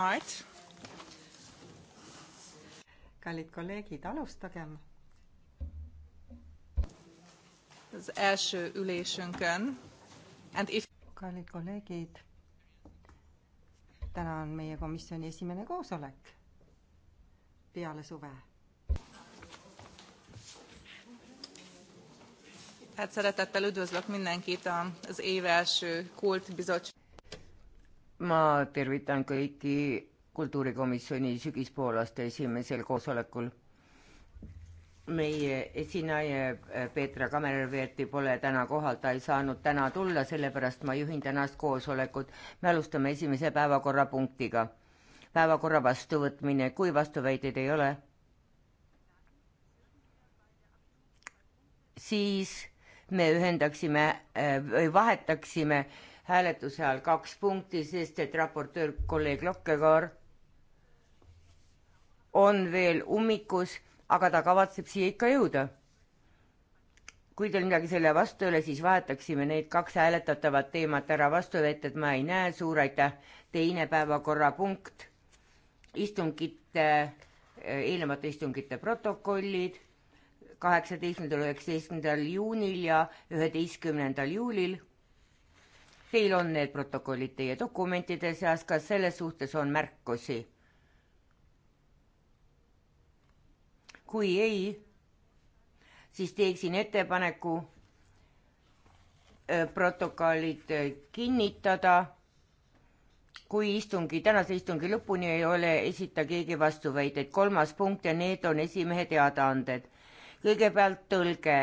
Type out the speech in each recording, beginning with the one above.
Right. kallid kolleegid, alustagem. Az első ülésünkön. And if... kallid kolleegid, täna on meie komisjoni esimene koosolek peale suve. Hát szeretettel üdvözlök mindenkit az év első kult bizottság ma tervitan kõiki kultuurikomisjoni sügispoolaste esimesel koosolekul. meie esinaine eh, Peetra Kamerveerti pole täna kohal, ta ei saanud täna tulla, sellepärast ma juhin tänast koosolekut. me alustame esimese päevakorrapunktiga. päevakorra vastuvõtmine, kui vastuväiteid ei ole, siis me ühendaksime eh, või vahetaksime äh, hääletuse ajal kaks punkti, sest et raportöör kolleeg Lokkekaar on veel ummikus, aga ta kavatseb siia ikka jõuda. kui teil midagi selle vastu ei ole, siis vahetaksime need kaks hääletatavat teemat ära, vastuvõtjad ma ei näe, suur aitäh. teine päevakorrapunkt, istungite, eelnevate istungite protokollid kaheksateistkümnendal, üheksateistkümnendal juunil ja üheteistkümnendal juulil Teil on need protokollid teie dokumentide seas, kas selle suhtes on märkusi? kui ei, siis teeksin ettepaneku äh, protokollid äh, kinnitada. kui istungi, tänase istungi lõpuni ei ole, esita keegi vastuväiteid. kolmas punkt ja need on esimehe teadaanded. kõigepealt tõlge.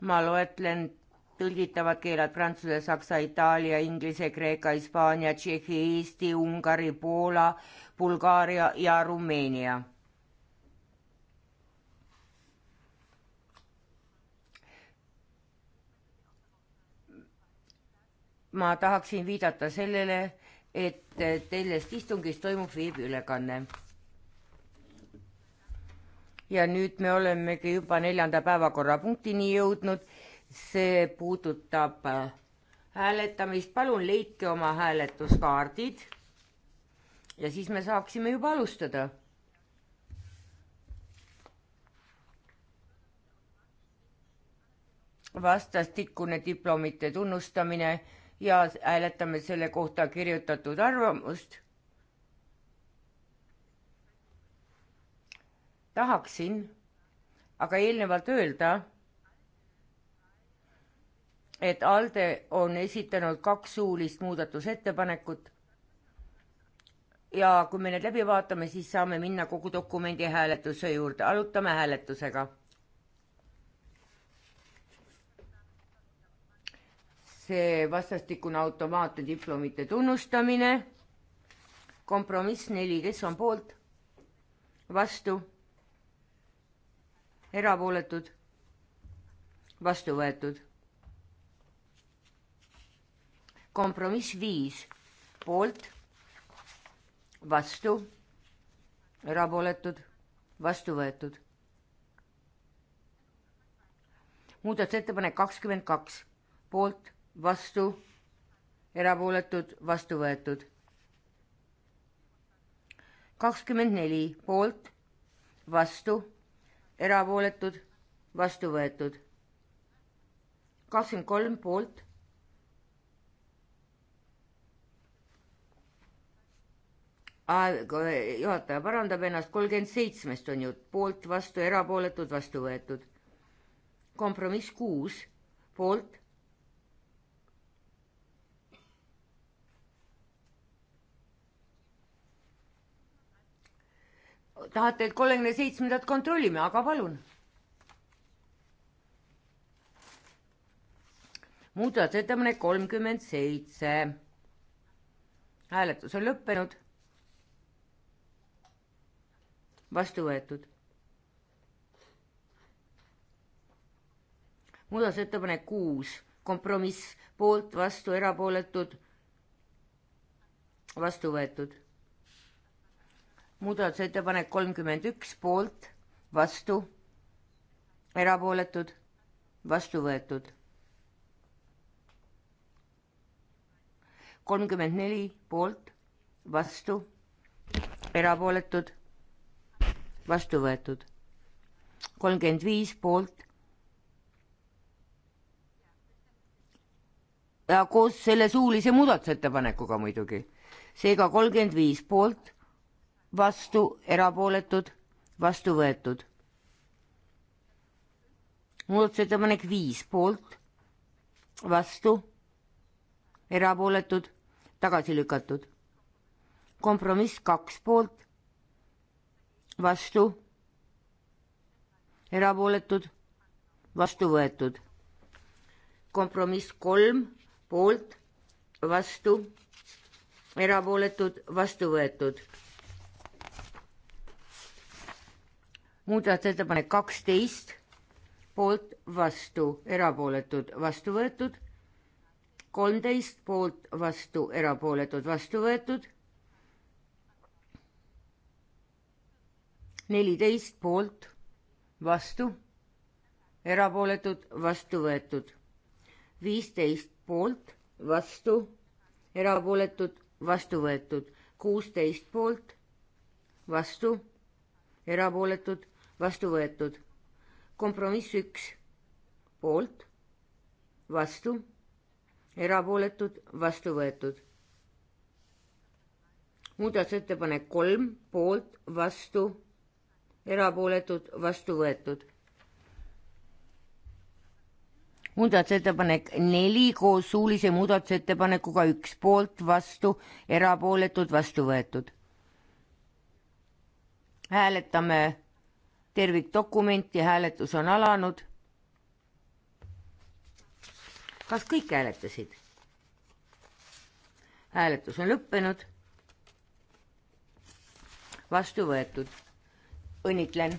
ma loetlen tõlgitavad keeled prantsuse, saksa, itaalia, inglise, kreeka, hispaania, tšehhi, eesti, ungari, poola, Bulgaaria ja Rumeenia. ma tahaksin viidata sellele, et sellest istungist toimub veebiülekanne ja nüüd me olemegi juba neljanda päevakorrapunktini jõudnud see puudutab äh, hääletamist, palun leidke oma hääletuskaardid ja siis me saaksime juba alustada. vastastikune diplomite tunnustamine ja hääletame selle kohta kirjutatud arvamust. tahaksin aga eelnevalt öelda et ALDE on esitanud kaks suulist muudatusettepanekut ja kui me need läbi vaatame, siis saame minna kogu dokumendi hääletuse juurde, alustame hääletusega. see vastastikune automaatne diplomite tunnustamine, kompromiss neli, kes on poolt, vastu, erapooletud, vastu võetud kompromiss viis poolt, vastu, erapooletud, vastu võetud. muudatusettepanek kakskümmend kaks poolt, vastu, erapooletud, vastu võetud. kakskümmend neli poolt, vastu, erapooletud, vastu võetud. kakskümmend kolm poolt juhataja parandab ennast, kolmkümmend seitsmest on jutt, poolt, vastu, erapooletud, vastu võetud. kompromiss kuus, poolt. tahate, et kolmekümne seitsmendat kontrollime, aga palun. muudatusettepanek kolmkümmend seitse. hääletus on lõppenud vastu võetud. muudatusettepanek kuus, kompromiss poolt, vastu, erapooletud, vastu võetud. muudatusettepanek kolmkümmend üks, poolt, vastu, erapooletud, vastu võetud. kolmkümmend neli poolt, vastu, erapooletud, vastu võetud. kolmkümmend viis poolt. ja koos selle suulise muudatusettepanekuga muidugi. seega kolmkümmend viis poolt, vastu, erapooletud, vastu võetud. muudatusettepanek viis poolt, vastu, erapooletud, tagasi lükatud. kompromiss kaks poolt vastu, erapooletud, vastu võetud. kompromiss kolm, poolt, vastu, erapooletud, vastu võetud. muudatusettepanek kaksteist, poolt, vastu, erapooletud, vastu võetud kolmteist poolt, vastu, erapooletud, vastu võetud neliteist poolt, vastu, erapooletud, vastu võetud. viisteist poolt, vastu, erapooletud, vastu võetud. kuusteist poolt, vastu, erapooletud, vastu võetud. kompromiss üks, poolt, vastu, erapooletud, vastu võetud muudatusettepanek kolm, poolt, vastu, erapooletud, vastu võetud. muudatusettepanek neli koos suulise muudatusettepanekuga üks poolt, vastu, erapooletud, vastu võetud. hääletame tervikdokumenti, hääletus on alanud. kas kõik hääletasid? hääletus on lõppenud. vastu võetud õnnitlen.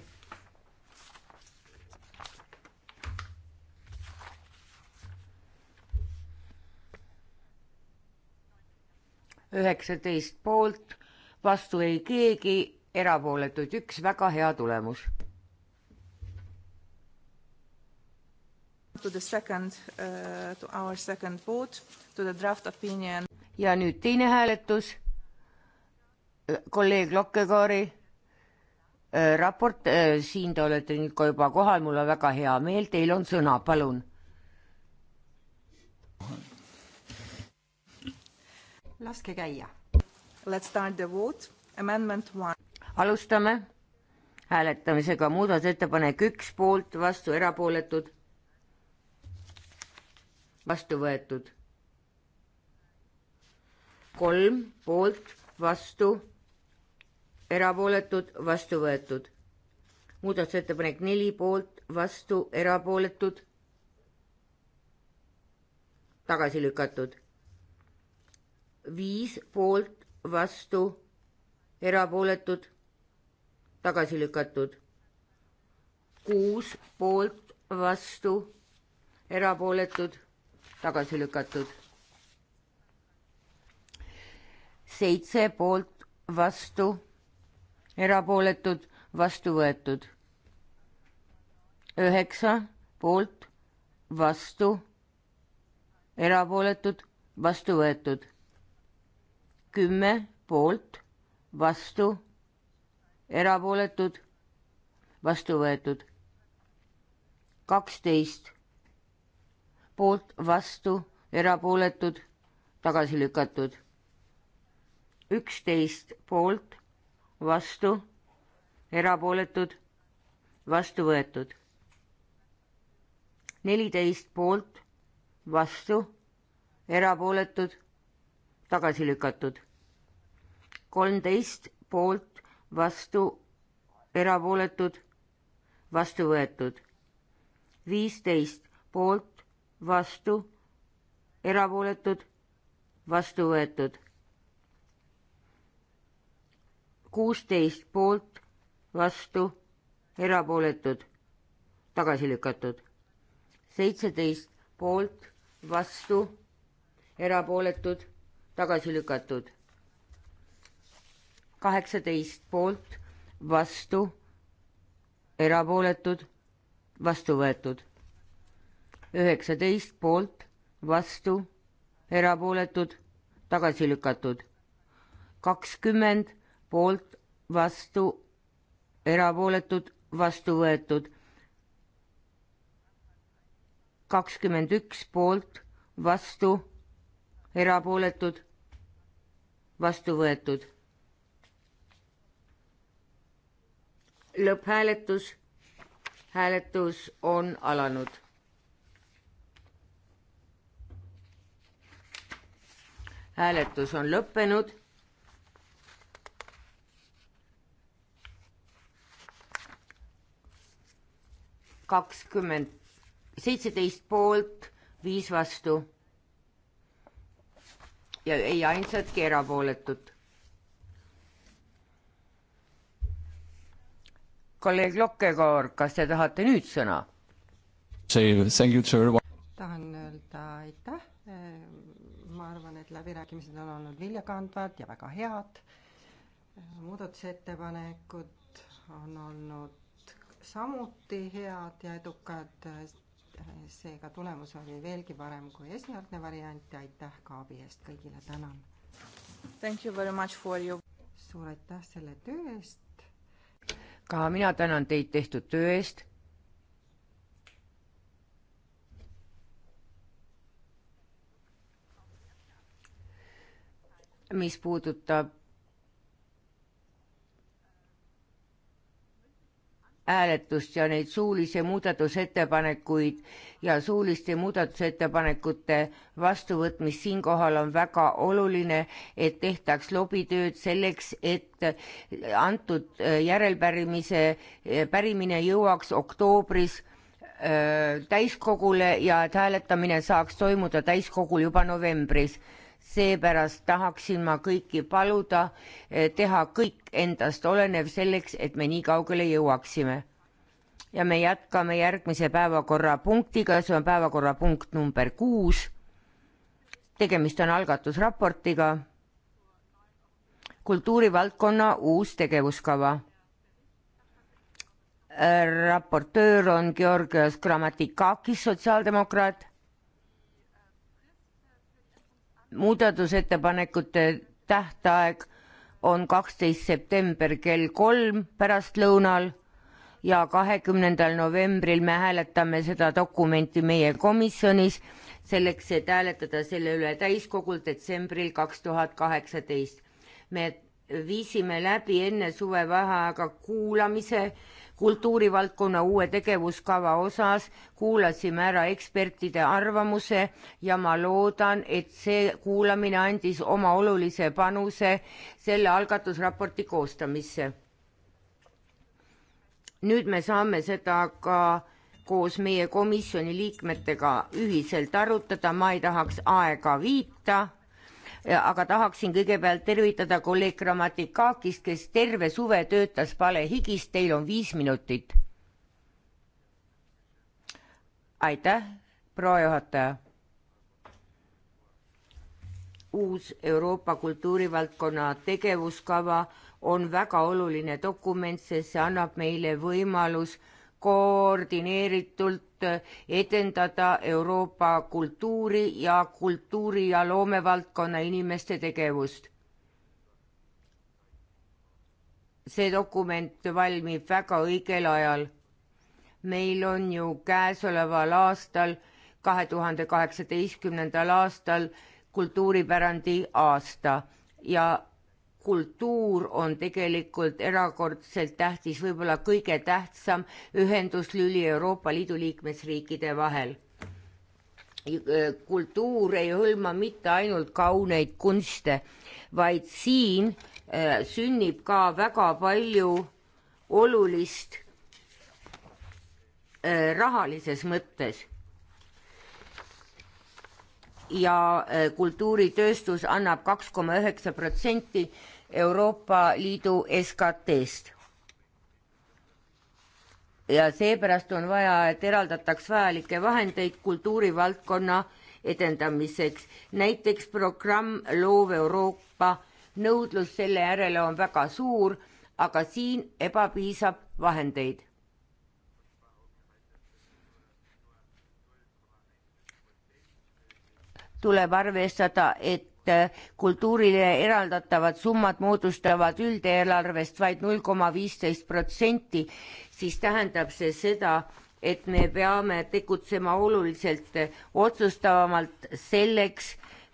üheksateist poolt, vastu ei keegi, erapooletuid üks, väga hea tulemus. To the second uh,, to our second vote, to the draft opinion. ja nüüd teine hääletus. kolleeg Lokkekaari Äh, raport, äh, siin te olete nüüd ka juba kohal, mul on väga hea meel, teil on sõna, palun. laske käia. Let's start the vote, amendment one. alustame hääletamisega, muudatusettepanek üks poolt, vastu erapooletud, vastu võetud. kolm poolt, vastu erapooletud, vastu võetud. muudatusettepanek neli poolt, vastu, erapooletud, tagasi lükatud. viis poolt, vastu, erapooletud, tagasi lükatud. kuus poolt, vastu, erapooletud, tagasi lükatud. seitse poolt, vastu erapooletud, vastu võetud. üheksa poolt, vastu, erapooletud, vastu võetud. kümme poolt, vastu, erapooletud, vastu võetud. kaksteist poolt, vastu, erapooletud, tagasi lükkatud. üksteist poolt vastu, erapooletud, vastu võetud. neliteist poolt, vastu, erapooletud, tagasi lükatud. kolmteist poolt, vastu, erapooletud, vastu võetud. viisteist poolt, vastu, erapooletud, vastu võetud kuusteist poolt, vastu, erapooletud, tagasi lükatud. seitseteist poolt, vastu, erapooletud, tagasi lükatud. kaheksateist poolt, vastu, erapooletud, vastu võetud. üheksateist poolt, vastu, erapooletud, tagasi lükatud. kakskümmend poolt, vastu, erapooletud, vastu võetud. kakskümmend üks poolt, vastu, erapooletud, vastu võetud. lõpphääletus, hääletus on alanud. hääletus on lõppenud kakskümmend, seitseteist poolt, viis vastu. ja ei ainsatki erapooletut. kolleeg Lokkekoor, kas te tahate nüüd sõna? tahan öelda aitäh. ma arvan, et läbirääkimised on olnud viljakandvad ja väga head. muudatusettepanekud on olnud samuti head ja edukad, seega tulemus oli veelgi parem kui esialgne variant ja aitäh ka abi eest kõigile, tänan! suur aitäh selle töö eest! ka mina tänan teid tehtud töö eest mis puudutab hääletust ja neid suulisi muudatusettepanekuid ja suuliste muudatusettepanekute vastuvõtmist siinkohal on väga oluline, et tehtaks lobitööd selleks, et antud äh, järelpärimise, äh, pärimine jõuaks oktoobris äh, täiskogule ja et hääletamine saaks toimuda täiskogul juba novembris seepärast tahaksin ma kõiki paluda eh, teha kõik endast olenev selleks, et me nii kaugele jõuaksime. ja me jätkame järgmise päevakorrapunktiga, see on päevakorrapunkt number kuus. tegemist on algatusraportiga. kultuurivaldkonna uus tegevuskava. Äh, raportöör on Georgios Grammatikakis, sotsiaaldemokraat muudatusettepanekute tähtaeg on kaksteist september kell kolm pärastlõunal ja kahekümnendal novembril me hääletame seda dokumenti meie komisjonis, selleks et hääletada selle üle täiskogul detsembril kaks tuhat kaheksateist. me viisime läbi enne suvevaheaega kuulamise kultuurivaldkonna uue tegevuskava osas kuulasime ära ekspertide arvamuse ja ma loodan, et see kuulamine andis oma olulise panuse selle algatusraporti koostamisse. nüüd me saame seda ka koos meie komisjoni liikmetega ühiselt arutada, ma ei tahaks aega viita aga tahaksin kõigepealt tervitada kolleeg Grammatikakist, kes terve suve töötas palehigis, teil on viis minutit. aitäh, proua juhataja. uus Euroopa kultuurivaldkonna tegevuskava on väga oluline dokument, sest see annab meile võimalus äh, koordineeritult edendada Euroopa kultuuri ja kultuuri- ja loomevaldkonna inimeste tegevust. see dokument valmib väga õigel ajal. meil on ju käesoleval aastal, kahe tuhande kaheksateistkümnendal aastal kultuuripärandi aasta ja kultuur on tegelikult erakordselt tähtis, võib-olla kõige tähtsam ühenduslüli Euroopa Liidu liikmesriikide vahel. kultuur ei hõlma mitte ainult kauneid kunste, vaid siin äh, sünnib ka väga palju olulist äh, rahalises mõttes ja äh, kultuuritööstus annab kaks koma üheksa protsenti Euroopa Liidu SKT-st. ja seepärast on vaja, et eraldataks vajalikke vahendeid kultuurivaldkonna edendamiseks. näiteks programm Loov Euroopa, nõudlus selle järele on väga suur, aga siin ebapiisab vahendeid. tuleb arvestada, et et eh, kultuurile eraldatavad summad moodustavad üldeelarvest vaid null koma viisteist protsenti, siis tähendab see seda, et me peame tegutsema oluliselt eh, otsustavamalt selleks,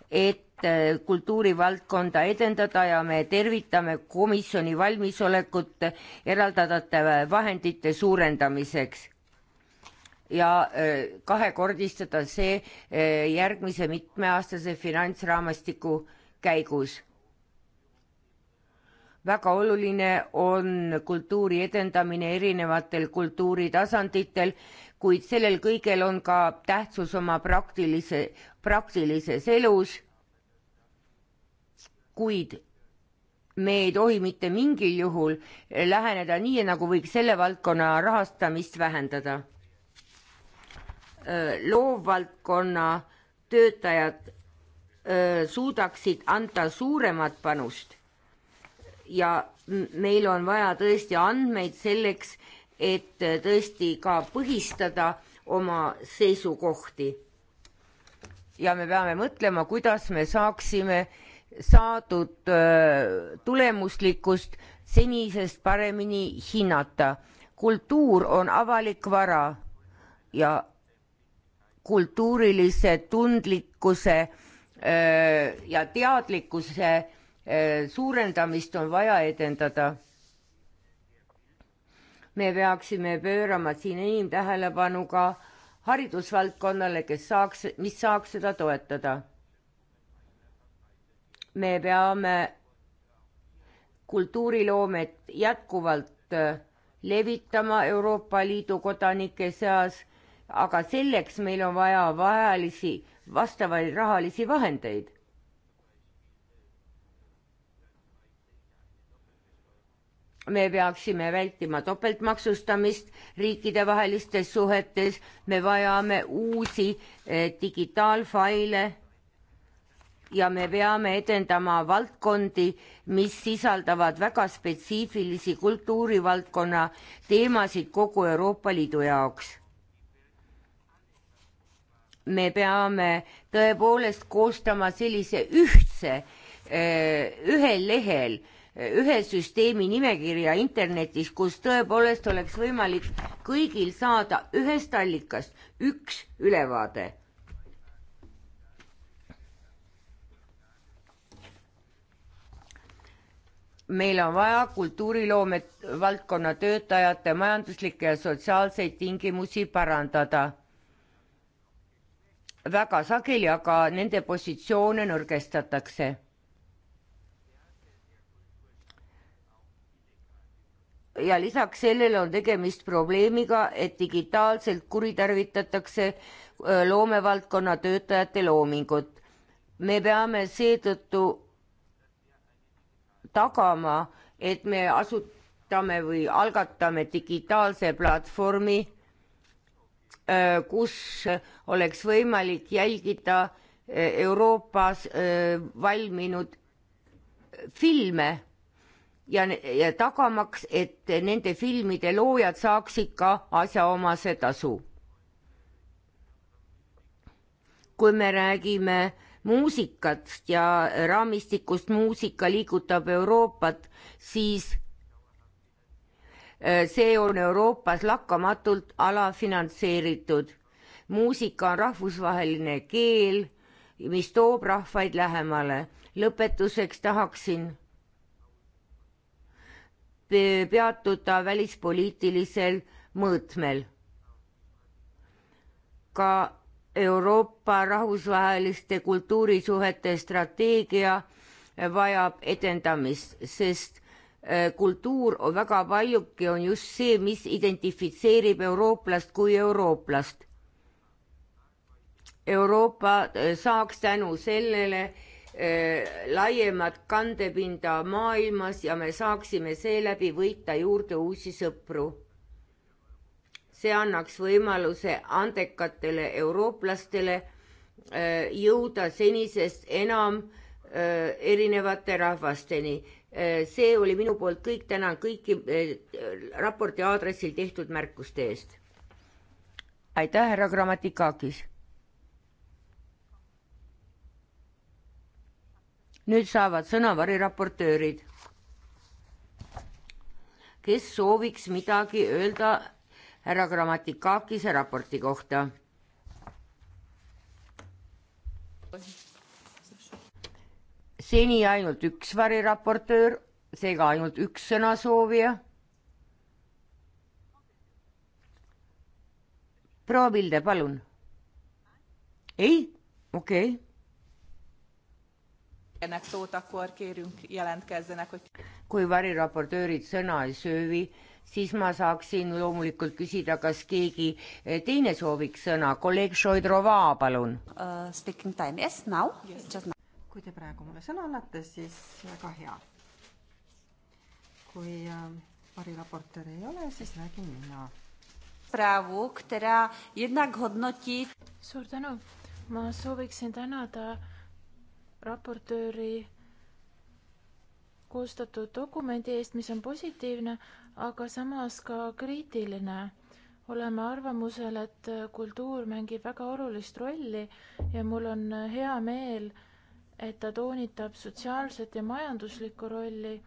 et eh, kultuurivaldkonda edendada ja me tervitame komisjoni valmisolekut eraldatavate vahendite suurendamiseks ja kahekordistada see järgmise mitmeaastase finantsraamistiku käigus. väga oluline on kultuuri edendamine erinevatel kultuuritasanditel, kuid sellel kõigel on ka tähtsus oma praktilise, praktilises elus. kuid me ei tohi mitte mingil juhul läheneda nii, nagu võiks selle valdkonna rahastamist vähendada loovvaldkonna töötajad suudaksid anda suuremat panust. ja meil on vaja tõesti andmeid selleks, et tõesti ka põhistada oma seisukohti. ja me peame mõtlema, kuidas me saaksime saadud tulemuslikkust senisest paremini hinnata. kultuur on avalik vara ja kultuurilise tundlikkuse äh, ja teadlikkuse äh, suurendamist on vaja edendada. me peaksime pöörama siin enim tähelepanu ka haridusvaldkonnale, kes saaks, mis saaks seda toetada. me peame kultuuriloomet jätkuvalt äh, levitama Euroopa Liidu kodanike seas aga selleks meil on vaja vajalisi, vastavaid rahalisi vahendeid. me peaksime vältima topeltmaksustamist riikidevahelistes suhetes, me vajame uusi eh, digitaalfaile ja me peame edendama valdkondi, mis sisaldavad väga spetsiifilisi kultuurivaldkonna teemasid kogu Euroopa Liidu jaoks me peame tõepoolest koostama sellise ühtse, eh, ühel lehel, eh, ühe süsteemi nimekirja internetis, kus tõepoolest oleks võimalik kõigil saada ühest allikast üks ülevaade. meil on vaja kultuuriloome valdkonna töötajate majanduslikke ja sotsiaalseid tingimusi parandada väga sageli, aga nende positsioone nõrgestatakse. ja lisaks sellele on tegemist probleemiga, et digitaalselt kuritarvitatakse loomevaldkonna töötajate loomingut. me peame seetõttu tagama, et me asutame või algatame digitaalse platvormi Äh, kus oleks võimalik jälgida äh, Euroopas äh, valminud filme ja, ja tagamaks, et nende filmide loojad saaksid ka asjaomase tasu. kui me räägime muusikast ja raamistikust Muusika liigutab Euroopat, siis Äh, see on Euroopas lakkamatult alafinantseeritud. muusika on rahvusvaheline keel, mis toob rahvaid lähemale. lõpetuseks tahaksin peatuda välispoliitilisel mõõtmel. ka Euroopa rahvusvaheliste kultuurisuhete strateegia vajab edendamist, sest Äh, kultuur on väga paljugi, on just see, mis identifitseerib eurooplast kui eurooplast. Euroopa äh, saaks tänu sellele äh, laiemat kandepinda maailmas ja me saaksime seeläbi võita juurde uusi sõpru. see annaks võimaluse andekatele eurooplastele jõuda senisest enam erinevate rahvasteni Äh, see oli minu poolt kõik, tänan kõiki äh, raporti aadressil tehtud märkuste eest. aitäh, härra Grammatikakis. nüüd saavad sõna variraportöörid, kes sooviks midagi öelda härra Grammatikakise raporti kohta seni ainult üks variraportöör, seega ainult üks sõnasoovija. proua Pilde, palun. ei, okei okay.. kui variraportöörid sõna ei söövi, siis ma saaksin loomulikult küsida, kas keegi eh, teine sooviks sõna. kolleeg Šoidrova, palun uh,. Speaking time, yes now yes., just now kui te praegu mulle sõna annate, siis väga hea. kui äh, variraportööri ei ole, siis räägin mina. suur tänu, ma sooviksin tänada raportööri koostatud dokumendi eest, mis on positiivne, aga samas ka kriitiline. oleme arvamusel, et kultuur mängib väga olulist rolli ja mul on hea meel, et ta toonitab sotsiaalset ja majanduslikku rolli.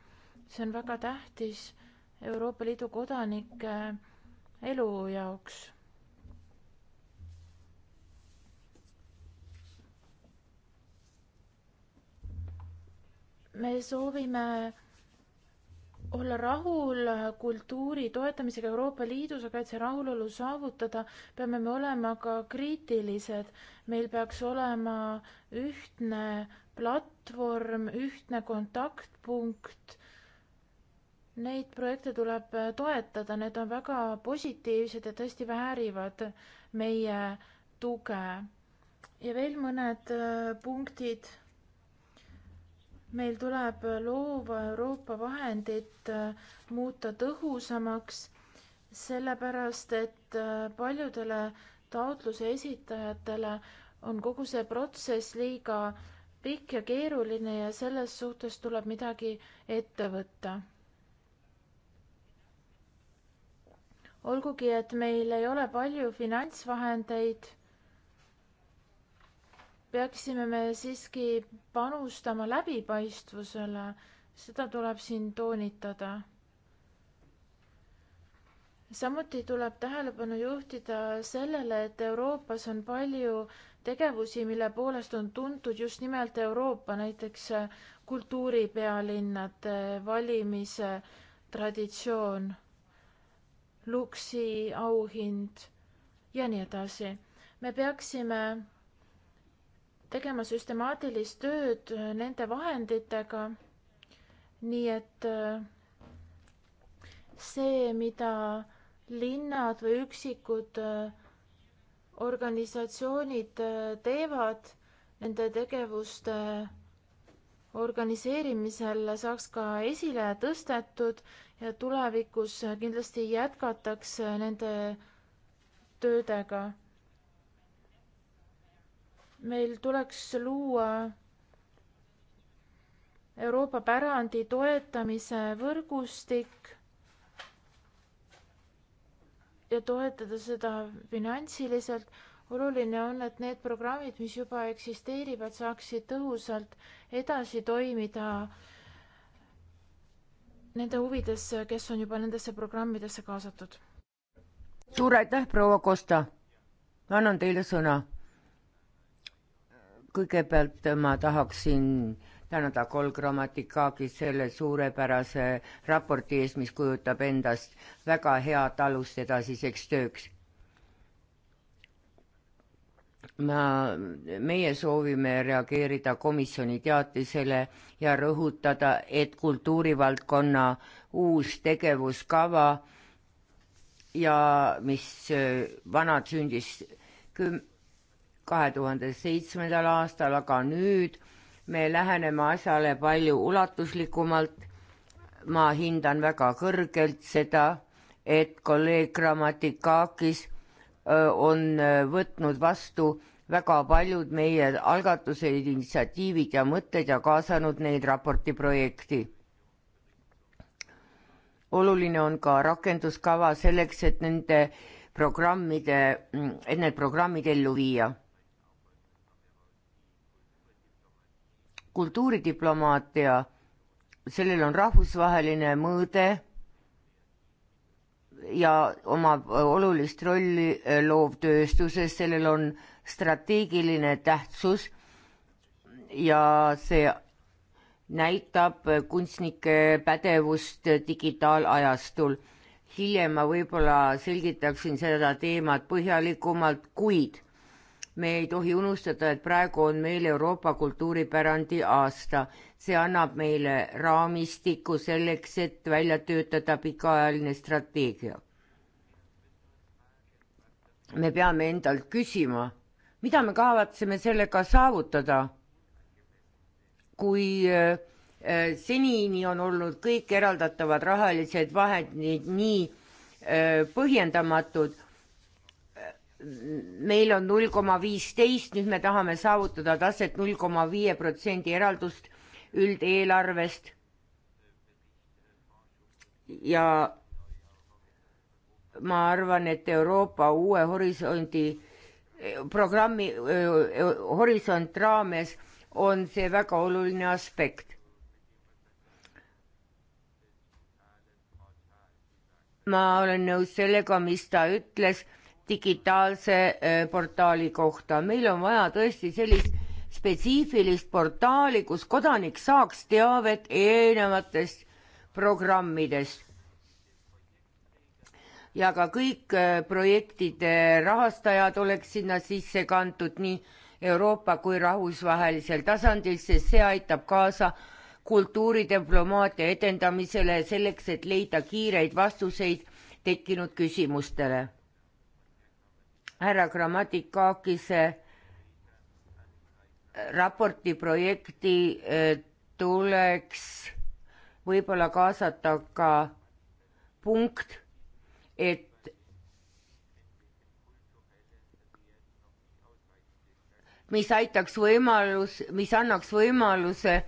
see on väga tähtis Euroopa Liidu kodanike eh, elu jaoks. me soovime olla rahul äh, kultuuri toetamisega Euroopa Liidus, aga et see rahulolu saavutada, peame me olema ka kriitilised. meil peaks olema ühtne platvorm, ühtne kontaktpunkt. Neid projekte tuleb äh, toetada, need on väga positiivsed ja tõesti väärivad meie tuge. ja veel mõned äh, punktid meil tuleb loova Euroopa vahendit äh, muuta tõhusamaks, sellepärast et äh, paljudele taotluse esitajatele on kogu see protsess liiga pikk ja keeruline ja selles suhtes tuleb midagi ette võtta. olgugi, et meil ei ole palju finantsvahendeid peaksime me siiski panustama läbipaistvusele, seda tuleb siin toonitada. samuti tuleb tähelepanu juhtida sellele, et Euroopas on palju tegevusi, mille poolest on tuntud just nimelt Euroopa, näiteks kultuuripealinnade valimise traditsioon, Luksi auhind ja nii edasi. me peaksime tegema süstemaatilist tööd äh, nende vahenditega, nii et äh, see, mida linnad või üksikud äh, organisatsioonid teevad, nende tegevuste organiseerimisel saaks ka esile tõstetud ja tulevikus kindlasti jätkatakse nende töödega meil tuleks luua Euroopa pärandi toetamise võrgustik ja toetada seda finantsiliselt. oluline on, et need programmid, mis juba eksisteerivad, saaksid tõhusalt edasi toimida nende huvides, kes on juba nendesse programmidesse kaasatud. suur aitäh, proua Kosta. annan teile sõna kõigepealt ma tahaksin tänada Kolgrammatikagi selle suurepärase raporti eest, mis kujutab endast väga head alust edasiseks tööks. ma, meie soovime reageerida komisjoni teatisele ja rõhutada, et kultuurivaldkonna uus tegevuskava ja mis äh, vana sündis küm-, kahe tuhande seitsmendal aastal, aga nüüd me läheneme asjale palju ulatuslikumalt. ma hindan väga kõrgelt seda, et kolleeg Grammatikakis on võtnud vastu väga paljud meie algatused, initsiatiivid ja mõtted ja kaasanud neid raporti projekti. oluline on ka rakenduskava selleks, et nende programmide, mm, et need programmid ellu viia kultuuridiplomaatia, sellel on rahvusvaheline mõõde ja omab olulist rolli eh, loovtööstuses, sellel on strateegiline tähtsus ja see näitab kunstnike pädevust digitaalajastul. hiljem ma võib-olla selgitaksin seda teemat põhjalikumalt, kuid me ei tohi unustada, et praegu on meil Euroopa kultuuripärandi aasta. see annab meile raamistiku selleks, et välja töötada pikaajaline strateegia. me peame endalt küsima, mida me kavatseme sellega saavutada, kui äh, äh, senini on olnud kõik eraldatavad rahalised vahendid nii äh, põhjendamatud meil on null koma viisteist, nüüd me tahame saavutada taset null koma viie protsendi eraldust üldeelarvest. ja ma arvan, et Euroopa uue horisondi programmi Horisont raames on see väga oluline aspekt. ma olen nõus sellega, mis ta ütles digitaalse äh, portaali kohta. meil on vaja tõesti sellist spetsiifilist portaali, kus kodanik saaks teavet erinevatest programmidest. ja ka kõik äh, projektide rahastajad oleks sinna sisse kantud nii Euroopa kui rahvusvahelisel tasandil, sest see aitab kaasa kultuuridiplomaatia edendamisele selleks, et leida kiireid vastuseid tekkinud küsimustele härra Grammatikakise raporti projekti eh, tuleks võib-olla kaasata ka punkt, et mis aitaks võimalus, mis annaks võimaluse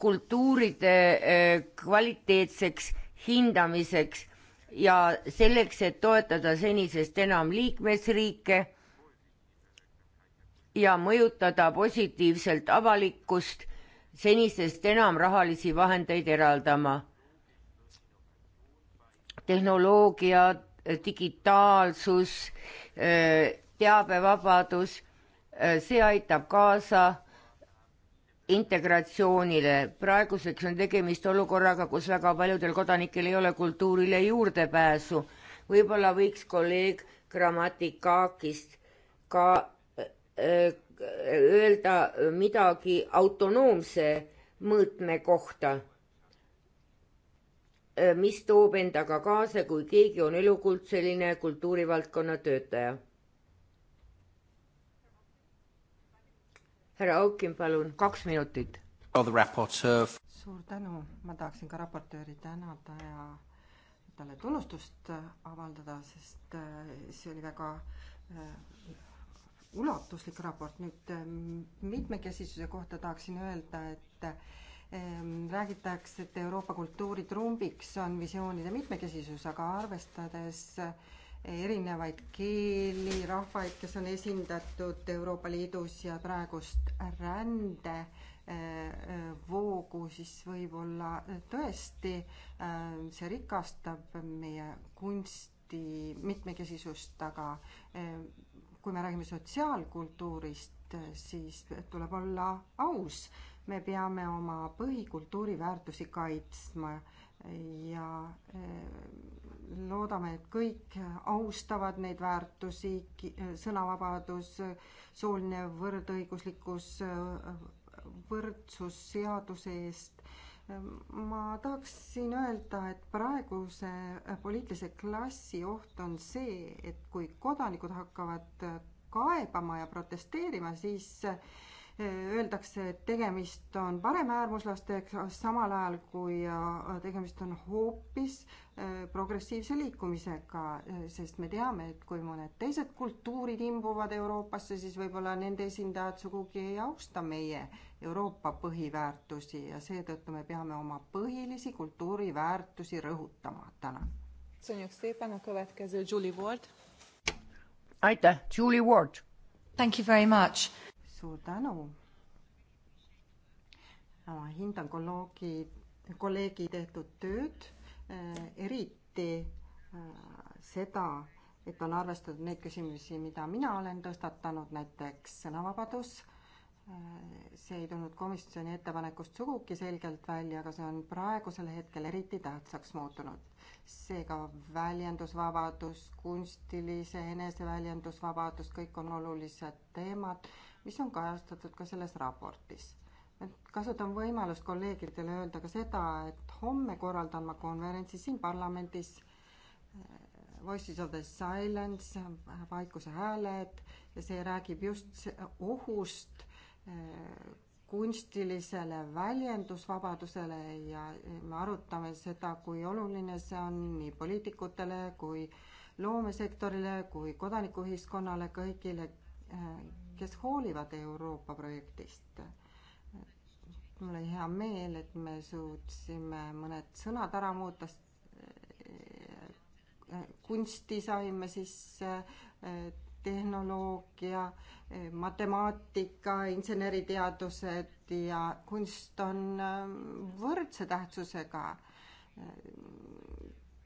kultuuride eh, kvaliteetseks hindamiseks ja selleks, et toetada senisest enam liikmesriike ja mõjutada positiivselt avalikkust, senisest enam rahalisi vahendeid eraldama. tehnoloogia, digitaalsus, teabevabadus, see aitab kaasa integratsioonile. praeguseks on tegemist olukorraga, kus väga paljudel kodanikel ei ole kultuurile juurdepääsu. võib-olla võiks kolleeg Grammatikakist ka äh, öelda midagi autonoomse mõõtme kohta, äh, mis toob endaga kaasa, kui keegi on elukutseline kultuurivaldkonna töötaja härra Aukin, palun, kaks minutit. suur tänu, ma tahaksin ka raportööri tänada ja talle tunnustust avaldada, sest äh, see oli väga äh, ulatuslik raport. nüüd äh, mitmekesisuse kohta tahaksin öelda, et ähm, räägitakse, et Euroopa kultuuri trumbiks on visioonide mitmekesisus, aga arvestades äh, erinevaid keeli, rahvaid, kes on esindatud Euroopa Liidus ja praegust rände äh, äh, voogu, siis võib-olla äh, tõesti see rikastab meie kunsti mitmekesisust, aga kui me räägime sotsiaalkultuurist, siis tuleb olla aus. me peame oma põhikultuuriväärtusi kaitsma ja e, loodame, et kõik austavad neid väärtusi, sõnavabadus, sooline võrdõiguslikkus, võrdsus seaduse eest. ma tahaksin öelda, et praeguse poliitilise klassi oht on see, et kui kodanikud hakkavad kaebama ja protesteerima, siis äh, öeldakse, et tegemist on paremäärmuslastega, samal ajal kui tegemist on hoopis äh, progressiivse liikumisega, äh, sest me teame, et kui mõned teised kultuurid imbuvad Euroopasse, siis võib-olla nende esindajad sugugi ei austa meie Euroopa põhiväärtusi ja seetõttu me peame oma põhilisi kultuuriväärtusi rõhutama. tänan. aitäh, Julie Ward. Thank you very much suur tänu. ma hindan kolleegi, kolleegi tehtud tööd, eh, eriti eh, seda, et on arvestatud neid küsimusi, mida mina olen tõstatanud, näiteks sõnavabadus eh, see ei tulnud komisjoni ettepanekust sugugi selgelt välja, aga see on praegusel hetkel eriti tähtsaks muutunud. seega väljendusvabadus, kunstilise eneseväljendusvabadus, kõik on olulised teemad mis on kajastatud ka selles raportis. kasutan võimalust kolleegidele öelda ka seda, et homme korraldan ma konverentsi siin parlamendis eh, Voices of the Silence, vaikuse hääled ja see räägib just ohust eh, kunstilisele väljendusvabadusele ja eh, me arutame seda, kui oluline see on nii poliitikutele kui loomesektorile kui kodanikuühiskonnale, kõigile kes hoolivad Euroopa projektist. mul on hea meel, et me suutsime mõned sõnad ära muuta, kunsti saime sisse, tehnoloogia, matemaatika, inseneriteadused ja kunst on ähm, võrdse tähtsusega.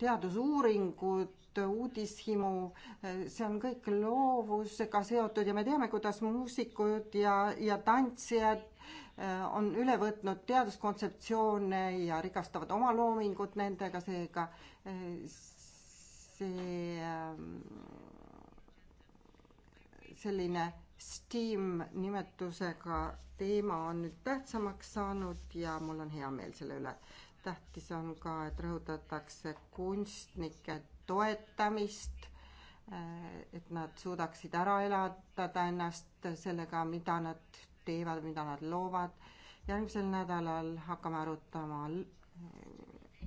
teadusuuringud uudishimu, see on kõik loovusega seotud ja me teame, kuidas muusikud ja, ja tantsijad äh, on üle võtnud teaduskontseptsioone ja rikastavad oma loomingut nendega, seega äh, see ähm, selline STEAM nimetusega teema on nüüd tähtsamaks saanud ja mul on hea meel selle üle. tähtis on ka, et rõhutatakse kunstnike toetamist, et nad suudaksid ära elatada ennast sellega, mida nad teevad, mida nad loovad. järgmisel nädalal hakkame arutama eh,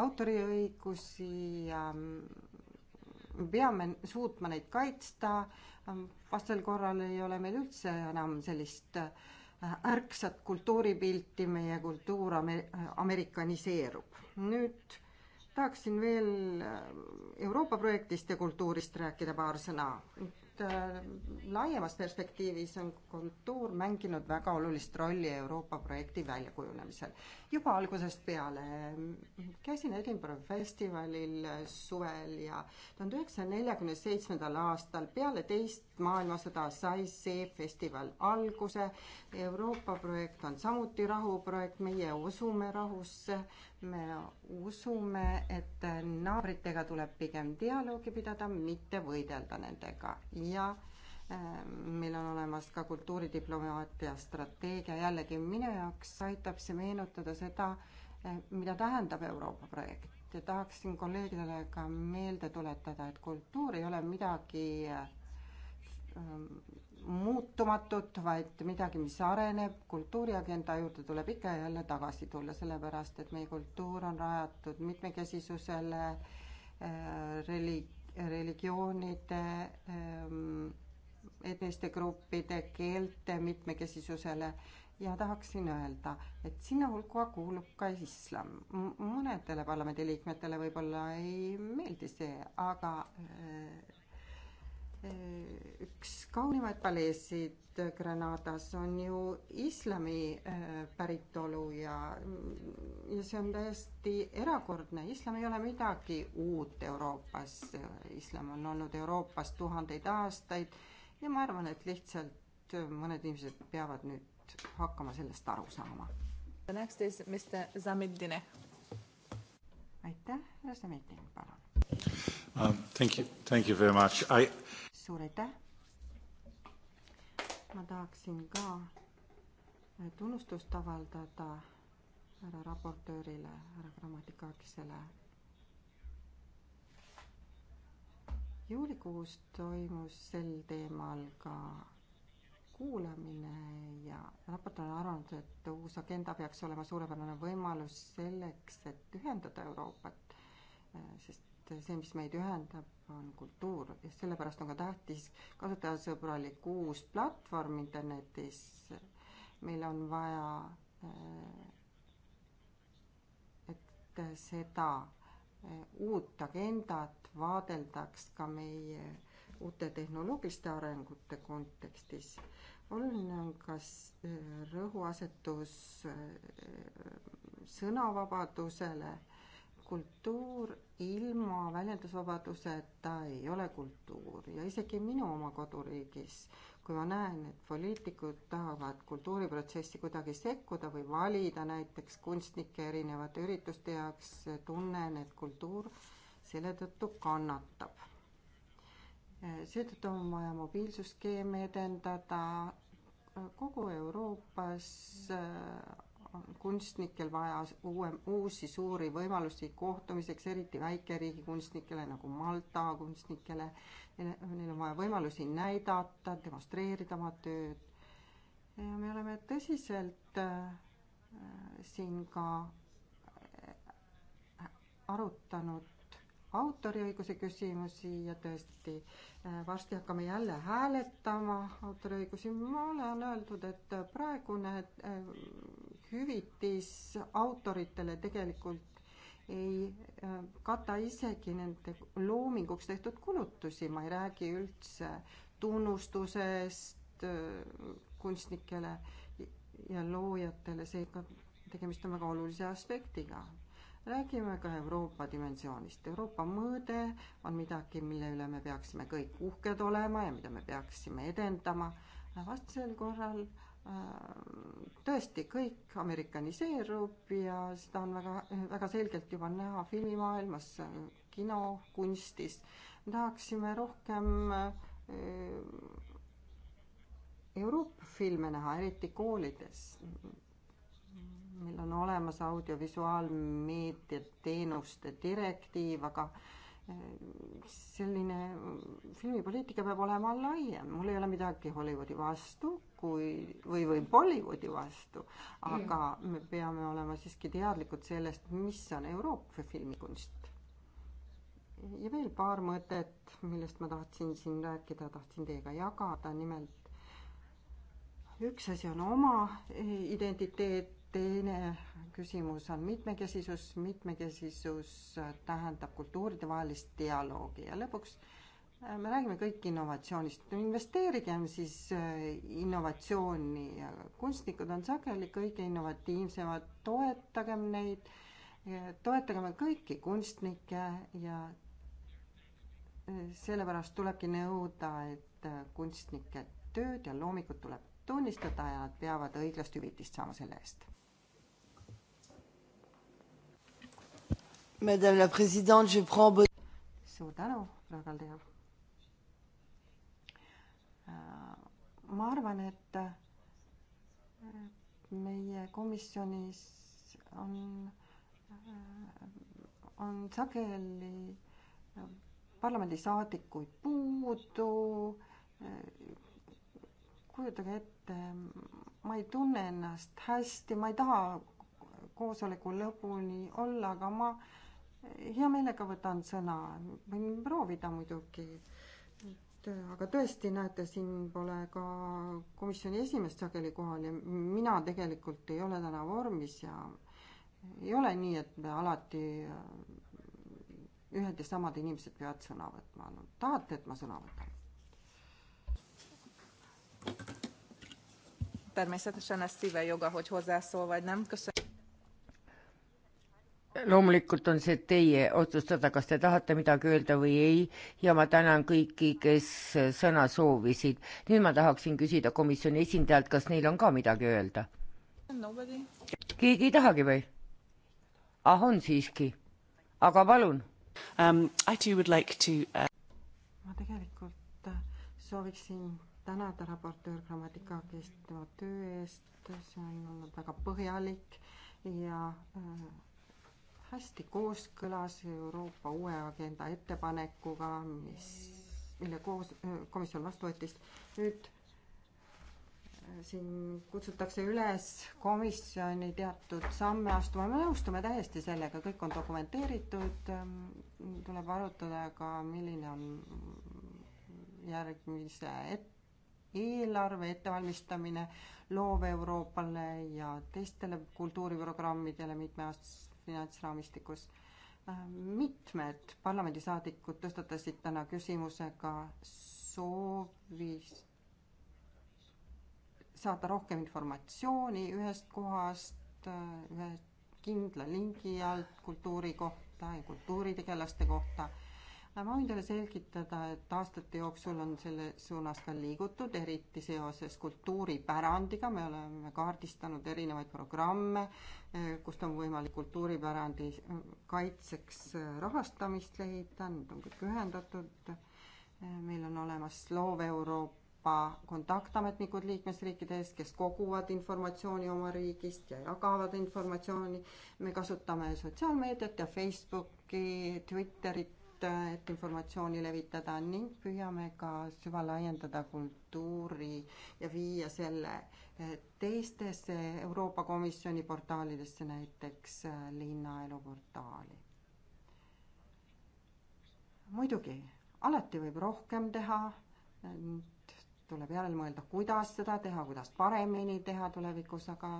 autoriõigusi ja mm, peame suutma neid kaitsta, vastasel korral ei ole meil üldse enam sellist eh, ärksat kultuuripilti, meie kultuur amer-, amerikaniseerub. nüüd tahaksin veel äh, Euroopa projektist ja kultuurist rääkida paar sõna. et äh, laiemas perspektiivis on kultuur mänginud väga olulist rolli Euroopa projekti väljakujunemisel. juba algusest peale mm, käisin Edinburgh festivalil äh, suvel ja tuhande üheksasaja neljakümne seitsmendal aastal peale teist maailmasõda sai see festival alguse. Euroopa projekt on samuti rahuprojekt, meie usume rahusse me usume, et naabritega tuleb pigem dialoogi pidada, mitte võidelda nendega ja äh, meil on olemas ka kultuuridiplomaatia strateegia, jällegi minu jaoks aitab see meenutada seda, äh, mida tähendab Euroopa projekt ja tahaksin kolleegidele ka meelde tuletada, et kultuur ei ole midagi äh, muutumatut, vaid midagi, mis areneb. kultuuriagenda juurde tuleb ikka ja jälle tagasi tulla, sellepärast et meie kultuur on rajatud mitmekesisusele, äh, relig-, religioonide, ähm, etniliste gruppide, keelte mitmekesisusele ja tahaksin öelda, et sinna hulka kuulub ka islam. mõnedele parlamendiliikmetele võib-olla ei meeldi see, aga äh, üks kaunimaid paleesid Granadas on ju islami äh, päritolu ja, ja see on täiesti erakordne. islam ei ole midagi uut Euroopas, islam on olnud Euroopas tuhandeid aastaid ja ma arvan, et lihtsalt mõned inimesed peavad nüüd hakkama sellest aru saama. The next is Mr Zamidine. aitäh, Zamidine, palun um,. Thank you, thank you very much I.... suur aitäh. ma tahaksin ka äh, tunnustust avaldada härra raportöörile, härra grammatikakisele. juulikuus toimus sel teemal ka kuulamine ja raport on arvanud, et uus agenda peaks olema suurepärane võimalus selleks, et ühendada Euroopat, äh, sest see, mis meid ühendab, on kultuur ja sellepärast on ka tähtis kasutajasõbralik uus platvorm internetis. meil on vaja, eh, et seda eh, uut agendat vaadeldaks ka meie uute tehnoloogiliste arengute kontekstis. oluline on kas eh, rõhuasetus sõnavabadusele kultuur ilma väljendusvabaduseta ei ole kultuur ja isegi minu oma koduriigis, kui ma näen, et poliitikud tahavad kultuuriprotsessi kuidagi sekkuda või valida näiteks kunstnike erinevate ürituste jaoks, tunnen, et kultuur selle tõttu kannatab. seetõttu on vaja mobiilsusskeeme edendada kogu Euroopas kunstnikel vaja uue, uusi suuri võimalusi kohtumiseks, eriti väikeriigi kunstnikele nagu Malta kunstnikele. Neil on vaja võimalusi näidata, demonstreerida oma tööd. ja me oleme tõsiselt äh, siin ka äh, arutanud autoriõiguse küsimusi ja tõesti äh, varsti hakkame jälle hääletama autoriõigusi. ma olen öeldud, et praegune hüvitis autoritele tegelikult ei äh, kata isegi nende loominguks tehtud kulutusi, ma ei räägi üldse tunnustusest äh, kunstnikele ja loojatele, seega tegemist on väga olulise aspektiga. räägime ka Euroopa dimensioonist. Euroopa mõõde on midagi, mille üle me peaksime kõik uhked olema ja mida me peaksime edendama. vastasel korral äh, Äh, tõesti, kõik amerikaniseerub ja seda on väga, väga selgelt juba näha filmimaailmas, kino, kunstis. me tahaksime rohkem äh, Euroopa filme näha, eriti koolides. meil on olemas audiovisuaalmeedia teenuste direktiiv, aga äh, selline filmipoliitika peab olema laiem, mul ei ole midagi Hollywoodi vastu, kui, või, või Bollywoodi vastu, aga mm. me peame olema siiski teadlikud sellest, mis on Euroopa filmikunst. ja veel paar mõtet, millest ma tahtsin siin rääkida, tahtsin teiega jagada, nimelt üks asi on oma identiteet, teine küsimus on mitmekesisus, mitmekesisus tähendab kultuuridevahelist dialoogi ja lõpuks äh, me räägime kõik innovatsioonist, investeerigem siis äh, innovatsiooni ja kunstnikud on sageli kõige innovatiivsemad, toetagem neid, äh, toetagem kõiki kunstnikke ja sellepärast tulebki nõuda, et kunstnike tööd ja loomingut tuleb tunnistada ja nad peavad õiglast hüvitist saama selle eest Madame la Présidente, je prends bon... suur tänu, proua Kaldeja. Äh, ma arvan, et äh, meie komisjonis on, äh, on sageli parlamendisaadikuid puudu. kujutage ette, ma ei tunne ennast hästi, ma ei taha koosoleku lõpuni olla, aga ma äh, hea meelega võtan sõna, võin proovida muidugi. et aga tõesti, näete, siin pole ka komisjoni esimeest sageli kohal ja mina tegelikult ei ole täna vormis ja ei ole nii, et me alati ühed ja samad inimesed peavad sõna võtma. no tahate, et ma sõna võtan? Természetesen ez szíve joga, hogy hozzászól, vagy nem. Köszönöm loomulikult on see teie otsustada, kas te tahate midagi öelda või ei ja ma tänan kõiki, kes sõna soovisid. nüüd ma tahaksin küsida komisjoni esindajalt, kas neil on ka midagi öelda? keegi ei tahagi või? ah, on siiski. aga palun um,. Like to, uh... ma tegelikult uh, sooviksin tänada raportöör Grammatikakist tema töö eest, see on olnud väga põhjalik ja äh, hästi kooskõlas Euroopa uue agenda ettepanekuga, mis, mille koos, komisjon vastu võttis. nüüd äh, siin kutsutakse üles komisjoni teatud samme astuma, me nõustume täiesti sellega, kõik on dokumenteeritud, ähm, tuleb arutada ka, milline on järgmise et-, eelarve ettevalmistamine loov Euroopale ja teistele kultuuriprogrammidele mitmeaastasest finantsraamistikus. mitmed parlamendisaadikud tõstatasid täna küsimuse ka soovist saada rohkem informatsiooni ühest kohast, ühe kindla lingi alt kultuuri kohta ja kultuuritegelaste kohta ma võin teile selgitada, et aastate jooksul on selles suunas ka liigutud, eriti seoses kultuuripärandiga, me oleme kaardistanud erinevaid programme, eh, kust on võimalik kultuuripärandi eh, kaitseks eh, rahastamist leida, need on kõik ühendatud, meil on olemas Sloov Euroopa kontaktametnikud liikmesriikides, kes koguvad informatsiooni oma riigist ja jagavad informatsiooni, me kasutame sotsiaalmeediat ja Facebooki, Twitterit, et, et informatsiooni levitada ning püüame ka süvalaiendada kultuuri ja viia selle eh, teistesse Euroopa Komisjoni portaalidesse, näiteks eh, linnaelu portaali. muidugi, alati võib rohkem teha, tuleb järelmõelda, kuidas seda teha, kuidas paremini teha tulevikus, aga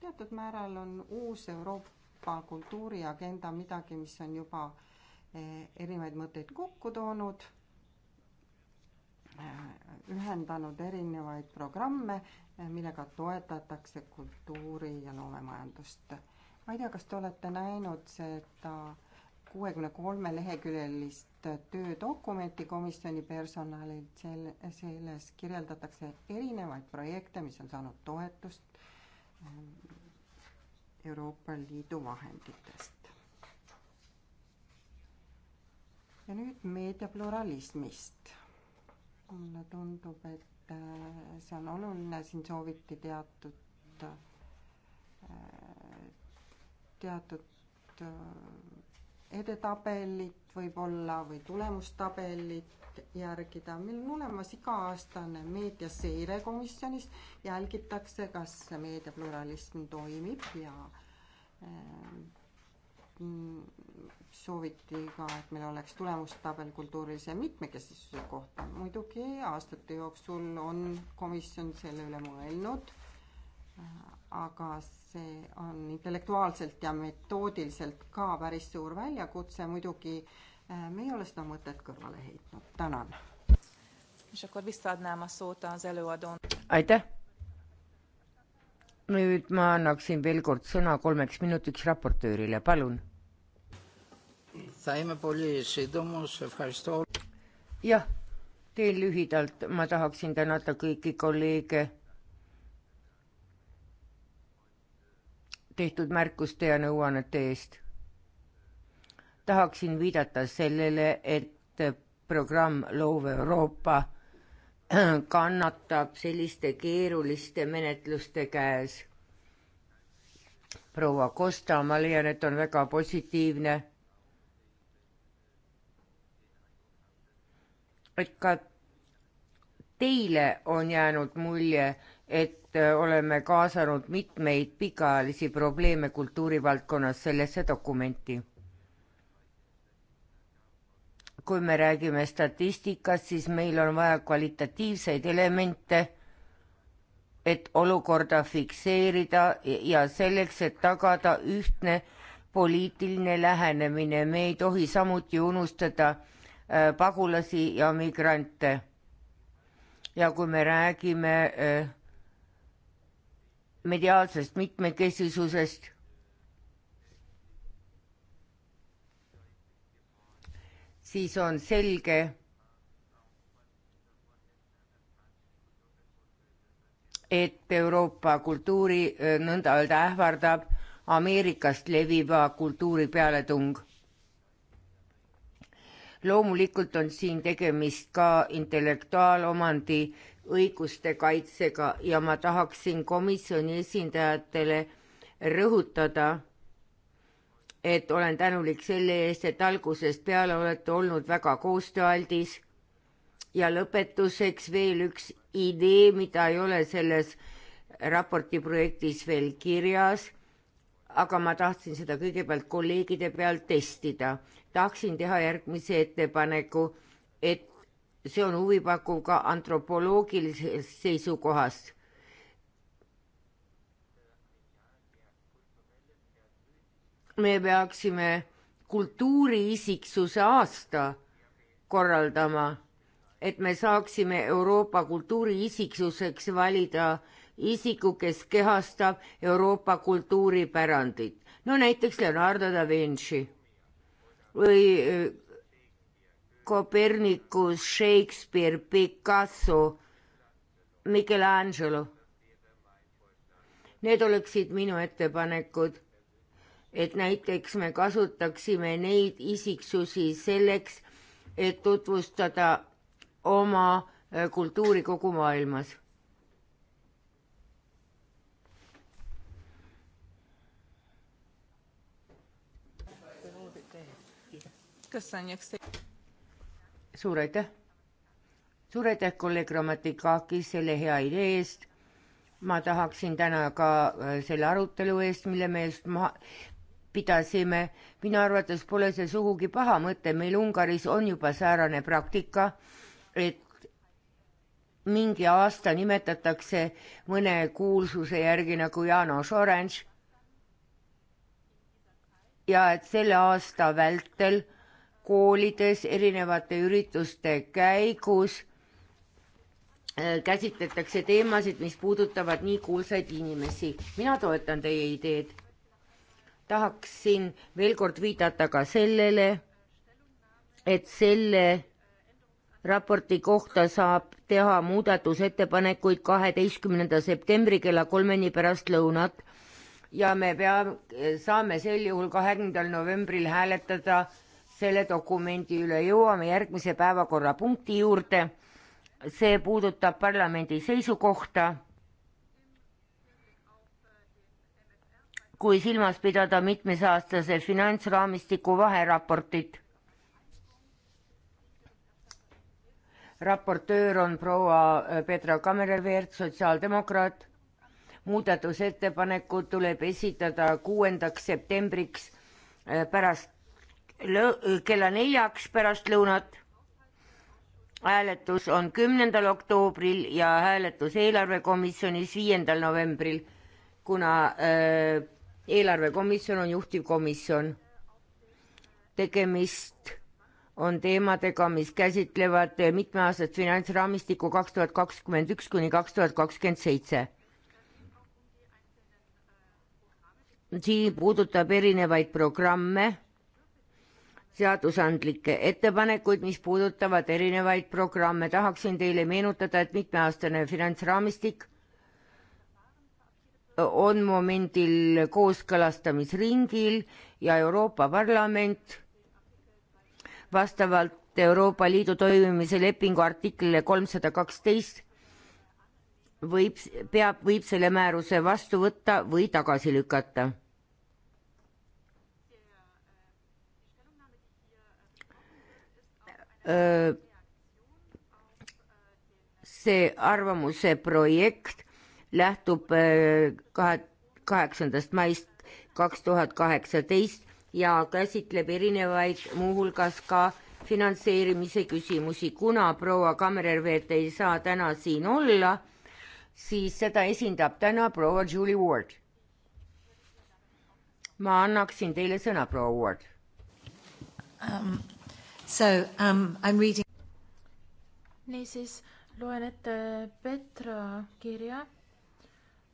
teatud määral on uus Euroopa kultuuriagenda midagi, mis on juba äh, erinevaid mõtteid kokku toonud, ühendanud erinevaid programme, millega toetatakse kultuuri- ja loomemajandust. ma ei tea, kas te olete näinud seda kuuekümne kolme leheküljelist töödokumenti komisjoni personalilt, selle, selles kirjeldatakse erinevaid projekte, mis on saanud toetust Euroopa Liidu vahenditest. ja nüüd meediapluralismist. mulle tundub, et äh, see on oluline, siin sooviti teatud, äh, teatud äh, edetabelit võib-olla või tulemustabelit järgida. meil on olemas iga-aastane meediaseire komisjonis, jälgitakse, kas meediapluralism toimib ja sooviti ka, et meil oleks tulemustabel kultuurilise mitmekesisuse kohta. muidugi aastate jooksul on komisjon selle üle mõelnud, aga see on intellektuaalselt ja metoodiliselt ka päris suur väljakutse, muidugi eh, me ei ole seda mõtet kõrvale heitnud, tänan. aitäh nüüd ma annaksin veel kord sõna kolmeks minutiks raportöörile, palun. Θα είμαι πολύ σύντομος. Ευχαριστώ. Jah, teen lühidalt, ma tahaksin tänada kõiki kolleege tehtud märkuste ja nõuannete eest. tahaksin viidata sellele, et programm Loov Euroopa kannatab selliste keeruliste menetluste käes. proua Kosta, ma leian, et on väga positiivne, et ka teile on jäänud mulje, et äh, oleme kaasanud mitmeid pikaajalisi probleeme kultuurivaldkonnas sellesse dokumenti. kui me räägime statistikast, siis meil on vaja kvalitatiivseid elemente, et olukorda fikseerida ja selleks, et tagada ühtne poliitiline lähenemine, me ei tohi samuti unustada, Äh, pagulasi ja migrante. ja kui me räägime äh, mediaalsest mitmekesisusest, siis on selge, et Euroopa kultuuri äh, nõnda öelda ähvardab Ameerikast leviva kultuuri pealetung loomulikult on siin tegemist ka intellektuaalomandi õiguste kaitsega ja ma tahaksin komisjoni esindajatele rõhutada, et olen tänulik selle eest, et algusest peale olete olnud väga koostööaldis ja lõpetuseks veel üks idee, mida ei ole selles raporti projektis veel kirjas, aga ma tahtsin seda kõigepealt kolleegide peal testida tahaksin teha järgmise ettepaneku, et see on huvipakkuv ka antropoloogilisest seisukohast. me peaksime kultuuriisiksuse aasta korraldama, et me saaksime Euroopa kultuuriisiksuseks valida isiku, kes kehastab Euroopa kultuuripärandit, no näiteks Leonardo da Vinci või Kopernikus, äh, Shakespeare, Picasso, Michelangelo. Need oleksid minu ettepanekud, et näiteks me kasutaksime neid isiksusi selleks, et tutvustada oma äh, kultuuri kogu maailmas suur aitäh, suur aitäh, kolleeg Grammatikakis selle hea idee eest. ma tahaksin täna ka äh, selle arutelu eest, mille me just maha pidasime. minu arvates pole see sugugi paha mõte, meil Ungaris on juba säärane praktika, et mingi aasta nimetatakse mõne kuulsuse järgi nagu Janos Orange. ja et selle aasta vältel koolides erinevate ürituste käigus äh, käsitletakse teemasid, mis puudutavad nii kuulsaid inimesi. mina toetan teie ideed. tahaksin veel kord viidata ka sellele, et selle raporti kohta saab teha muudatusettepanekuid kaheteistkümnenda septembri kella kolmeni pärastlõunat ja me pea, saame sel juhul kahekümnendal novembril hääletada selle dokumendi üle jõuame järgmise päevakorrapunkti juurde. see puudutab parlamendi seisukohta. kui silmas pidada mitmesaastase finantsraamistiku vaheraportit. raportöör on proua äh, Petra Kammerveert, sotsiaaldemokraat. muudatusettepanekud tuleb esitada kuuendaks septembriks äh, pärast Äh, kella neljaks pärastlõunat. hääletus on kümnendal oktoobril ja hääletus eelarvekomisjonis viiendal novembril, kuna öö, äh, eelarvekomisjon on juhtivkomisjon. tegemist on teemadega, mis käsitlevad mitmeaastast finantsraamistikku kaks tuhat kakskümmend üks kuni kaks tuhat kakskümmend seitse. siin puudutab erinevaid programme seadusandlikke ettepanekuid, mis puudutavad erinevaid programme. tahaksin teile meenutada, et mitmeaastane finantsraamistik on momendil kooskõlastamisringil ja Euroopa Parlament vastavalt Euroopa Liidu toimimise lepingu artiklile kolmsada kaksteist võib, peab, võib selle määruse vastu võtta või tagasi lükata see arvamuse projekt lähtub kahe, kaheksandast maist kaks tuhat kaheksateist ja käsitleb erinevaid, muuhulgas ka finantseerimise küsimusi. kuna proua Kammererveet ei saa täna siin olla, siis seda esindab täna proua Julie Ward. ma annaksin teile sõna, proua Ward um,. So um, I am reading. niisiis, loen ette Petra kirja.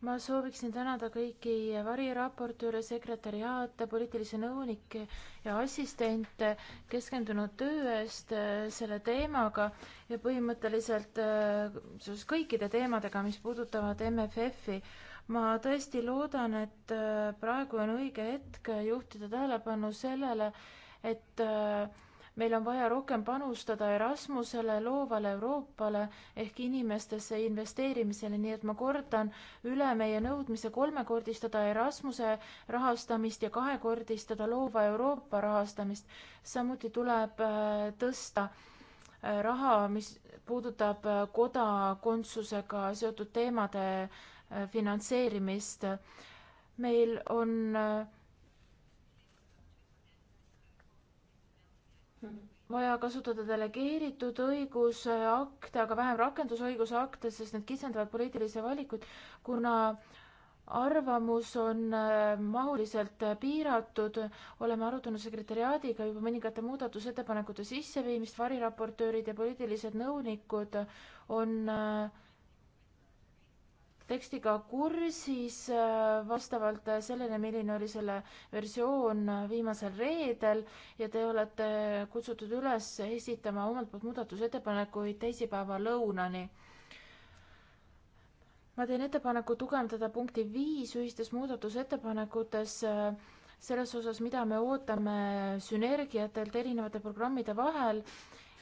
ma sooviksin tänada kõiki variraportööre, sekretäriaate, poliitilisi nõunikke ja assistente keskendunud töö eest äh, selle teemaga ja põhimõtteliselt äh, seoses kõikide teemadega, mis puudutavad MFF-i ma tõesti loodan, et äh, praegu on õige hetk juhtida tähelepanu sellele, et äh, meil on vaja rohkem panustada Erasmusele, loovale Euroopale ehk inimestesse investeerimisele, nii et ma kordan üle meie nõudmise kolmekordistada Erasmuse rahastamist ja kahekordistada loova Euroopa rahastamist. samuti tuleb äh, tõsta äh, raha, mis puudutab äh, kodakondsusega seotud teemade finantseerimist. meil on vaja kasutada delegeeritud õigusakte, aga vähem rakendusõiguse akte, sest need kitsendavad poliitilisi valikuid, kuna arvamus on äh, mahuliselt äh, piiratud, oleme arutanud sekretäriaadiga juba mõningate muudatusettepanekute sisseviimist, variraportöörid ja poliitilised nõunikud on äh, tekstiga kursis äh, vastavalt äh, sellele, milline oli selle versioon äh, viimasel reedel ja te olete kutsutud üles esitama omalt poolt muudatusettepanekuid teisipäeva lõunani. ma teen ettepaneku tugevdada punkti viis ühistes muudatusettepanekutes selles osas, mida me ootame sünergiatelt erinevate programmide vahel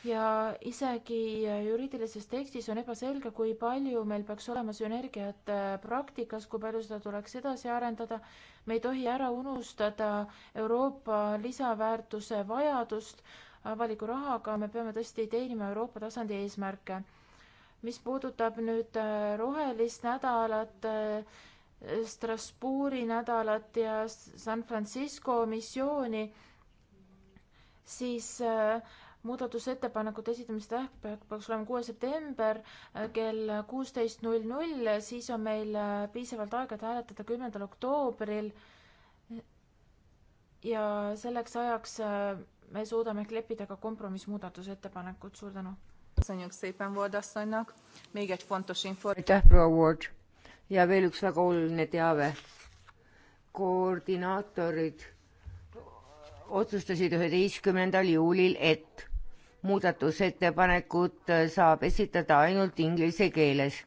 ja isegi äh, juriidilises tekstis on ebaselge, kui palju meil peaks olema sünergiat äh, praktikas, kui palju seda tuleks edasi arendada. me ei tohi ära unustada Euroopa lisaväärtuse vajadust avaliku rahaga, me peame tõesti teenima Euroopa tasandi eesmärke. mis puudutab nüüd äh, rohelist nädalat, Strasbourgi nädalat ja San Francisco missiooni, siis äh, muudatusettepanekute esitamise tähtpäev peaks olema kuues september äh, kell kuusteist null null, siis on meil äh, piisavalt aega, et hääletada kümnendal oktoobril. ja selleks ajaks äh, me suudame ehk leppida ka kompromissmuudatusettepanekud, suur tänu. aitäh, proua Ward ja veel üks väga oluline teave. koordinaatorid otsustasid üheteistkümnendal juulil, et muudatusettepanekut äh, saab esitada ainult inglise keeles.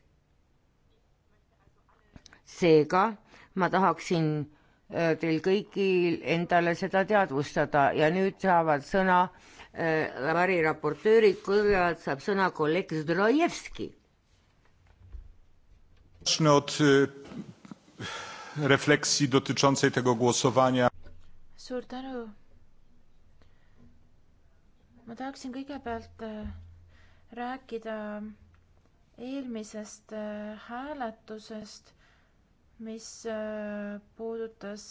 seega ma tahaksin äh, teil kõigil endale seda teadvustada ja nüüd saavad sõna äh, variraportöörid, kõigepealt saab sõna kolleeg Zdrojevski. Od refleksji dotyczącej tego głosowania. Suur tänu ma tahaksin kõigepealt äh, rääkida eelmisest äh, hääletusest, mis äh, puudutas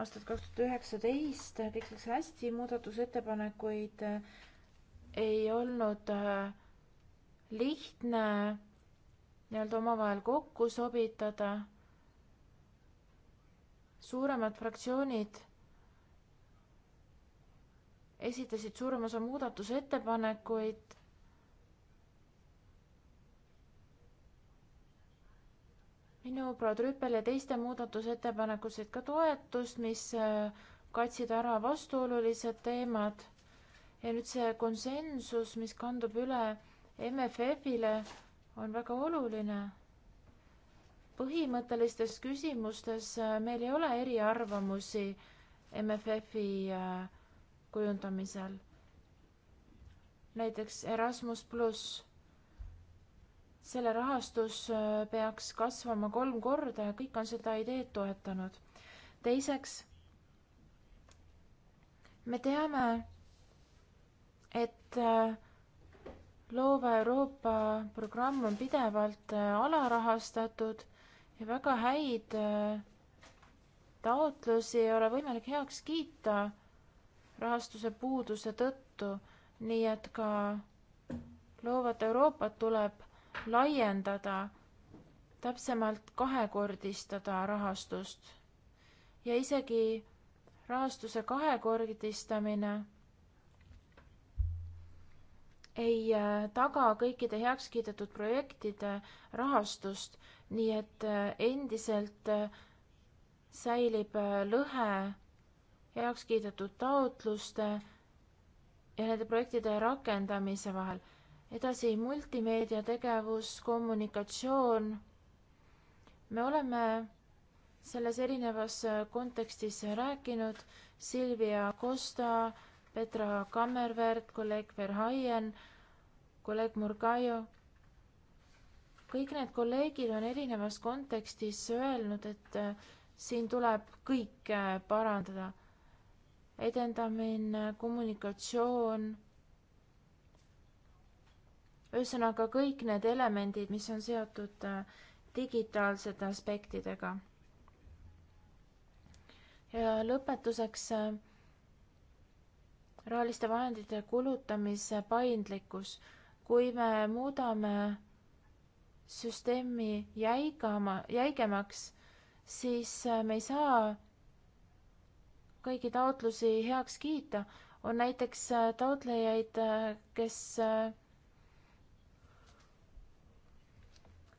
aastat kaks tuhat üheksateist, kõik läks hästi, muudatusettepanekuid ei olnud lihtne nii-öelda omavahel kokku sobitada. suuremad fraktsioonid esitasid suurem osa muudatusettepanekuid. minu proua Trüppel ja teiste muudatusettepanekud said ka toetust, mis äh, katsid ära vastuolulised teemad. ja nüüd see konsensus, mis kandub üle MFF-ile, on väga oluline. põhimõttelistes küsimustes äh, meil ei ole eriarvamusi MFF-i äh, kujundamisel. näiteks Erasmus pluss. selle rahastus äh, peaks kasvama kolm korda ja kõik on seda ideed toetanud. teiseks, me teame, et äh, loova Euroopa programm on pidevalt äh, alarahastatud ja väga häid taotlusi ei ole võimalik heaks kiita rahastuse puuduse tõttu, nii et ka loovat Euroopat tuleb laiendada, täpsemalt kahekordistada rahastust. ja isegi rahastuse kahekordistamine ei äh, taga kõikide heaks kiidetud projektide rahastust, nii et äh, endiselt äh, säilib lõhe heaks kiidetud taotluste ja nende projektide rakendamise vahel. edasi multimeediategevus, kommunikatsioon. me oleme selles erinevas kontekstis rääkinud Silvia Costa, Petra Kammervert, kolleeg Verhaien, kolleeg Murgaio. kõik need kolleegid on erinevas kontekstis öelnud, et äh, siin tuleb kõike parandada edendamine, kommunikatsioon. ühesõnaga kõik need elemendid, mis on seotud äh, digitaalsete aspektidega. ja lõpetuseks äh, rahaliste vahendite kulutamise paindlikkus. kui me muudame süsteemi jäigama, jäigemaks, siis äh, me ei saa kõigi taotlusi heaks kiita. on näiteks äh, taotlejaid, äh, kes äh,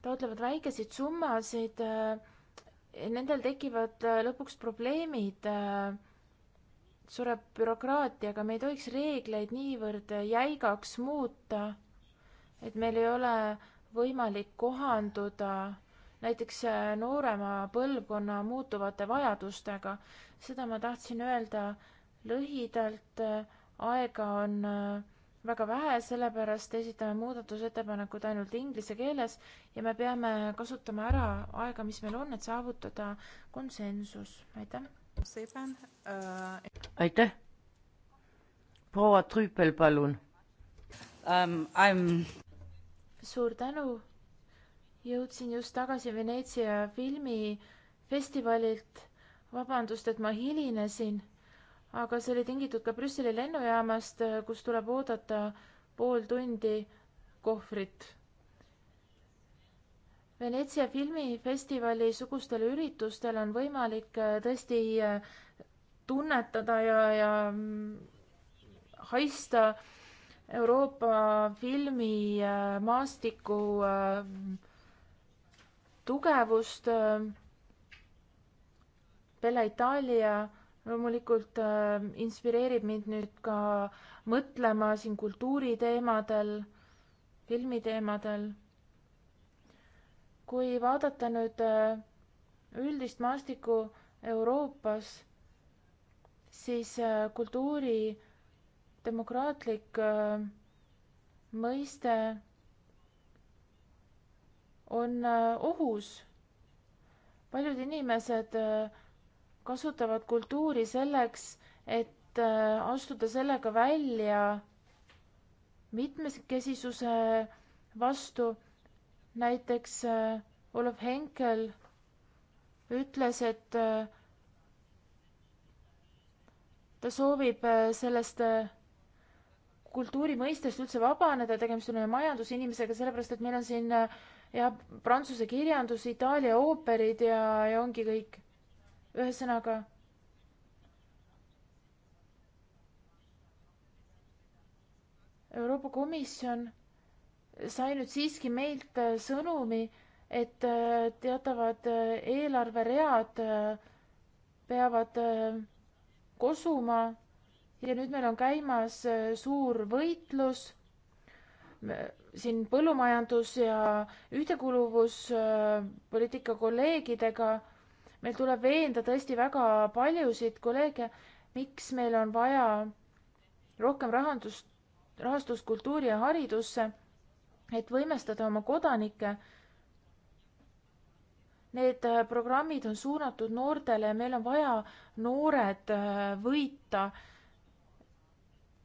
taotlevad väikeseid summasid, nendel tekivad lõpuks probleemid, sureb bürokraatia, aga me ei tohiks reegleid niivõrd jäigaks muuta, et meil ei ole võimalik kohanduda näiteks äh, noorema põlvkonna muutuvate vajadustega. seda ma tahtsin öelda lühidalt, äh, aega on äh, väga vähe, sellepärast esitame muudatusettepanekud ainult inglise keeles ja me peame kasutama ära aega, mis meil on, et saavutada konsensus, aitäh. aitäh. proua Trüüpel, palun um,. suur tänu jõudsin just tagasi Veneetsia filmifestivalilt. vabandust, et ma hilinesin, aga see oli tingitud ka Brüsseli lennujaamast, kus tuleb oodata pool tundi kohvrit. Veneetsia filmifestivali sugustel üritustel on võimalik äh, tõesti äh, tunnetada ja, ja mm, haista Euroopa filmimaastikku äh, äh tugevust. Äh, Bella Italia loomulikult äh, inspireerib mind nüüd ka mõtlema siin kultuuriteemadel, filmiteemadel. kui vaadata nüüd äh, üldist maastikku Euroopas, siis kultuuri demokraatlik mõiste on äh, ohus. paljud inimesed äh, kasutavad kultuuri selleks, et äh, astuda sellega välja mitmekesisuse vastu. näiteks Olav Henkel ütles, et ta soovib sellest kultuuri mõistest üldse vabaneda, tegemist on ühe majandusinimesega, sellepärast et meil on siin äh, ja prantsuse kirjandus, Itaalia ooperid ja, ja ongi kõik. ühesõnaga. Euroopa Komisjon sai nüüd siiski meilt äh, sõnumi, et äh, teatavad äh, eelarveread peavad kosuma ja nüüd meil on käimas suur võitlus siin põllumajandus ja ühtekuuluvuspoliitika kolleegidega. meil tuleb veenda tõesti väga paljusid kolleege, miks meil on vaja rohkem rahandust, rahastust kultuuri ja haridusse, et võimestada oma kodanikke. Need äh, programmid on suunatud noortele ja meil on vaja noored äh, võita äh,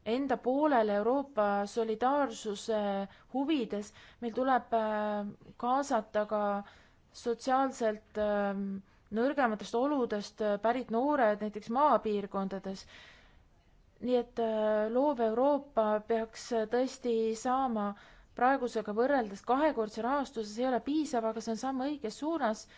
enda poolel Euroopa solidaarsuse huvides, meil tuleb äh, kaasata ka sotsiaalselt ähm, nõrgematest oludest äh, pärit noored näiteks maapiirkondades. nii et äh, loov Euroopa peaks tõesti saama praegusega võrreldes kahekordse rahastuse, see ei ole piisav, aga see on samm õiges suunas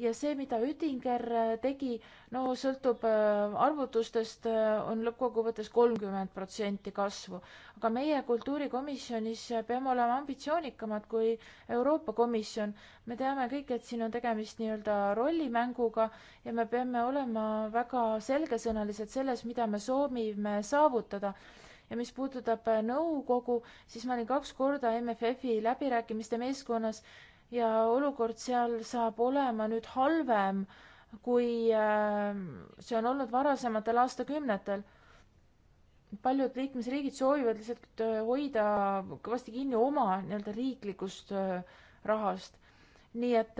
ja see, mida Oettinger äh, tegi, no sõltub äh, arvutustest on, äh, on lõppkokkuvõttes kolmkümmend protsenti kasvu. aga meie kultuurikomisjonis peame olema ambitsioonikamad kui Euroopa Komisjon. me teame kõik, et siin on tegemist nii-öelda rollimänguga ja me peame olema väga selgesõnalised selles, mida me soovime saavutada ja mis puudutab nõukogu, siis ma olin kaks korda MFF-i läbirääkimiste meeskonnas ja olukord seal saab olema nüüd halvem, kui äh, see on olnud varasematel aastakümnetel. paljud liikmesriigid soovivad lihtsalt äh, hoida kõvasti kinni oma nii-öelda riiklikust äh, rahast. nii et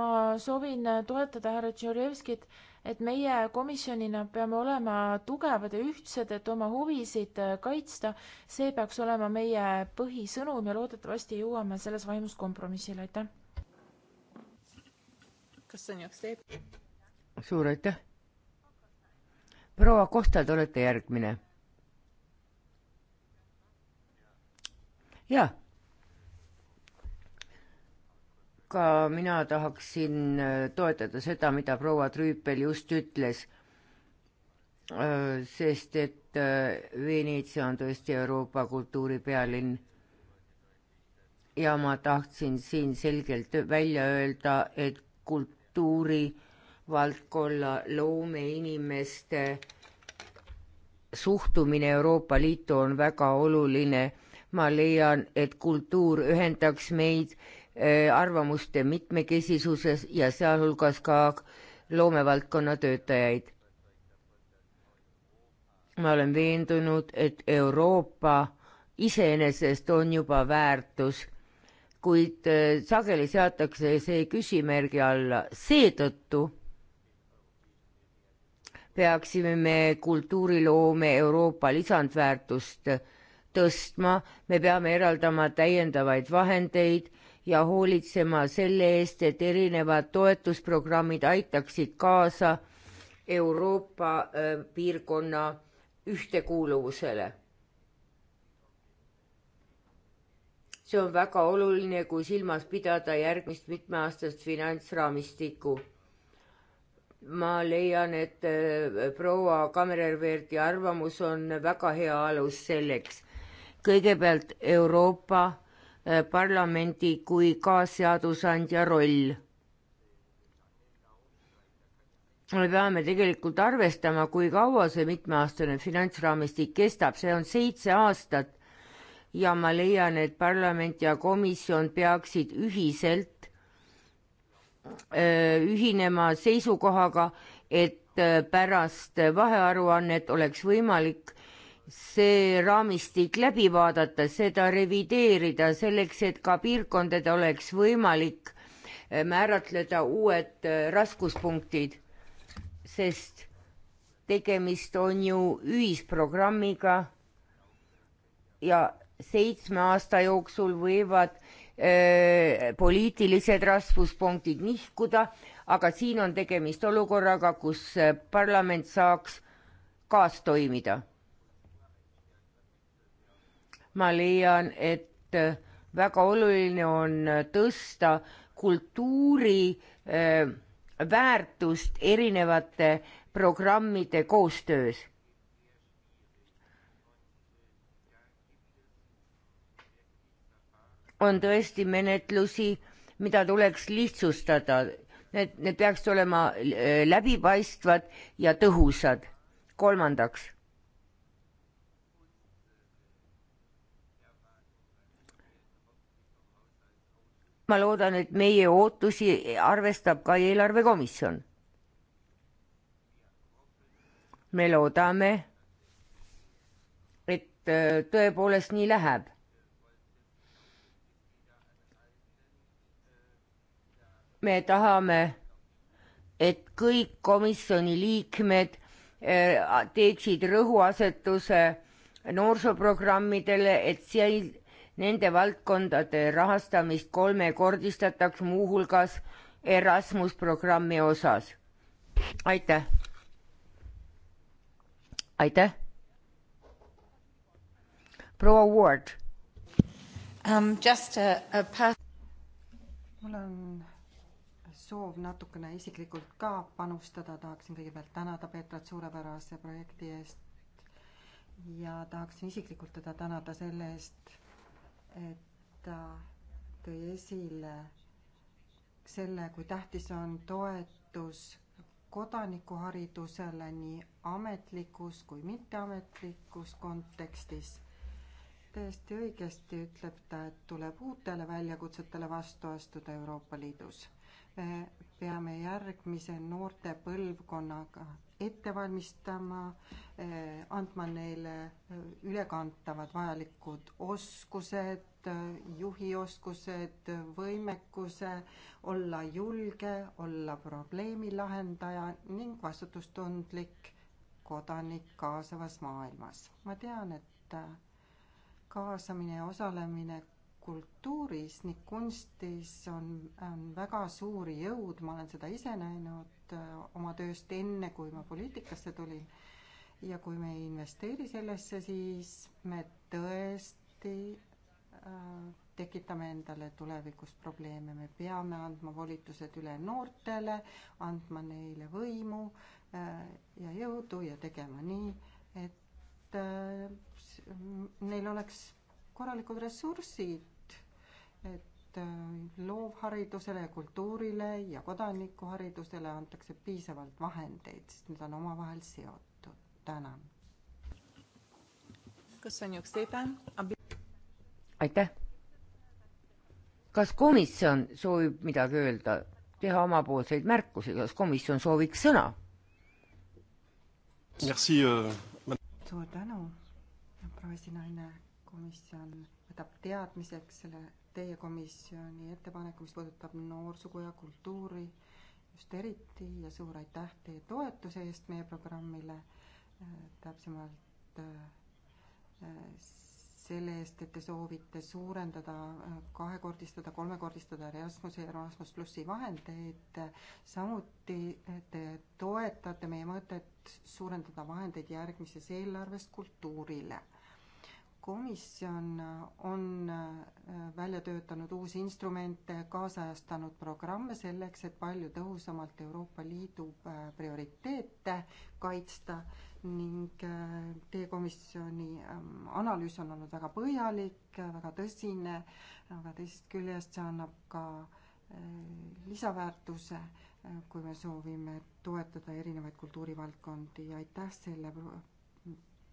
ma soovin toetada härra Tšorjevskit et meie komisjonina peame olema tugevad ja ühtsed, et oma huvisid äh, kaitsta. see peaks olema meie põhisõnum ja loodetavasti jõuame selles vaimus kompromissile, aitäh. kas see on jah see? suur aitäh. proua Kosta, te olete järgmine. jaa ka mina tahaksin äh, toetada seda, mida proua Trüüpel just ütles, äh, sest et äh, Veneetsia on tõesti Euroopa kultuuripealinn. ja ma tahtsin siin selgelt välja öelda, et kultuurivaldkonna loomeinimeste suhtumine Euroopa Liitu on väga oluline. ma leian, et kultuur ühendaks meid Äh, arvamuste mitmekesisuses ja sealhulgas ka loomevaldkonna töötajaid. ma olen veendunud, et Euroopa iseenesest on juba väärtus, kuid äh, sageli seatakse see küsimärgi alla, seetõttu peaksime me kultuuriloome Euroopa lisandväärtust tõstma, me peame eraldama täiendavaid vahendeid ja hoolitsema selle eest, et erinevad toetusprogrammid aitaksid kaasa Euroopa äh, piirkonna ühtekuuluvusele. see on väga oluline, kui silmas pidada järgmist mitmeaastast finantsraamistikku ma leian, et äh, proua Kammererverdi arvamus on väga hea alus selleks. kõigepealt Euroopa Äh, parlamendi kui ka seadusandja roll. me peame tegelikult arvestama, kui kaua see mitmeaastane finantsraamistik kestab, see on seitse aastat ja ma leian, et parlament ja komisjon peaksid ühiselt äh, ühinema seisukohaga, et äh, pärast vahearuannet oleks võimalik see raamistik läbi vaadata, seda revideerida selleks, et ka piirkondadel oleks võimalik eh, määratleda uued eh, raskuspunktid, sest tegemist on ju ühisprogrammiga ja seitsme aasta jooksul võivad öö, eh, poliitilised raskuspunktid nihkuda, aga siin on tegemist olukorraga, kus parlament saaks kaastoimida ma leian, et väga oluline on tõsta kultuuri eh, väärtust erinevate programmide koostöös. on tõesti menetlusi, mida tuleks lihtsustada, need, need peaksid olema eh, läbipaistvad ja tõhusad. kolmandaks ma loodan, et meie ootusi arvestab ka eelarvekomisjon. me loodame, et äh, tõepoolest nii läheb me tahame, et kõik komisjoni liikmed äh, teeksid rõhuasetuse noorsooprogrammidele, et seal Nende valdkondade rahastamist kolmekordistataks muuhulgas Erasmus programmi osas. aitäh. aitäh. proua Ward um,. Just a, a pers-. mul on soov natukene isiklikult ka panustada, tahaksin kõigepealt tänada Peetrat suurepärase projekti eest ja tahaksin isiklikult teda tänada selle eest, ta äh, tõi esile selle, kui tähtis on toetus kodanikuharidusele nii ametlikus kui mitteametlikus kontekstis. täiesti õigesti ütleb ta, et tuleb uutele väljakutsetele vastu astuda Euroopa Liidus. me peame järgmise noorte põlvkonnaga ette valmistama, eh, andma neile eh, ülekantavad vajalikud oskused, eh, juhi oskused, võimekuse olla julge, olla probleemi lahendaja ning vastutustundlik kodanik kaasavas maailmas. ma tean, et kaasamine ja osalemine kultuuris ning kunstis on, on väga suuri jõud, ma olen seda ise näinud Äh, oma tööst enne, kui ma poliitikasse tulin. ja kui me ei investeeri sellesse, siis me tõesti äh, tekitame endale tulevikus probleeme, me peame andma volitused üle noortele, andma neile võimu äh, ja jõudu ja tegema nii, et neil oleks korralikud ressursid, et Äh, loovharidusele ja kultuurile ja kodanikuharidusele antakse piisavalt vahendeid, sest need on omavahel seotud. tänan. aitäh. kas komisjon soovib midagi öelda, teha omapoolseid märkusi, kas komisjon sooviks sõna? Äh, suur tänu, proua esinaine, komisjon võtab teadmiseks selle teie komisjoni ettepaneku, mis puudutab noorsugu ja kultuuri just eriti ja suur aitäh teie toetuse eest meie programmile, äh, täpsemalt äh, selle eest, et te soovite suurendada, äh, kahekordistada, kolmekordistada Erasmuse ja Erasmus plussi vahendeid. samuti te toetate meie mõtet suurendada vahendeid järgmises eelarves kultuurile komisjon on äh, välja töötanud uusi instrumente, kaasajastanud programme selleks, et palju tõhusamalt Euroopa Liidu äh, prioriteete kaitsta ning äh, teie komisjoni ähm, analüüs on olnud väga põhjalik, väga tõsine, aga teisest küljest see annab ka lisaväärtuse, kui me soovime toetada erinevaid kultuurivaldkondi ja aitäh selle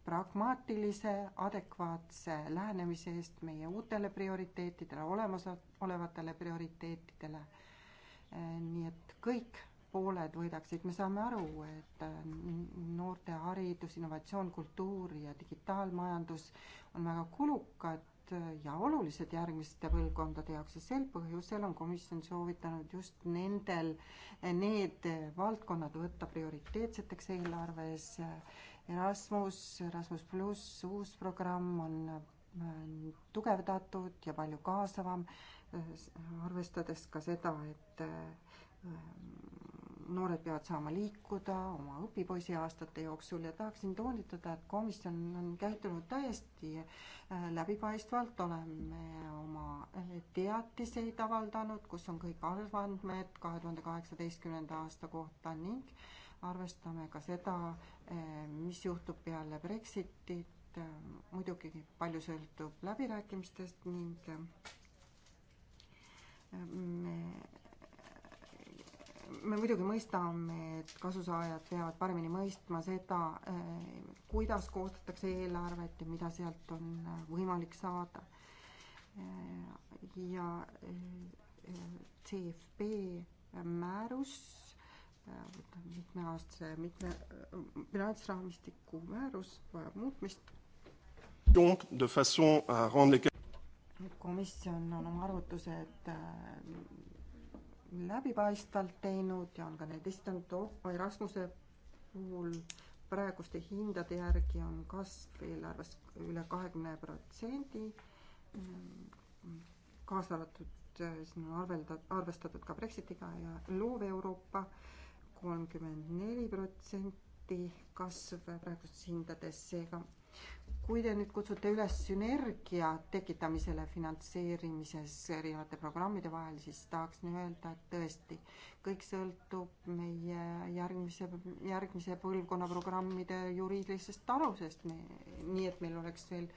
pragmaatilise, adekvaatse lähenemise eest meie uutele prioriteetidele, olemasolevatele prioriteetidele. nii et kõik pooled võidaksid, me saame aru, et mm, noorte haridus, innovatsioon, kultuur ja digitaalmajandus on väga kulukad ja olulised järgmiste põlvkondade jaoks ja sel põhjusel on komisjon soovitanud just nendel, need valdkonnad võtta prioriteetseteks eelarves Erasmus, Erasmus pluss, uus programm on äh, tugevdatud ja palju kaasavam, äh, arvestades ka seda, et äh, noored peavad saama liikuda oma õpipoisiaastate jooksul ja tahaksin toonitada, et komisjon on käitunud täiesti läbipaistvalt, oleme oma teatiseid avaldanud, kus on kõik arvandmed kahe tuhande kaheksateistkümnenda aasta kohta ning arvestame ka seda, eh, mis juhtub peale Brexitit, eh, muidugi palju sõltub läbirääkimistest ning eh, me, me muidugi mõistame, et kasusaajad peavad paremini mõistma seda, kuidas koostatakse eelarvet ja mida sealt on võimalik saada. ja CFP määrus mitmeaastase mitme finantsraamistiku määrus vajab muutmist. komisjon on oma arvutused äh, läbipaistvalt teinud ja on ka need esitanud Erasmuse puhul praeguste hindade järgi on kasv eelarves üle kahekümne protsendi, äh, kaasa arvatud äh, siin on arvelda-, arvestatud ka Brexitiga ja loov Euroopa äh, kolmkümmend neli protsenti kasv praegustes hindades, seega kui te nüüd kutsute üles sünergia tekitamisele finantseerimises erinevate programmide vahel, siis tahaksin öelda, et tõesti, kõik sõltub meie järgmise, järgmise põlvkonna programmide juriidilisest alusest, nii et meil oleks veel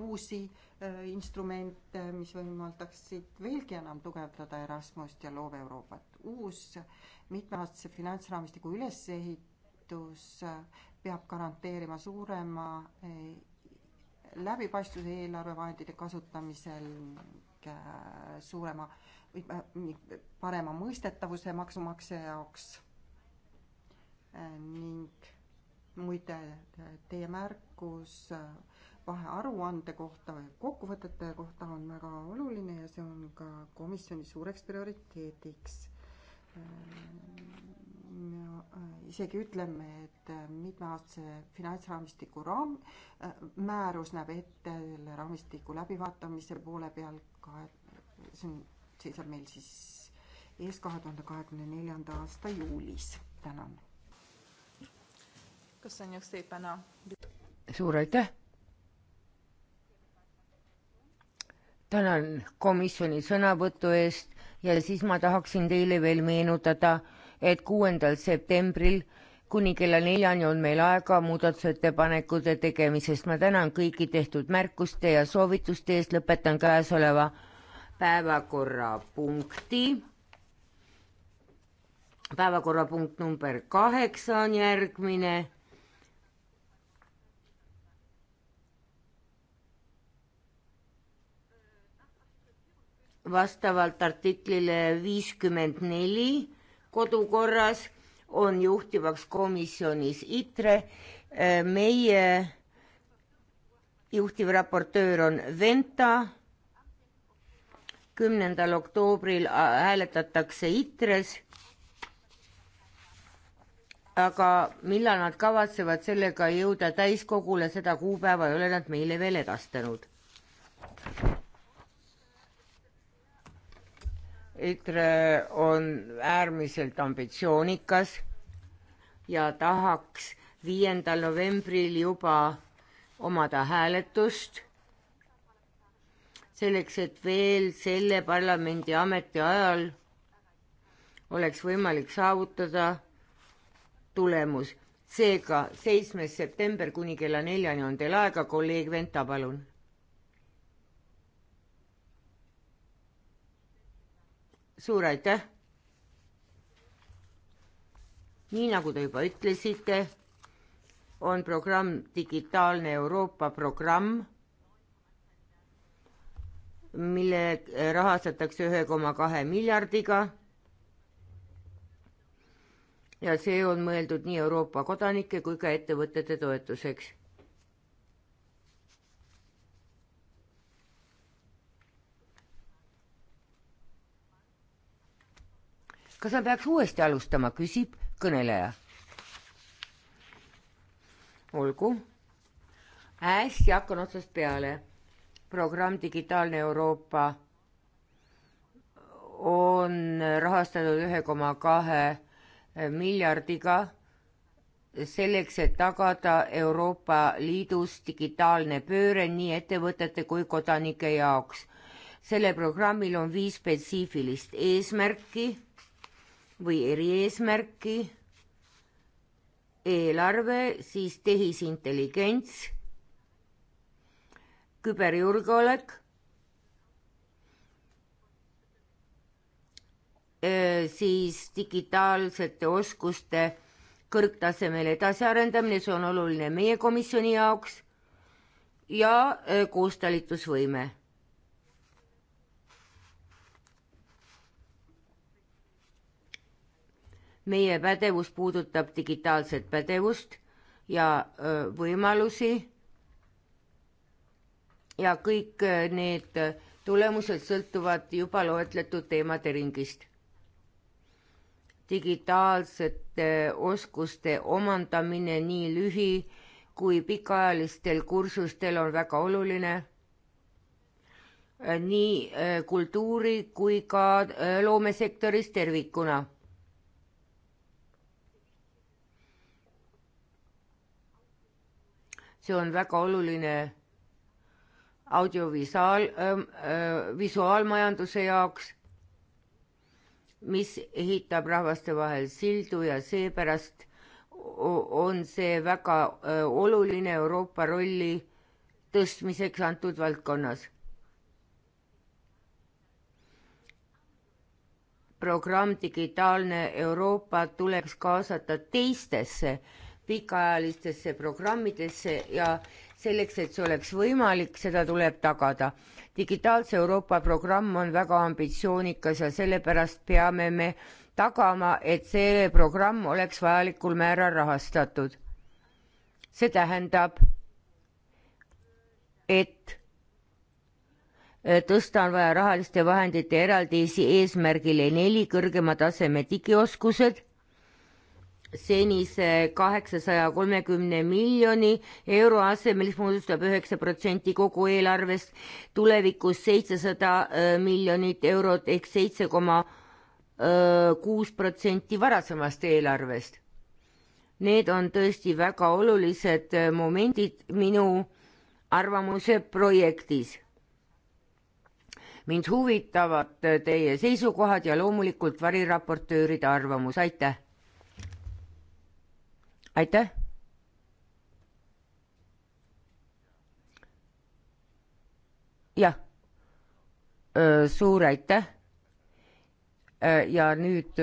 uusi äh, instrumente, mis võimaldaksid veelgi enam tugevdada Erasmust ja Loov Euroopat. uus mitmeaastase finantsraamistiku ülesehitus äh, peab garanteerima suurema äh, läbipaistvuse eelarvevahendite kasutamisel, äh, suurema või parema mõistetavuse maksumaksja jaoks ning muide, teie märkus vahearuande kohta või kokkuvõtete kohta on väga oluline ja see on ka komisjoni suureks prioriteediks me äh, isegi ütleme, et äh, mitmeaastase finantsraamistiku raam, äh, määrus näeb ette selle raamistiku läbivaatamise poole peal ka, see on, seisab meil siis ees kahe tuhande kahekümne neljanda aasta juulis. tänan. kas on just teepana? suur aitäh. tänan komisjoni sõnavõtu eest ja siis ma tahaksin teile veel meenutada, et kuuendal septembril kuni kella neljani on meil aega muudatusettepanekute tegemisest. ma tänan kõiki tehtud märkuste ja soovituste eest, lõpetan käesoleva päevakorrapunkti. päevakorrapunkt number kaheksa on järgmine vastavalt artiklile viiskümmend neli kodukorras on juhtivaks komisjonis ITRE. Äh, meie juhtivraportöör on Venta. kümnendal oktoobril äh, hääletatakse ITRE-s. aga millal nad kavatsevad sellega jõuda täiskogule, seda kuupäeva ei ole nad meile veel edastanud. ITRE on äärmiselt ambitsioonikas ja tahaks viiendal novembril juba omada hääletust, selleks et veel selle parlamendi ametiajal oleks võimalik saavutada tulemus. seega seitsmes september kuni kella neljani on teil aega, kolleeg Venta, palun suur aitäh. nii nagu te juba ütlesite, on programm Digitaalne Euroopa programm, mille rahastatakse ühe koma kahe miljardiga. ja see on mõeldud nii Euroopa kodanike kui ka ettevõtete toetuseks kas ma peaks uuesti alustama, küsib kõneleja. olgu. hästi, hakkan otsast peale. programm Digitaalne Euroopa on rahastatud ühe koma kahe miljardiga selleks, et tagada Euroopa Liidus digitaalne pööre nii ettevõtete kui kodanike jaoks. sellel programmil on viis spetsiifilist eesmärki või erieesmärki, eelarve, siis tehisintelligents, küberjulgeolek, siis digitaalsete oskuste kõrgtasemel edasiarendamine, see on oluline meie komisjoni jaoks ja koostalitusvõime meie pädevus puudutab digitaalset pädevust ja võimalusi ja kõik need tulemused sõltuvad juba loetletud teemade ringist. digitaalsete oskuste omandamine nii lühi- kui pikaajalistel kursustel on väga oluline nii kultuuri kui ka loomesektoris tervikuna see on väga oluline audiovisuaal ähm, äh,, visuaalmajanduse jaoks, mis ehitab rahvaste vahel sildu ja seepärast on see väga äh, oluline Euroopa rolli tõstmiseks antud valdkonnas. programm Digitaalne Euroopa tuleks kaasata teistesse äh, pikaajalistesse programmidesse ja selleks, et see oleks võimalik, seda tuleb tagada. digitaalse Euroopa programm on väga ambitsioonikas ja sellepärast peame me tagama, et see programm oleks vajalikul määral rahastatud. see tähendab, et äh, tõsta on vaja rahaliste vahendite eraldisi eesmärgile neli kõrgema taseme digioskused senise kaheksasaja kolmekümne miljoni euro asemel, mis moodustab üheksa protsenti kogu eelarvest, tulevikus seitsesada äh, miljonit eurot ehk seitse koma äh, kuus protsenti varasemast eelarvest. Need on tõesti väga olulised äh, momendid minu arvamuse projektis. mind huvitavad teie seisukohad ja loomulikult variraportööride arvamus, aitäh! aitäh. jah, suur aitäh. ja nüüd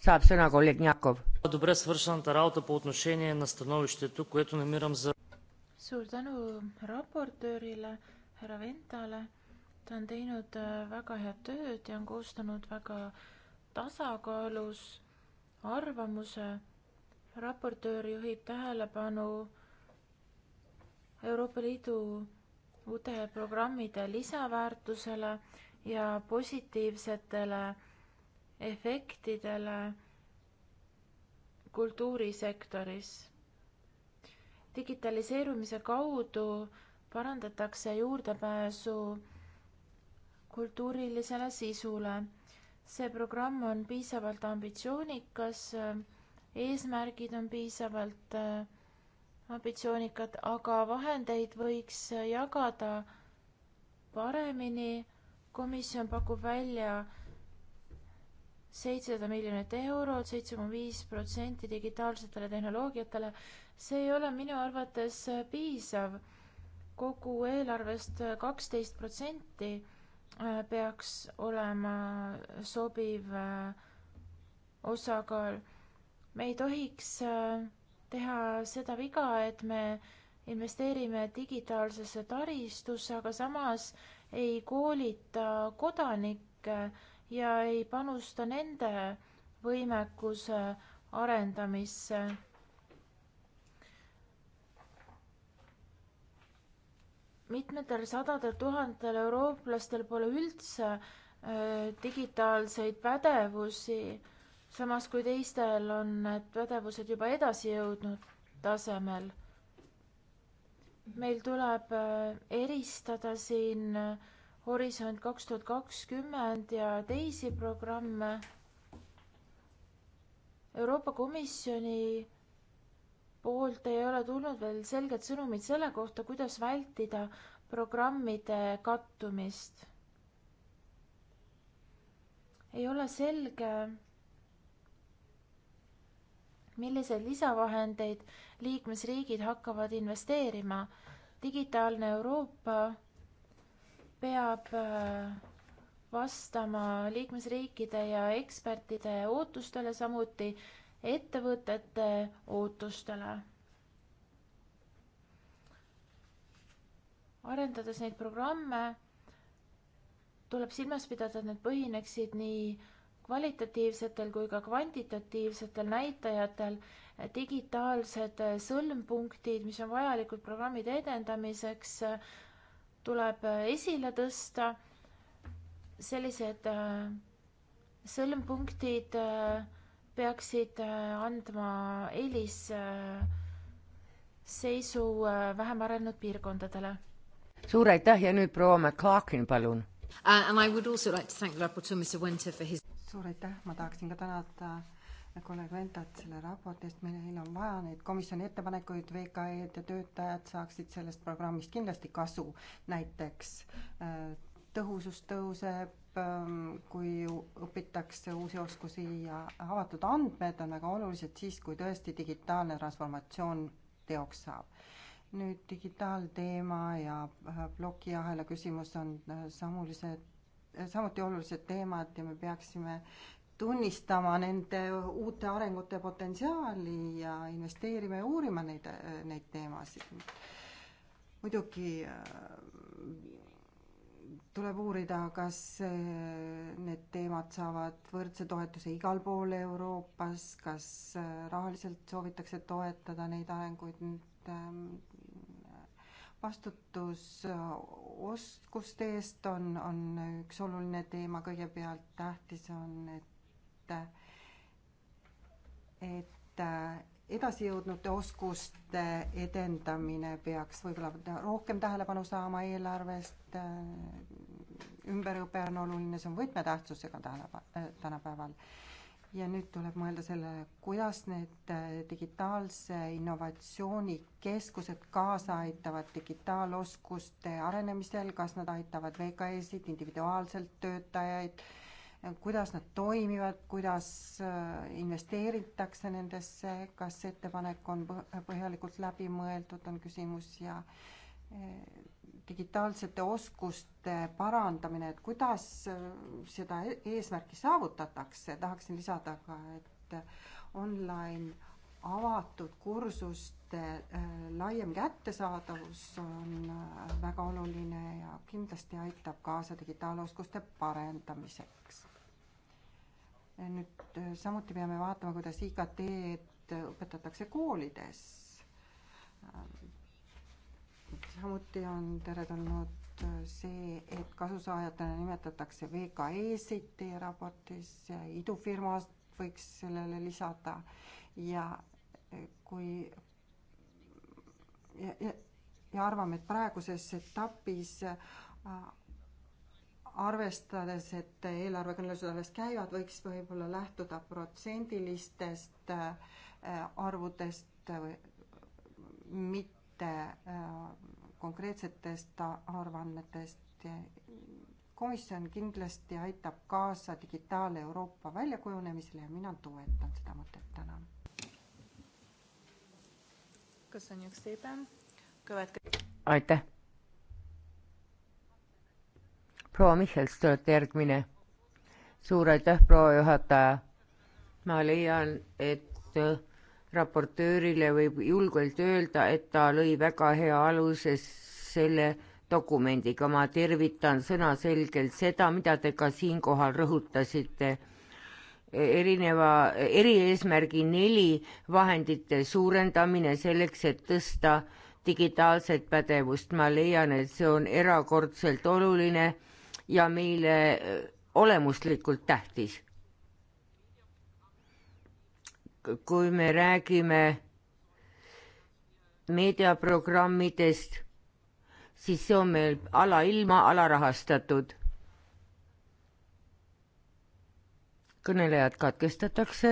saab sõna kolleeg Jakov. suur tänu raportöörile, härra Ventale. ta on teinud äh, väga head tööd ja on koostanud väga tasakaalus arvamuse raportöör juhib tähelepanu Euroopa Liidu uute programmide lisaväärtusele ja positiivsetele efektidele kultuurisektoris. digitaliseerumise kaudu parandatakse juurdepääsu kultuurilisele sisule. see programm on piisavalt ambitsioonikas eesmärgid on piisavalt äh, ambitsioonikad, aga vahendeid võiks äh, jagada paremini. komisjon pakub välja seitsesada miljonit eurot, seitse koma viis protsenti digitaalsetele tehnoloogiatele. see ei ole minu arvates äh, piisav. kogu eelarvest kaksteist protsenti peaks olema sobiv osakaal me ei tohiks äh, teha seda viga, et me investeerime digitaalsesse taristusse, aga samas ei koolita kodanikke ja ei panusta nende võimekuse arendamisse. mitmetel sadadel tuhandel eurooplastel pole üldse äh, digitaalseid pädevusi samas kui teistel on need pädevused juba edasi jõudnud tasemel. meil tuleb äh, eristada siin äh, Horisont kaks tuhat kakskümmend ja teisi programme. Euroopa Komisjoni poolt ei ole tulnud veel selget sõnumit selle kohta, kuidas vältida programmide kattumist. ei ole selge milliseid lisavahendeid liikmesriigid hakkavad investeerima. digitaalne Euroopa peab äh, vastama liikmesriikide ja ekspertide ootustele, samuti ettevõtete ootustele. arendades neid programme, tuleb silmas pidada, et need põhineksid nii kvalitatiivsetel kui ka kvantitatiivsetel näitajatel digitaalsed eh, sõlmpunktid, mis on vajalikud programmide edendamiseks, eh, tuleb eh, esile tõsta. sellised sõlmpunktid peaksid andma eelisseisu vähem arenenud piirkondadele. suur aitäh ja nüüd proua McLaughlin, palun. Uh, and I would also like to thank the rapporteur, Mr. Winter, for his suur aitäh, ma tahaksin ka tänada kolleeg Ventat selle raporti eest, meil on vaja neid komisjoni ettepanekuid, VKE-d ja töötajad saaksid sellest programmist kindlasti kasu. näiteks äh, tõhusus tõuseb, ähm, kui õpitakse uusi oskusi ja avatud andmed on väga olulised siis, kui tõesti digitaalne transformatsioon teoks saab. nüüd digitaalteema ja äh, plokiahela küsimus on äh, samulised samuti olulised teemad ja me peaksime tunnistama nende uute arengute potentsiaali ja investeerima ja uurima neid, neid teemasid. muidugi äh, tuleb uurida, kas äh, need teemad saavad võrdse toetuse igal pool Euroopas, kas äh, rahaliselt soovitakse toetada neid arenguid, nüüd ähm, vastutus äh, oskuste eest on, on üks oluline teema, kõigepealt tähtis on, et et äh, edasijõudnute oskuste edendamine peaks võib-olla rohkem tähelepanu saama eelarvest, äh, ümberõpe on oluline, see on võtmetähtsusega tähelepa-, tänapäeval ja nüüd tuleb mõelda sellele, kuidas need äh, digitaalse innovatsiooni keskused kaasa aitavad digitaaloskuste arenemisel, kas nad aitavad VKE-sid, individuaalselt töötajaid, äh, kuidas nad toimivad, kuidas äh, investeeritakse nendesse, kas ettepanek on põhjalikult läbi mõeldud, on küsimus ja digitaalsete oskuste parandamine, et kuidas äh, seda e-, eesmärki saavutatakse, tahaksin lisada ka, et äh, online avatud kursuste äh, laiem kättesaadavus on väga oluline ja kindlasti aitab kaasa digitaaloskuste parendamiseks. nüüd samuti peame vaatama, kuidas IKT-d õpetatakse koolides samuti on teretulnud äh, see, et kasusaajatena nimetatakse VKE-sid teie raportis, idufirmast võiks sellele lisada ja äh, kui ja, ja, ja arvame, et praeguses etapis äh, arvestades, et eelarvekõnelused alles käivad, võiks võib-olla lähtuda protsendilistest arvudest, mitte konkreetsetest aruannetest. komisjon kindlasti aitab kaasa Digitaal-Euroopa väljakujunemisele ja mina toetan seda mõtet, tänan. aitäh. proua Michals, te olete järgmine. suur aitäh, proua juhataja. ma leian, et raportöörile võib julgelt öelda, et ta lõi väga hea aluse selle dokumendiga, ma tervitan sõnaselgelt seda, mida te ka siinkohal rõhutasite, erineva, erieesmärgi neli vahendite suurendamine selleks, et tõsta digitaalset pädevust, ma leian, et see on erakordselt oluline ja meile olemuslikult tähtis kui me räägime meediaprogrammidest, siis see on meil alailma alarahastatud. kõnelejad katkestatakse.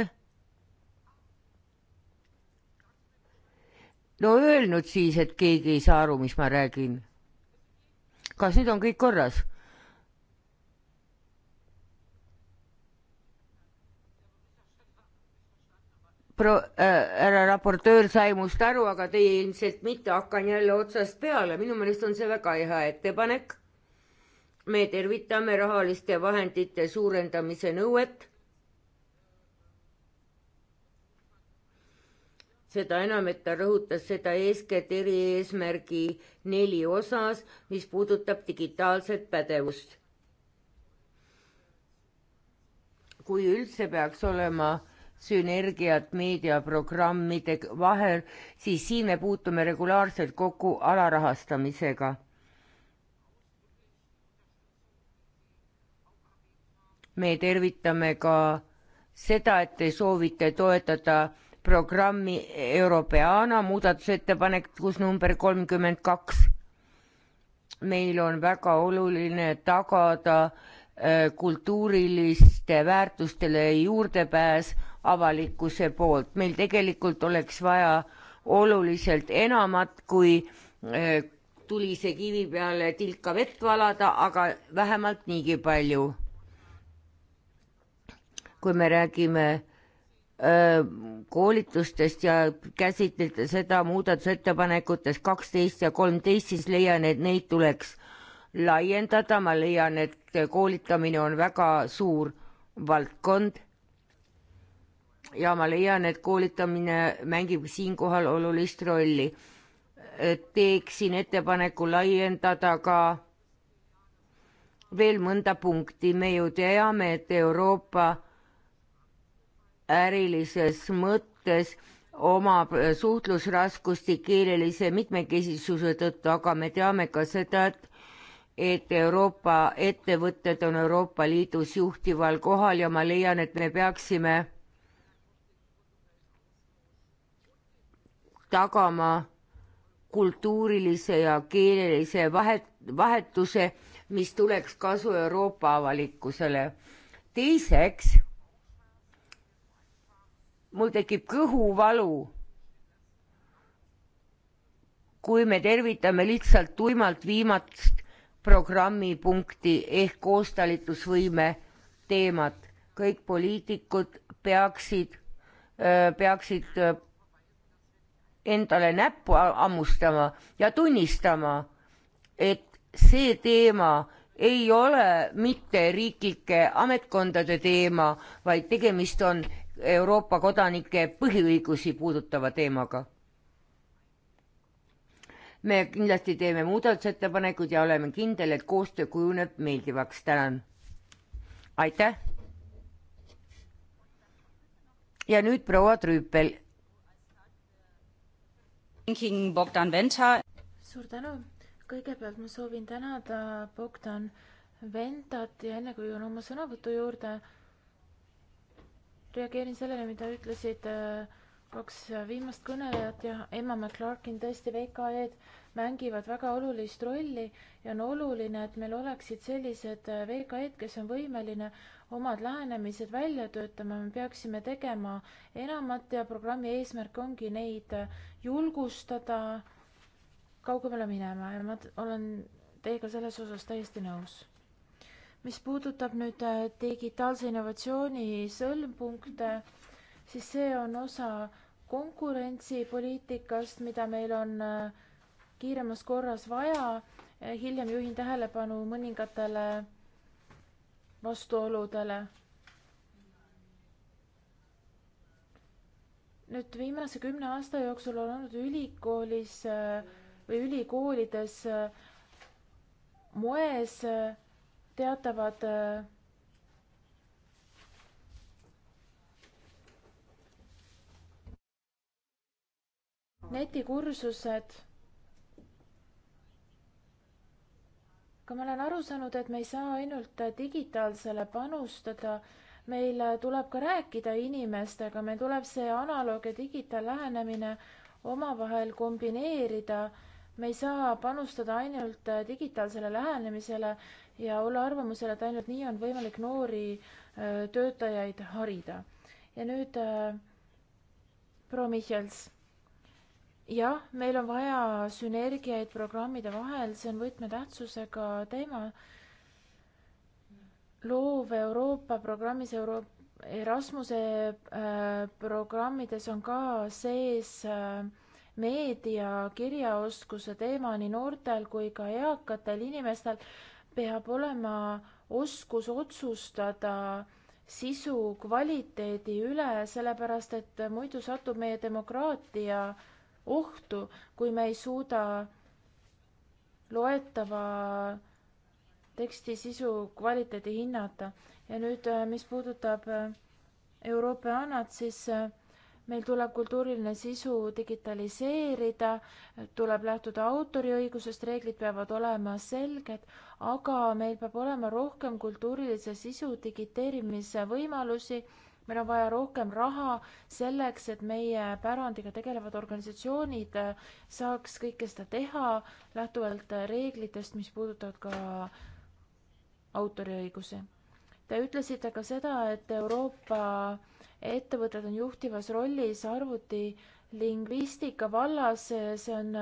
no öelnud siis, et keegi ei saa aru, mis ma räägin. kas nüüd on kõik korras? pro-, äh, härra raportöör sai must aru, aga teie ilmselt mitte, hakkan jälle otsast peale, minu meelest on see väga hea ettepanek. me tervitame rahaliste vahendite suurendamise nõuet. seda enam, et ta rõhutas seda eeskätt erieesmärgi neli osas, mis puudutab digitaalset pädevust. kui üldse peaks olema äh, sünergiat meediaprogrammide vahel, siis siin me puutume regulaarselt kokku alarahastamisega. me tervitame ka seda, et te soovite toetada programmi Europeana muudatusettepanekus number kolmkümmend kaks. meil on väga oluline tagada äh, kultuuriliste väärtustele juurdepääs avalikkuse poolt, meil tegelikult oleks vaja oluliselt enamat kui äh, tulise kivi peale tilka vett valada, aga vähemalt niigi palju. kui me räägime öö, äh, koolitustest ja käsitlete seda muudatusettepanekutes kaksteist ja kolmteist, siis leian, et neid tuleks laiendada, ma leian, et koolitamine on väga suur valdkond ja ma leian, et koolitamine mängib siinkohal olulist rolli. teeksin ettepaneku laiendada ka veel mõnda punkti, me ju teame, et Euroopa ärilises mõttes omab suhtlusraskusti keelelise mitmekesisuse tõttu, aga me teame ka seda, et et Euroopa ettevõtted on Euroopa Liidus juhtival kohal ja ma leian, et me peaksime tagama kultuurilise ja keelelise vahet, vahetuse, mis tuleks kasu Euroopa avalikkusele. teiseks, mul tekib kõhuvalu, kui me tervitame lihtsalt tuimalt viimast programmipunkti ehk koostalitusvõime teemat. kõik poliitikud peaksid, peaksid endale näppu hammustama ja tunnistama, et see teema ei ole mitte riiklike ametkondade teema, vaid tegemist on Euroopa kodanike põhiõigusi puudutava teemaga. me kindlasti teeme muudatusettepanekud ja oleme kindel, et koostöö kujuneb meeldivaks, tänan. aitäh. ja nüüd proua Trüüpel Bogdan Venta. suur tänu, kõigepealt ma soovin tänada Bogdan Ventat ja enne kui jõuan oma sõnavõtu juurde, reageerin sellele, mida ütlesid äh, kaks viimast kõnelejat ja Emma McClarkin, tõesti VKE-d mängivad väga olulist rolli ja on oluline, et meil oleksid sellised äh, VKE-d, kes on võimeline omad lähenemised välja töötama, me peaksime tegema enamat ja programmi eesmärk ongi neid äh, julgustada kaugemale minema ja ma olen teiega selles osas täiesti nõus. mis puudutab nüüd äh, digitaalse innovatsiooni sõlmpunkte, siis see on osa konkurentsipoliitikast, mida meil on äh, kiiremas korras vaja. Äh, hiljem juhin tähelepanu mõningatele vastuoludele nüüd viimase kümne aasta jooksul on olnud ülikoolis äh, või ülikoolides äh, moes äh, teatavad netikursused. aga ma olen aru saanud, et me ei saa ainult digitaalsele panustada meil tuleb ka rääkida inimestega, meil tuleb see analoog ja digitaallähenemine omavahel kombineerida. me ei saa panustada ainult äh, digitaalsele lähenemisele ja olla arvamusel, et ainult nii on võimalik noori äh, töötajaid harida. ja nüüd äh, proua Michals. jah, meil on vaja sünergiaid programmide vahel, see on võtmetähtsusega teema loov Euroopa programmis Euro-, Erasmuse äh, programmides on ka sees äh, meedia kirjaoskuse teema nii noortel kui ka eakatel inimestel peab olema oskus otsustada sisu kvaliteedi üle, sellepärast et muidu satub meie demokraatia ohtu, kui me ei suuda loetava teksti sisu kvaliteedi hinnata. ja nüüd, äh, mis puudutab äh, Euroopeanat, siis äh, meil tuleb kultuuriline sisu digitaliseerida, tuleb lähtuda autoriõigusest, reeglid peavad olema selged, aga meil peab olema rohkem kultuurilise sisu digiteerimise võimalusi. meil on vaja rohkem raha selleks, et meie pärandiga tegelevad organisatsioonid saaks kõike seda teha lähtuvalt reeglitest, mis puudutavad ka autoriõigusi. Te ütlesite ka seda, et Euroopa ettevõtted on juhtivas rollis arvutilingvistika vallas, see on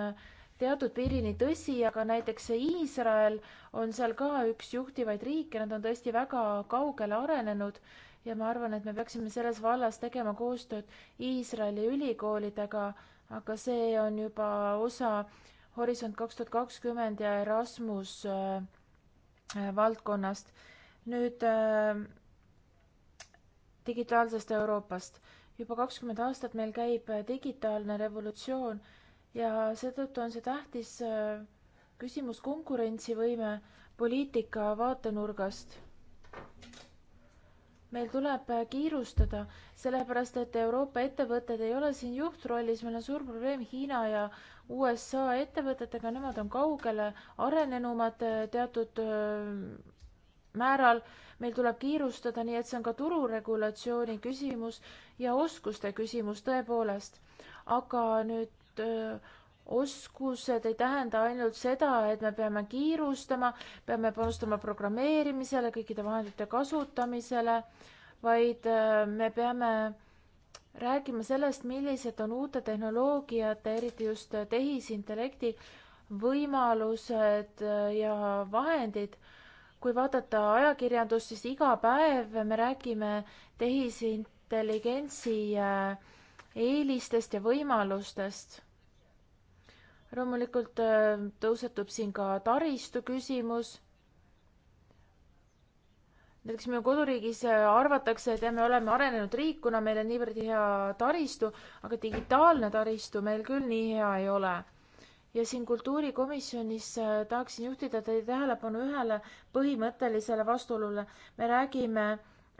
teatud piirini tõsi, aga näiteks Iisrael on seal ka üks juhtivaid riike, nad on tõesti väga kaugele arenenud ja ma arvan, et me peaksime selles vallas tegema koostööd Iisraeli ülikoolidega, aga see on juba osa Horisont kaks tuhat kakskümmend ja Erasmus äh, Äh, valdkonnast. nüüd äh, digitaalsest Euroopast. juba kakskümmend aastat meil käib äh, digitaalne revolutsioon ja seetõttu on see tähtis äh, küsimus konkurentsivõime poliitika vaatenurgast. meil tuleb äh, kiirustada, sellepärast et Euroopa ettevõtted ei ole siin juhtrollis, meil on suur probleem Hiina ja USA ettevõtetega, nemad on kaugele arenenumad äh, teatud äh, määral, meil tuleb kiirustada, nii et see on ka tururegulatsiooni küsimus ja oskuste küsimus tõepoolest. aga nüüd öö, äh, oskused ei tähenda ainult seda, et me peame kiirustama, peame panustama programmeerimisele, kõikide vahendite kasutamisele, vaid me peame räägime sellest, millised on uute tehnoloogiate, eriti just tehisintellekti võimalused ja vahendid. kui vaadata ajakirjandust, siis iga päev me räägime tehisintelligentsi äh, eelistest ja võimalustest. loomulikult äh, tõusetub siin ka taristu küsimus näiteks minu koduriigis äh, arvatakse, et jah, me oleme arenenud riik, kuna meil on niivõrd hea taristu, aga digitaalne taristu meil küll nii hea ei ole. ja siin kultuurikomisjonis äh, tahaksin juhtida teie tähelepanu ühele põhimõttelisele vastuolule. me räägime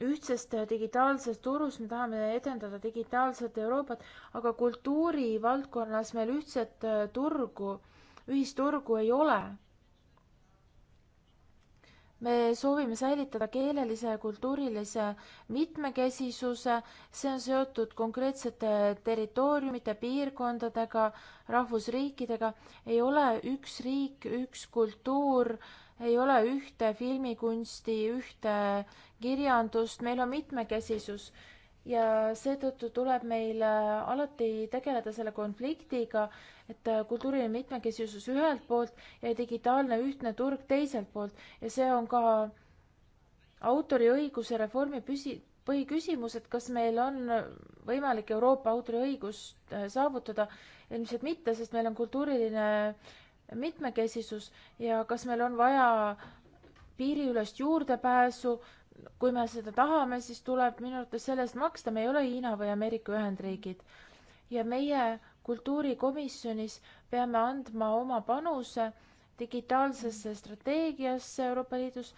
ühtsest äh, digitaalsest turust, me tahame edendada digitaalset Euroopat, aga kultuurivaldkonnas meil ühtset turgu, ühisturgu ei ole me soovime säilitada keelelise ja kultuurilise mitmekesisuse, see on seotud konkreetsete territooriumite, piirkondadega, rahvusriikidega, ei ole üks riik, üks kultuur, ei ole ühte filmikunsti, ühte kirjandust, meil on mitmekesisus ja seetõttu tuleb meil äh, alati tegeleda selle konfliktiga, et äh, kultuuriline mitmekesisus ühelt poolt ja digitaalne ühtne turg teiselt poolt ja see on ka autoriõiguse reformi püsi-, põhiküsimus, et kas meil on võimalik Euroopa autoriõigust äh, saavutada, ilmselt mitte, sest meil on kultuuriline mitmekesisus ja kas meil on vaja piiriülest juurdepääsu kui me seda tahame, siis tuleb minu arvates selle eest maksta, me ei ole Hiina või Ameerika Ühendriigid. ja meie kultuurikomisjonis peame andma oma panuse digitaalsesse strateegiasse Euroopa Liidus.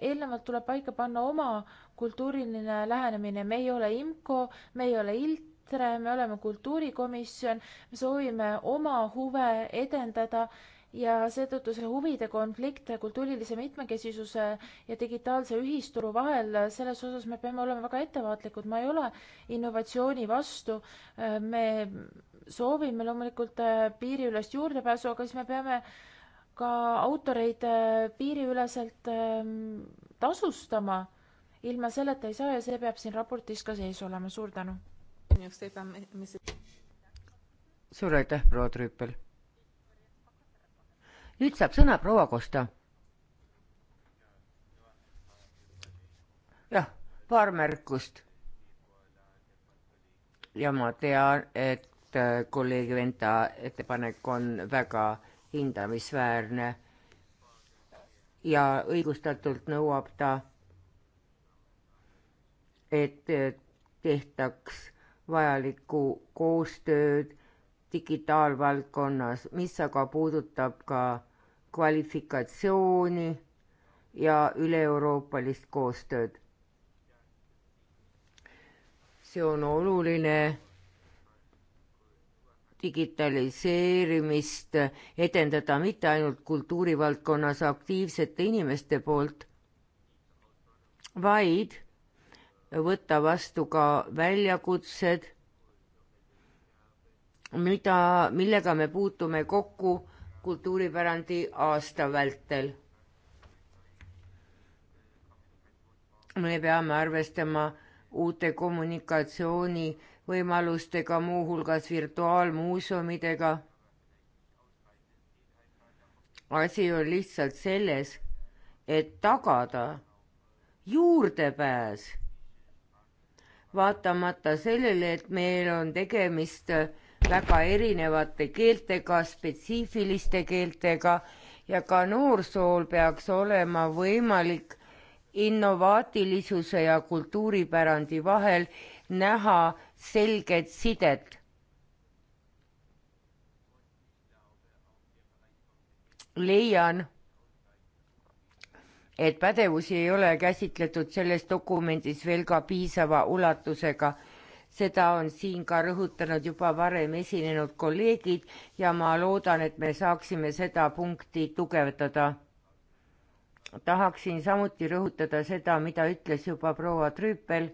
eelnevalt tuleb paika panna oma kultuuriline lähenemine, me ei ole IMCO, me ei ole ILTRE, me oleme kultuurikomisjon, me soovime oma huve edendada ja seetõttu see huvide konflikt kultuurilise mitmekesisuse ja digitaalse ühisturu vahel, selles osas me peame olema väga ettevaatlikud, ma ei ole innovatsiooni vastu, me soovime loomulikult äh, piiriülest juurdepääsu, aga siis me peame ka autoreid äh, piiriüleselt ähm, tasustama. ilma selleta ei saa ja see peab siin raportis ka sees olema, suur tänu. suur aitäh, proua Trüüpel nüüd saab sõna proua Kosta. jah, paar märkust. ja ma tean, et äh, kolleeg Venta ettepanek on väga hindamisväärne ja õigustatult nõuab ta, et äh, tehtaks vajalikku koostööd digitaalvaldkonnas, mis aga puudutab ka kvalifikatsiooni ja üle-euroopalist koostööd. see on oluline digitaliseerimist edendada mitte ainult kultuurivaldkonnas aktiivsete inimeste poolt, vaid võtta vastu ka väljakutsed mida, millega me puutume kokku kultuuripärandi aasta vältel. me peame arvestama uute kommunikatsioonivõimalustega, muuhulgas virtuaalmuuseumidega. asi on lihtsalt selles, et tagada juurdepääs, vaatamata sellele, et meil on tegemist äh, väga erinevate keeltega, spetsiifiliste keeltega ja ka noorsool peaks olema võimalik innovaatilisuse ja kultuuripärandi vahel näha selget sidet. leian, et pädevusi ei ole käsitletud selles dokumendis veel ka piisava ulatusega seda on siin ka rõhutanud juba varem esinenud kolleegid ja ma loodan, et me saaksime seda punkti tugevdada. tahaksin samuti rõhutada seda, mida ütles juba proua Trüüpel.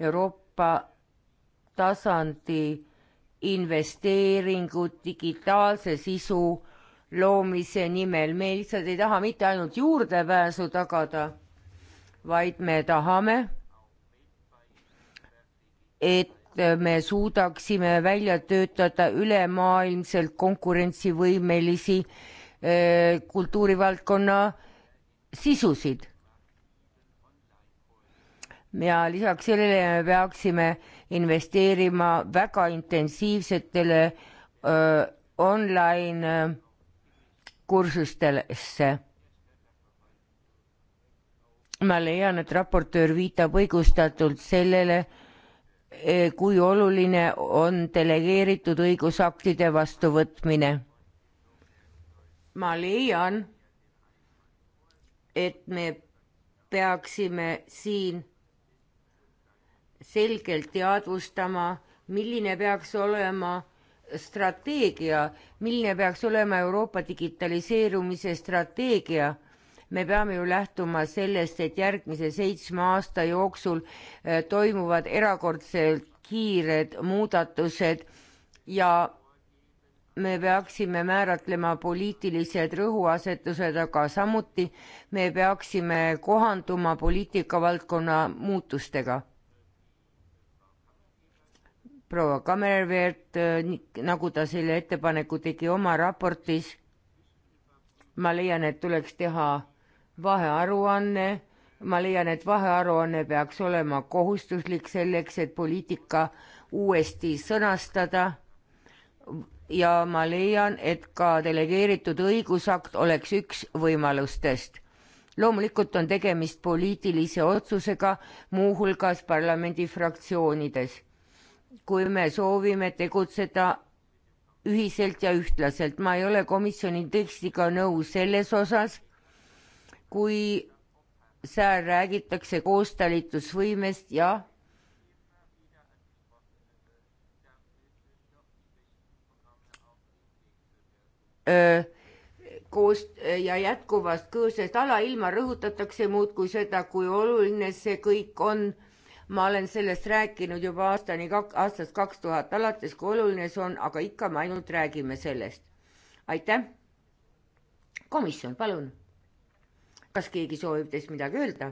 Euroopa tasandi investeeringud digitaalse sisu loomise nimel, me lihtsalt ei taha mitte ainult juurdepääsu tagada vaid me tahame, et me suudaksime välja töötada ülemaailmselt konkurentsivõimelisi äh, kultuurivaldkonna sisusid. ja lisaks sellele me peaksime investeerima väga intensiivsetele öö, äh, online äh, kursustesse ma leian, et raportöör viitab õigustatult sellele, e, kui oluline on delegeeritud õigusaktide vastuvõtmine. ma leian, et me peaksime siin selgelt teadvustama, milline peaks olema strateegia, milline peaks olema Euroopa digitaliseerumise strateegia me peame ju lähtuma sellest, et järgmise seitsme aasta jooksul äh, toimuvad erakordselt kiired muudatused ja me peaksime määratlema poliitilised rõhuasetused, aga samuti me peaksime kohanduma poliitikavaldkonna muutustega. proua Kammerveert, äh, nagu ta selle ettepaneku tegi oma raportis, ma leian, et tuleks teha vahearuanne, ma leian, et vahearuanne peaks olema kohustuslik selleks, et poliitika uuesti sõnastada ja ma leian, et ka delegeeritud õigusakt oleks üks võimalustest. loomulikult on tegemist poliitilise otsusega, muuhulgas parlamendifraktsioonides. kui me soovime tegutseda ühiselt ja ühtlaselt, ma ei ole komisjoni tekstiga nõus selles osas, kui seal räägitakse koostalitusvõimest ja öö, koos ja jätkuvast kõõsest alailma rõhutatakse muudkui seda, kui oluline see kõik on. ma olen sellest rääkinud juba aastani, aastast kaks tuhat alates, kui oluline see on, aga ikka me ainult räägime sellest. aitäh. komisjon, palun kas keegi soovib teist midagi öelda?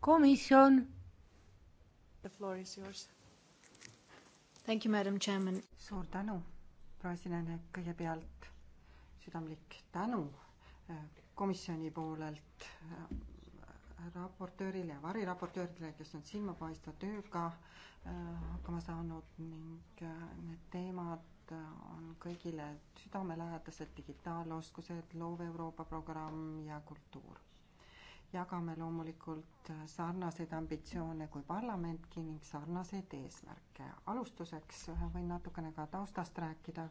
komisjon. The floor is yours. Thank you, madam chairman. suur tänu, proosinene, kõigepealt südamlik tänu äh, komisjoni poolelt äh, raportöörile ja variraportööridele, kes on silmapaistva tööga äh, hakkama saanud ning need teemad on kõigile südamelähedased digitaaloskused, loov Euroopa programm ja kultuur. jagame loomulikult sarnaseid ambitsioone kui parlamentki ning sarnaseid eesmärke. alustuseks võin natukene ka taustast rääkida.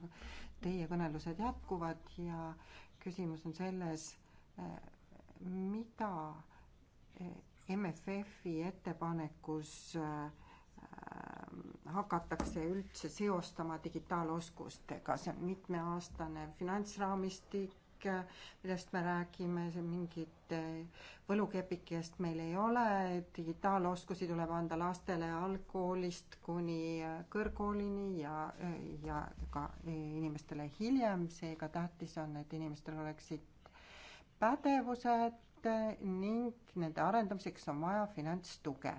Teie kõnelused jätkuvad ja küsimus on selles, eh, mida eh, MFF-i ettepanekus äh, hakatakse üldse seostama digitaaloskustega, see on mitmeaastane finantsraamistik, millest me räägime, mingit eh, võlukepikest meil ei ole, digitaaloskusi tuleb anda lastele algkoolist kuni eh, kõrgkoolini ja, eh, ja ka inimestele hiljem, seega tähtis on, et inimestel oleksid pädevused ning nende arendamiseks on vaja finantstuge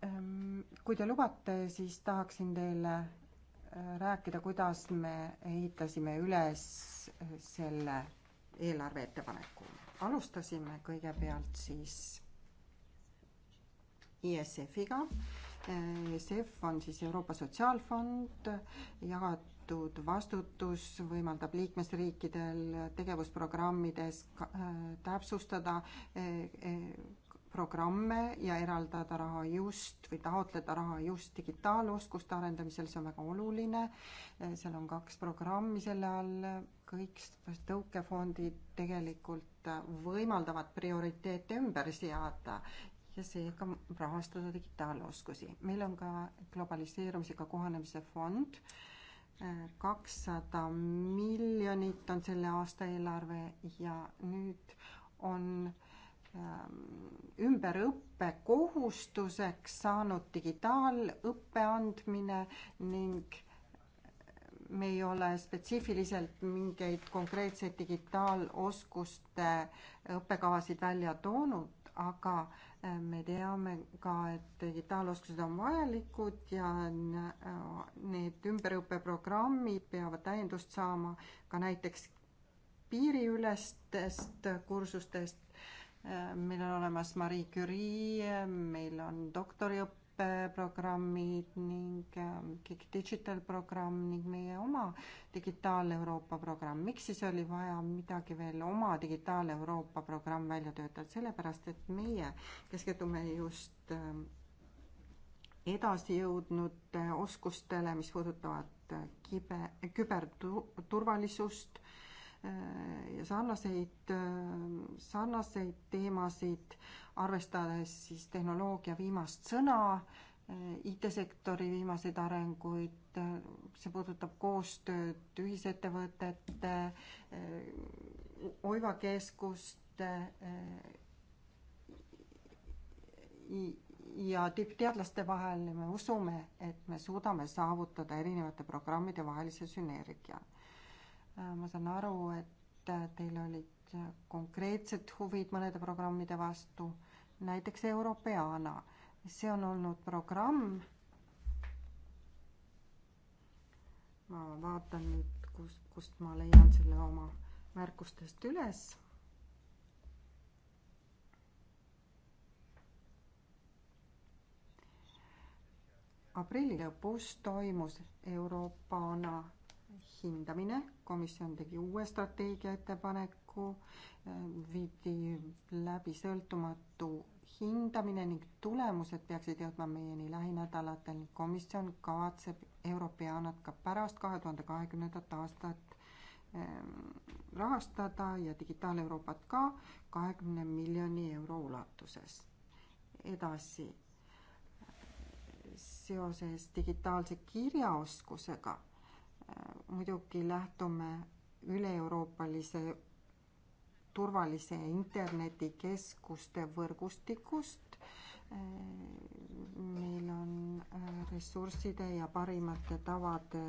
Ehm, kui te lubate, siis tahaksin teile äh, rääkida, kuidas me ehitasime üles äh, selle eelarve ettepaneku. alustasime kõigepealt siis ISF-iga. ESF äh, on siis Euroopa Sotsiaalfond, jagatud vastutus võimaldab liikmesriikidel tegevusprogrammides täpsustada programme ja eraldada raha just või taotleda raha just digitaaloskuste arendamisel, see on väga oluline. seal on kaks programmi selle all, kõik tõukefondid tegelikult võimaldavad prioriteete ümber seada ja seega rahastada digitaaloskusi. meil on ka globaliseerumisega kohanemise fond, kakssada miljonit on selle aasta eelarve ja nüüd on äh, Ähm, ümberõppe kohustuseks saanud digitaalõppe andmine ning me ei ole spetsiifiliselt mingeid konkreetseid digitaaloskuste õppekavasid välja toonud, aga äh, me teame ka, et digitaaloskused on vajalikud ja äh, need ümberõppeprogrammid peavad täiendust saama ka näiteks piiriülestest kursustest meil on olemas Marie Curie, meil on doktoriõppeprogrammid ning ähm, Gig Digital programm ning meie oma Digitaal-Euroopa programm. miks siis oli vaja midagi veel oma Digitaal-Euroopa programm välja töötada, sellepärast et meie keskendume just ähm, edasi jõudnud äh, oskustele, mis puudutavad äh, kibe, küberturvalisust Äh, ja sarnaseid, äh, sarnaseid teemasid, arvestades siis tehnoloogia viimast sõna, äh, IT-sektori viimaseid arenguid, see puudutab koostööd ühisettevõtete, Oiva keskust ja tippteadlaste vahel me usume, et me suudame saavutada erinevate programmide vahelise sünergia Äh, ma saan aru, et äh, teil olid äh, konkreetsed huvid mõnede programmide vastu, näiteks Europeana. see on olnud programm, ma vaatan nüüd, kus, kust ma leian selle oma märkustest üles aprilli lõpus toimus Euroopana hindamine, komisjon tegi uue strateegia ettepaneku, viidi läbi sõltumatu hindamine ning tulemused peaksid jõudma meieni lähinädalatel ning komisjon kavatseb Europeanat ka pärast kahe tuhande kahekümnendat aastat ehm, rahastada ja Digitaal-Euroopat ka kahekümne miljoni euro ulatuses. edasi, seoses digitaalse kirjaoskusega muidugi lähtume üle-euroopalise turvalise internetikeskuste võrgustikust. meil on äh, ressursside ja parimate tavade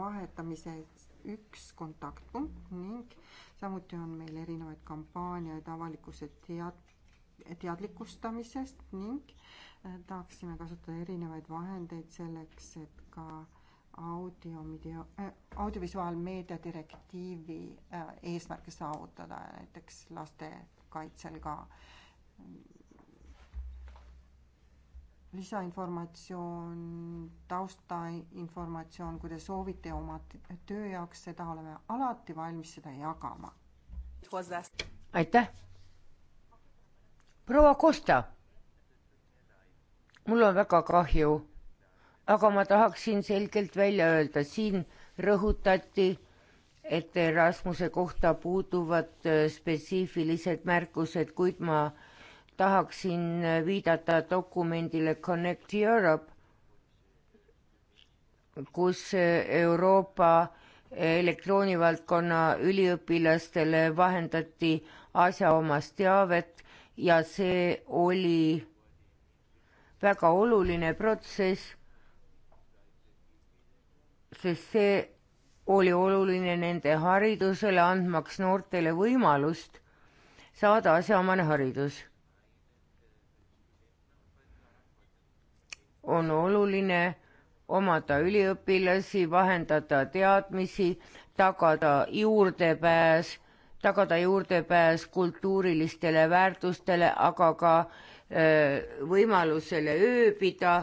vahetamise üks kontaktpunkt ning samuti on meil erinevaid kampaaniaid avalikkuse tead-, teadlikustamisest ning äh, tahaksime kasutada erinevaid vahendeid selleks, et ka audio, äh, audiovisuaalmeedia direktiivi äh, eesmärke saavutada, näiteks lastekaitsel ka. lisainformatsioon, taustainformatsioon, kui te soovite oma töö jaoks seda, oleme alati valmis seda jagama. aitäh. proua Kosta, mul on väga kahju aga ma tahaksin selgelt välja öelda, siin rõhutati, et Erasmuse kohta puuduvad äh, spetsiifilised märkused, kuid ma tahaksin äh, viidata dokumendile Connect Europe, kus äh, Euroopa elektroonivaldkonna üliõpilastele vahendati asjaomast teavet ja see oli väga oluline protsess sest see oli oluline nende haridusele, andmaks noortele võimalust saada asjaomane haridus. on oluline omada üliõpilasi, vahendada teadmisi, tagada juurdepääs, tagada juurdepääs kultuurilistele väärtustele, aga ka öö, äh, võimalusele ööbida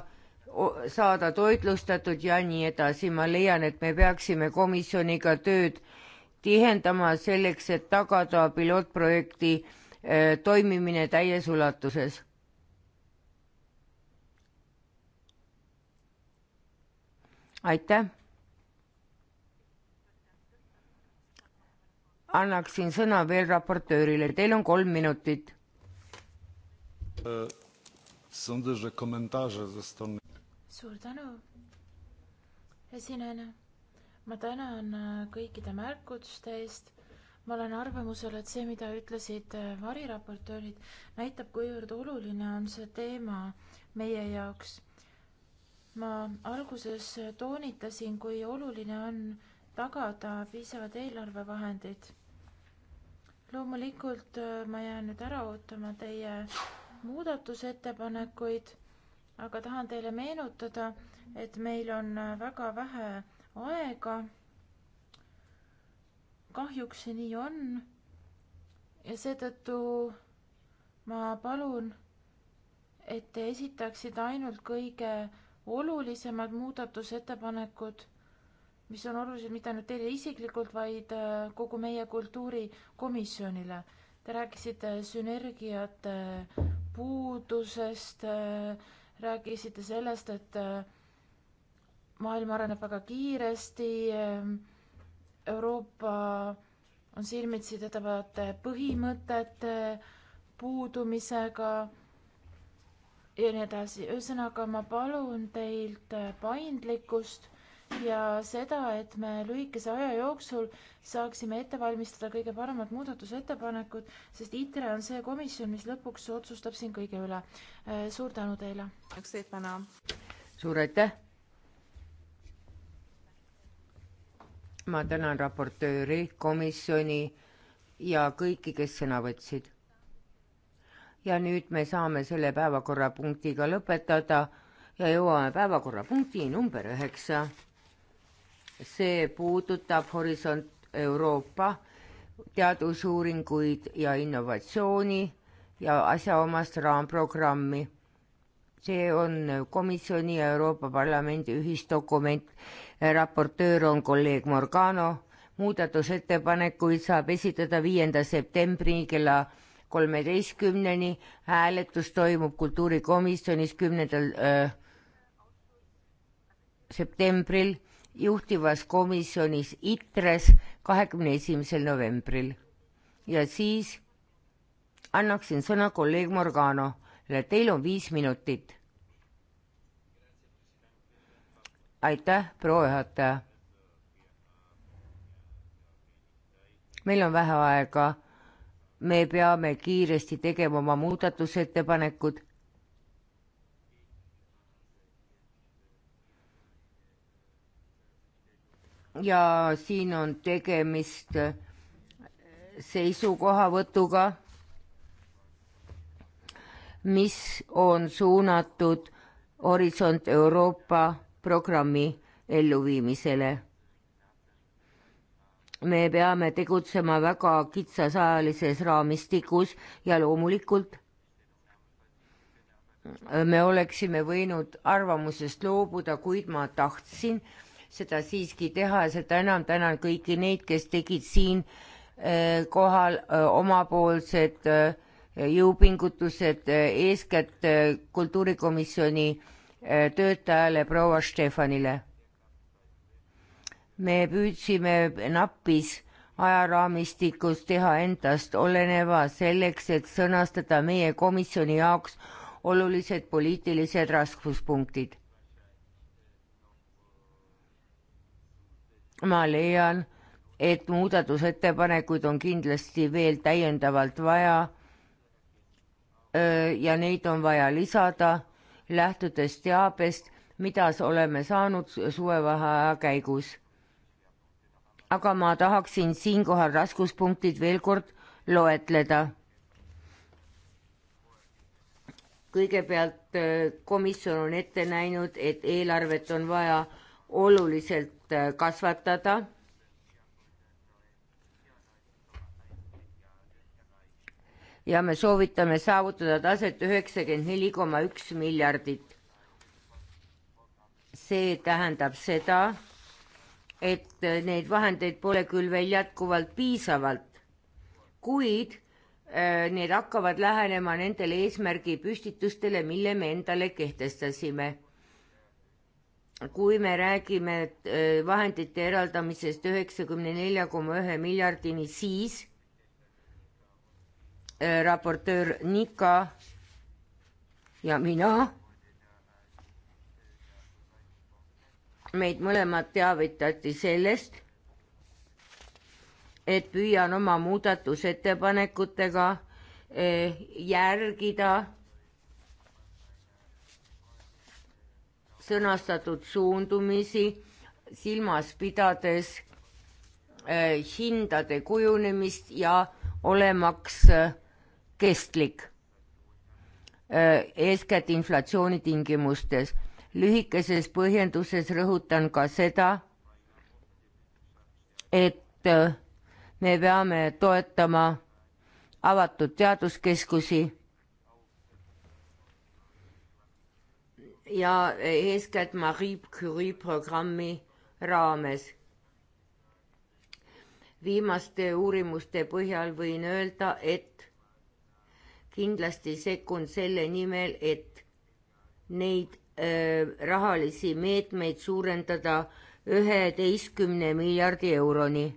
saada toitlustatud ja nii edasi. ma leian, et me peaksime komisjoniga tööd tihendama selleks, et tagada pilootprojekti eh, toimimine täies ulatuses. aitäh. annaksin sõna veel raportöörile, teil on kolm minutit. Sądzę, że komentarze ze strony suur tänu, esinejana. ma tänan äh, kõikide märkuste eest. ma olen arvamusel, et see, mida ütlesid äh, variraportöörid, näitab, kuivõrd oluline on see teema meie jaoks. ma alguses toonitasin, kui oluline on tagada piisavad eelarvevahendid. loomulikult äh, ma jään nüüd ära ootama teie muudatusettepanekuid aga tahan teile meenutada, et meil on väga vähe aega. kahjuks see nii on. ja seetõttu ma palun, et te esitaksite ainult kõige olulisemad muudatusettepanekud, mis on olulised mitte ainult teile isiklikult, vaid äh, kogu meie kultuurikomisjonile. Te rääkisite sünergiate puudusest äh,, rääkisite sellest, et äh, maailm areneb väga kiiresti, äh, Euroopa on silmitsi tõdevate põhimõtete puudumisega ja nii edasi. ühesõnaga, ma palun teilt paindlikkust ja seda, et me lühikese aja jooksul saaksime ette valmistada kõige paremad muudatusettepanekud, sest ITRE on see komisjon, mis lõpuks otsustab siin kõige üle. Äh, suur tänu teile! suur aitäh! ma tänan raportööri, komisjoni ja kõiki, kes sõna võtsid. ja nüüd me saame selle päevakorrapunktiga lõpetada ja jõuame päevakorrapunkti number üheksa see puudutab Horisont Euroopa teadusuuringuid ja innovatsiooni ja asjaomast raamprogrammi. see on komisjoni ja Euroopa Parlamendi ühisdokument. raportöör on kolleeg Morgano. muudatusettepanekuid saab esitada viienda septembrini kella kolmeteistkümneni. hääletus toimub kultuurikomisjonis kümnendal äh, septembril juhtivas komisjonis ITRES kahekümne esimesel novembril. ja siis annaksin sõna kolleeg Morganole, teil on viis minutit. aitäh, proua juhataja. meil on vähe aega, me peame kiiresti tegema oma muudatusettepanekud ja siin on tegemist seisukohavõtuga, mis on suunatud Horisont Euroopa programmi elluviimisele. me peame tegutsema väga kitsasajalises raamistikus ja loomulikult me oleksime võinud arvamusest loobuda, kuid ma tahtsin äh, seda siiski teha ja seda enam tänan kõiki neid, kes tegid siin äh, kohal äh, omapoolsed äh, jõupingutused, eeskätt kultuurikomisjoni töötajale proua Stefanile. me püüdsime napis ajaraamistikus teha endast oleneva selleks, et sõnastada meie komisjoni jaoks olulised poliitilised raskuspunktid ma leian, et muudatusettepanekuid on kindlasti veel täiendavalt vaja ja neid on vaja lisada, lähtudes teabest, mida oleme saanud suvevaheaja käigus. aga ma tahaksin siinkohal raskuspunktid veel kord loetleda. kõigepealt komisjon on ette näinud, et eelarvet on vaja oluliselt Äh, kasvatada. ja me soovitame saavutada taset üheksakümmend neli koma üks miljardit. see tähendab seda, et äh, neid vahendeid pole küll veel jätkuvalt piisavalt, kuid äh, need hakkavad lähenema nendele eesmärgipüstitustele, mille me endale kehtestasime kui me räägime äh, vahendite eraldamisest üheksakümne nelja koma ühe miljardini, siis äh, raportöör Nika ja mina, meid mõlemad teavitati sellest, et püüan oma muudatusettepanekutega äh, järgida sõnastatud suundumisi, silmas pidades äh, hindade kujunemist ja olemaks äh, kestlik äh,, eeskätt inflatsiooni tingimustes. lühikeses põhjenduses rõhutan ka seda, et äh, me peame toetama avatud teaduskeskusi ja eeskätt Marie Curie programmi raames. viimaste uurimuste põhjal võin öelda, et kindlasti sekkun selle nimel, et neid öö, äh, rahalisi meetmeid suurendada üheteistkümne miljardi euroni.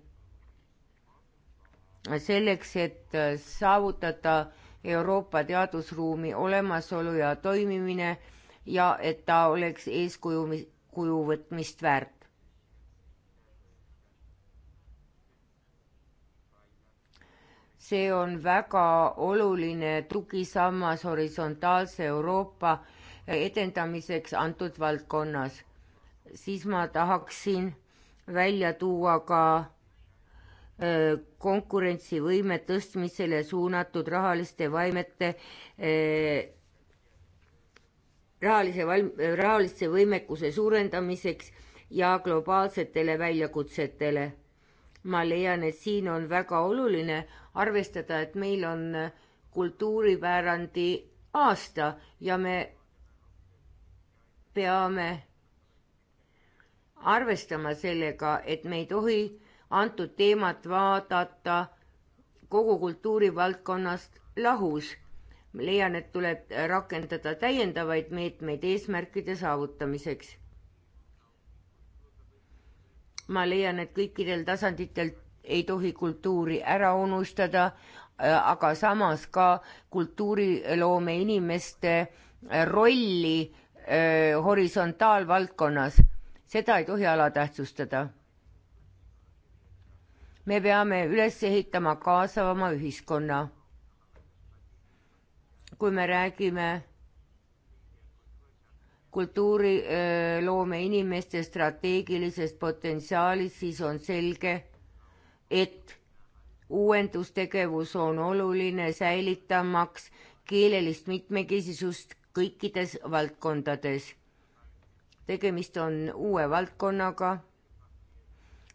selleks, et äh, saavutada Euroopa teadusruumi olemasolu ja toimimine ja et ta oleks eeskuju, kuju võtmist väärt. see on väga oluline tugisammas horisontaalse Euroopa edendamiseks antud valdkonnas. siis ma tahaksin välja tuua ka äh, konkurentsivõime tõstmisele suunatud rahaliste vaimete äh, rahalise valm-, rahalise võimekuse suurendamiseks ja globaalsetele väljakutsetele. ma leian, et siin on väga oluline arvestada, et meil on kultuuripärandi aasta ja me peame arvestama sellega, et me ei tohi antud teemat vaadata kogu kultuurivaldkonnast lahus leian, et tuleb rakendada täiendavaid meetmeid eesmärkide saavutamiseks. ma leian, et kõikidel tasanditel ei tohi kultuuri ära unustada, äh, aga samas ka kultuuriloome inimeste äh, rolli öö, äh, horisontaalvaldkonnas, seda ei tohi alatähtsustada. me peame üles ehitama kaasavama ühiskonna kui me räägime kultuuriloome äh, inimeste strateegilisest potentsiaalist, siis on selge, et uuendustegevus on oluline säilitamaks keelelist mitmekesisust kõikides valdkondades. tegemist on uue valdkonnaga,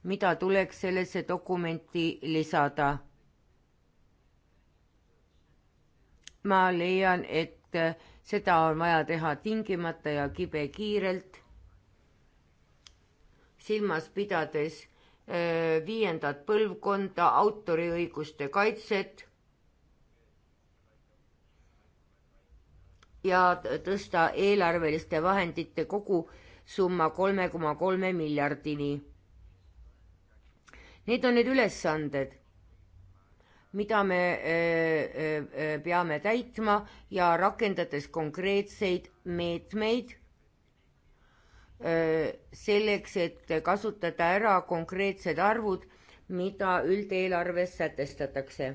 mida tuleks sellesse dokumenti lisada ma leian, et äh, seda on vaja teha tingimata ja kibekiirelt, silmas pidades äh, viiendat põlvkonda, autoriõiguste kaitset ja tõsta eelarveliste vahendite kogusumma kolme koma kolme miljardini. Need on need ülesanded mida me äh, äh, äh, peame täitma ja rakendades konkreetseid meetmeid selleks, et kasutada ära konkreetsed arvud, mida üldeelarves sätestatakse.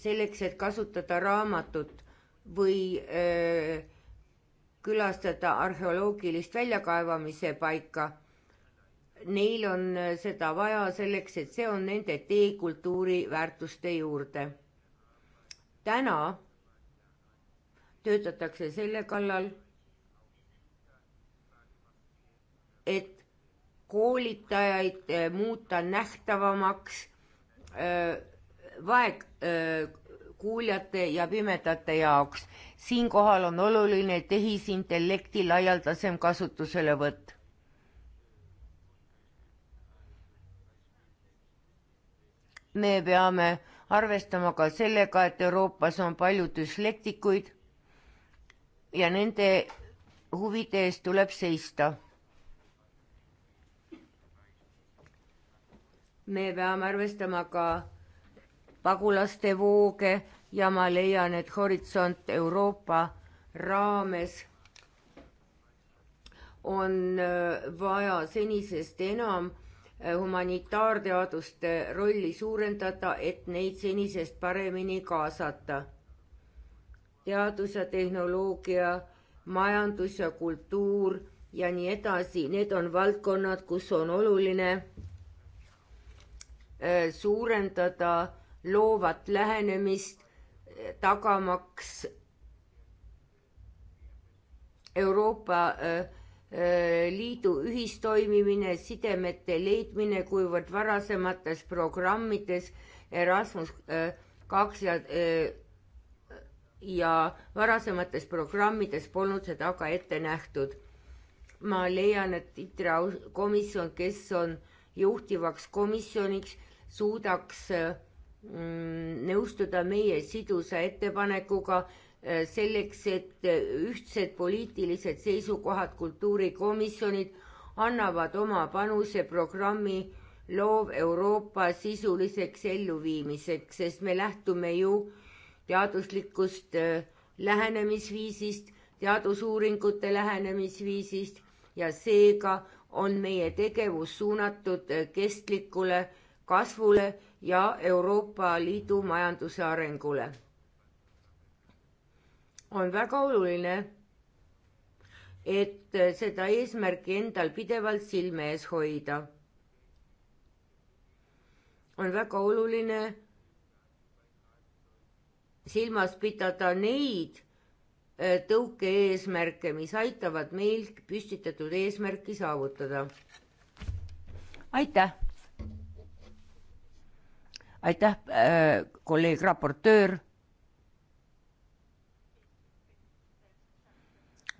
selleks, et kasutada raamatut või öö, külastada arheoloogilist väljakaevamise paika neil on äh, seda vaja selleks, et see on nende tee kultuuriväärtuste juurde. täna töötatakse selle kallal, et koolitajaid äh, muuta nähtavamaks äh, vaegkuuljate ja pimedate jaoks. siinkohal on oluline tehisintellekti laialdasem kasutuselevõtt me peame arvestama ka sellega, et Euroopas on palju düslektikuid ja nende huvide eest tuleb seista. me peame arvestama ka pagulaste vooge ja ma leian, et Horisont Euroopa raames on äh, vaja senisest enam humanitaarteaduste rolli suurendada, et neid senisest paremini kaasata. teadus ja tehnoloogia, majandus ja kultuur ja nii edasi, need on valdkonnad, kus on oluline äh, suurendada loovat lähenemist, äh, tagamaks Euroopa äh, Äh, liidu ühistoimimine, sidemete leidmine, kuivõrd varasemates programmides Erasmus äh, kaks ja, äh, ja varasemates programmides polnud seda ka ette nähtud. ma leian, et ITRA komisjon, kes on juhtivaks komisjoniks, suudaks mm, nõustuda meie sidusa ettepanekuga Äh, selleks, et äh, ühtsed poliitilised seisukohad kultuurikomisjonid annavad oma panuse programmi loov Euroopa sisuliseks elluviimiseks, sest me lähtume ju teaduslikust äh, lähenemisviisist, teadusuuringute lähenemisviisist ja seega on meie tegevus suunatud kestlikule kasvule ja Euroopa Liidu majanduse arengule on väga oluline, et seda eesmärki endal pidevalt silme ees hoida. on väga oluline silmas pidada neid äh, tõuke-eesmärke, mis aitavad meil püstitatud eesmärki saavutada. aitäh. aitäh äh,, kolleeg raportöör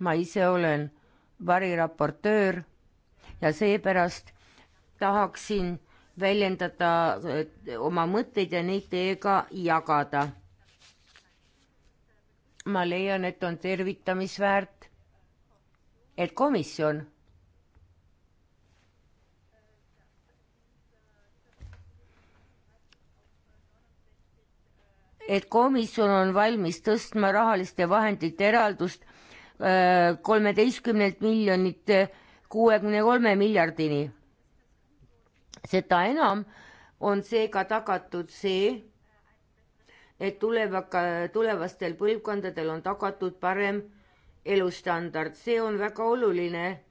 ma ise olen variraportöör ja seepärast tahaksin väljendada oma mõtteid ja neid teiega jagada. ma leian, et on tervitamisväärt, et komisjon et komisjon on valmis tõstma rahaliste vahendite eraldust kolmeteistkümnelt miljonit kuuekümne kolme miljardini. seda enam on seega tagatud see, et tulevaka, tulevastel põlvkondadel on tagatud parem elustandard, see on väga oluline,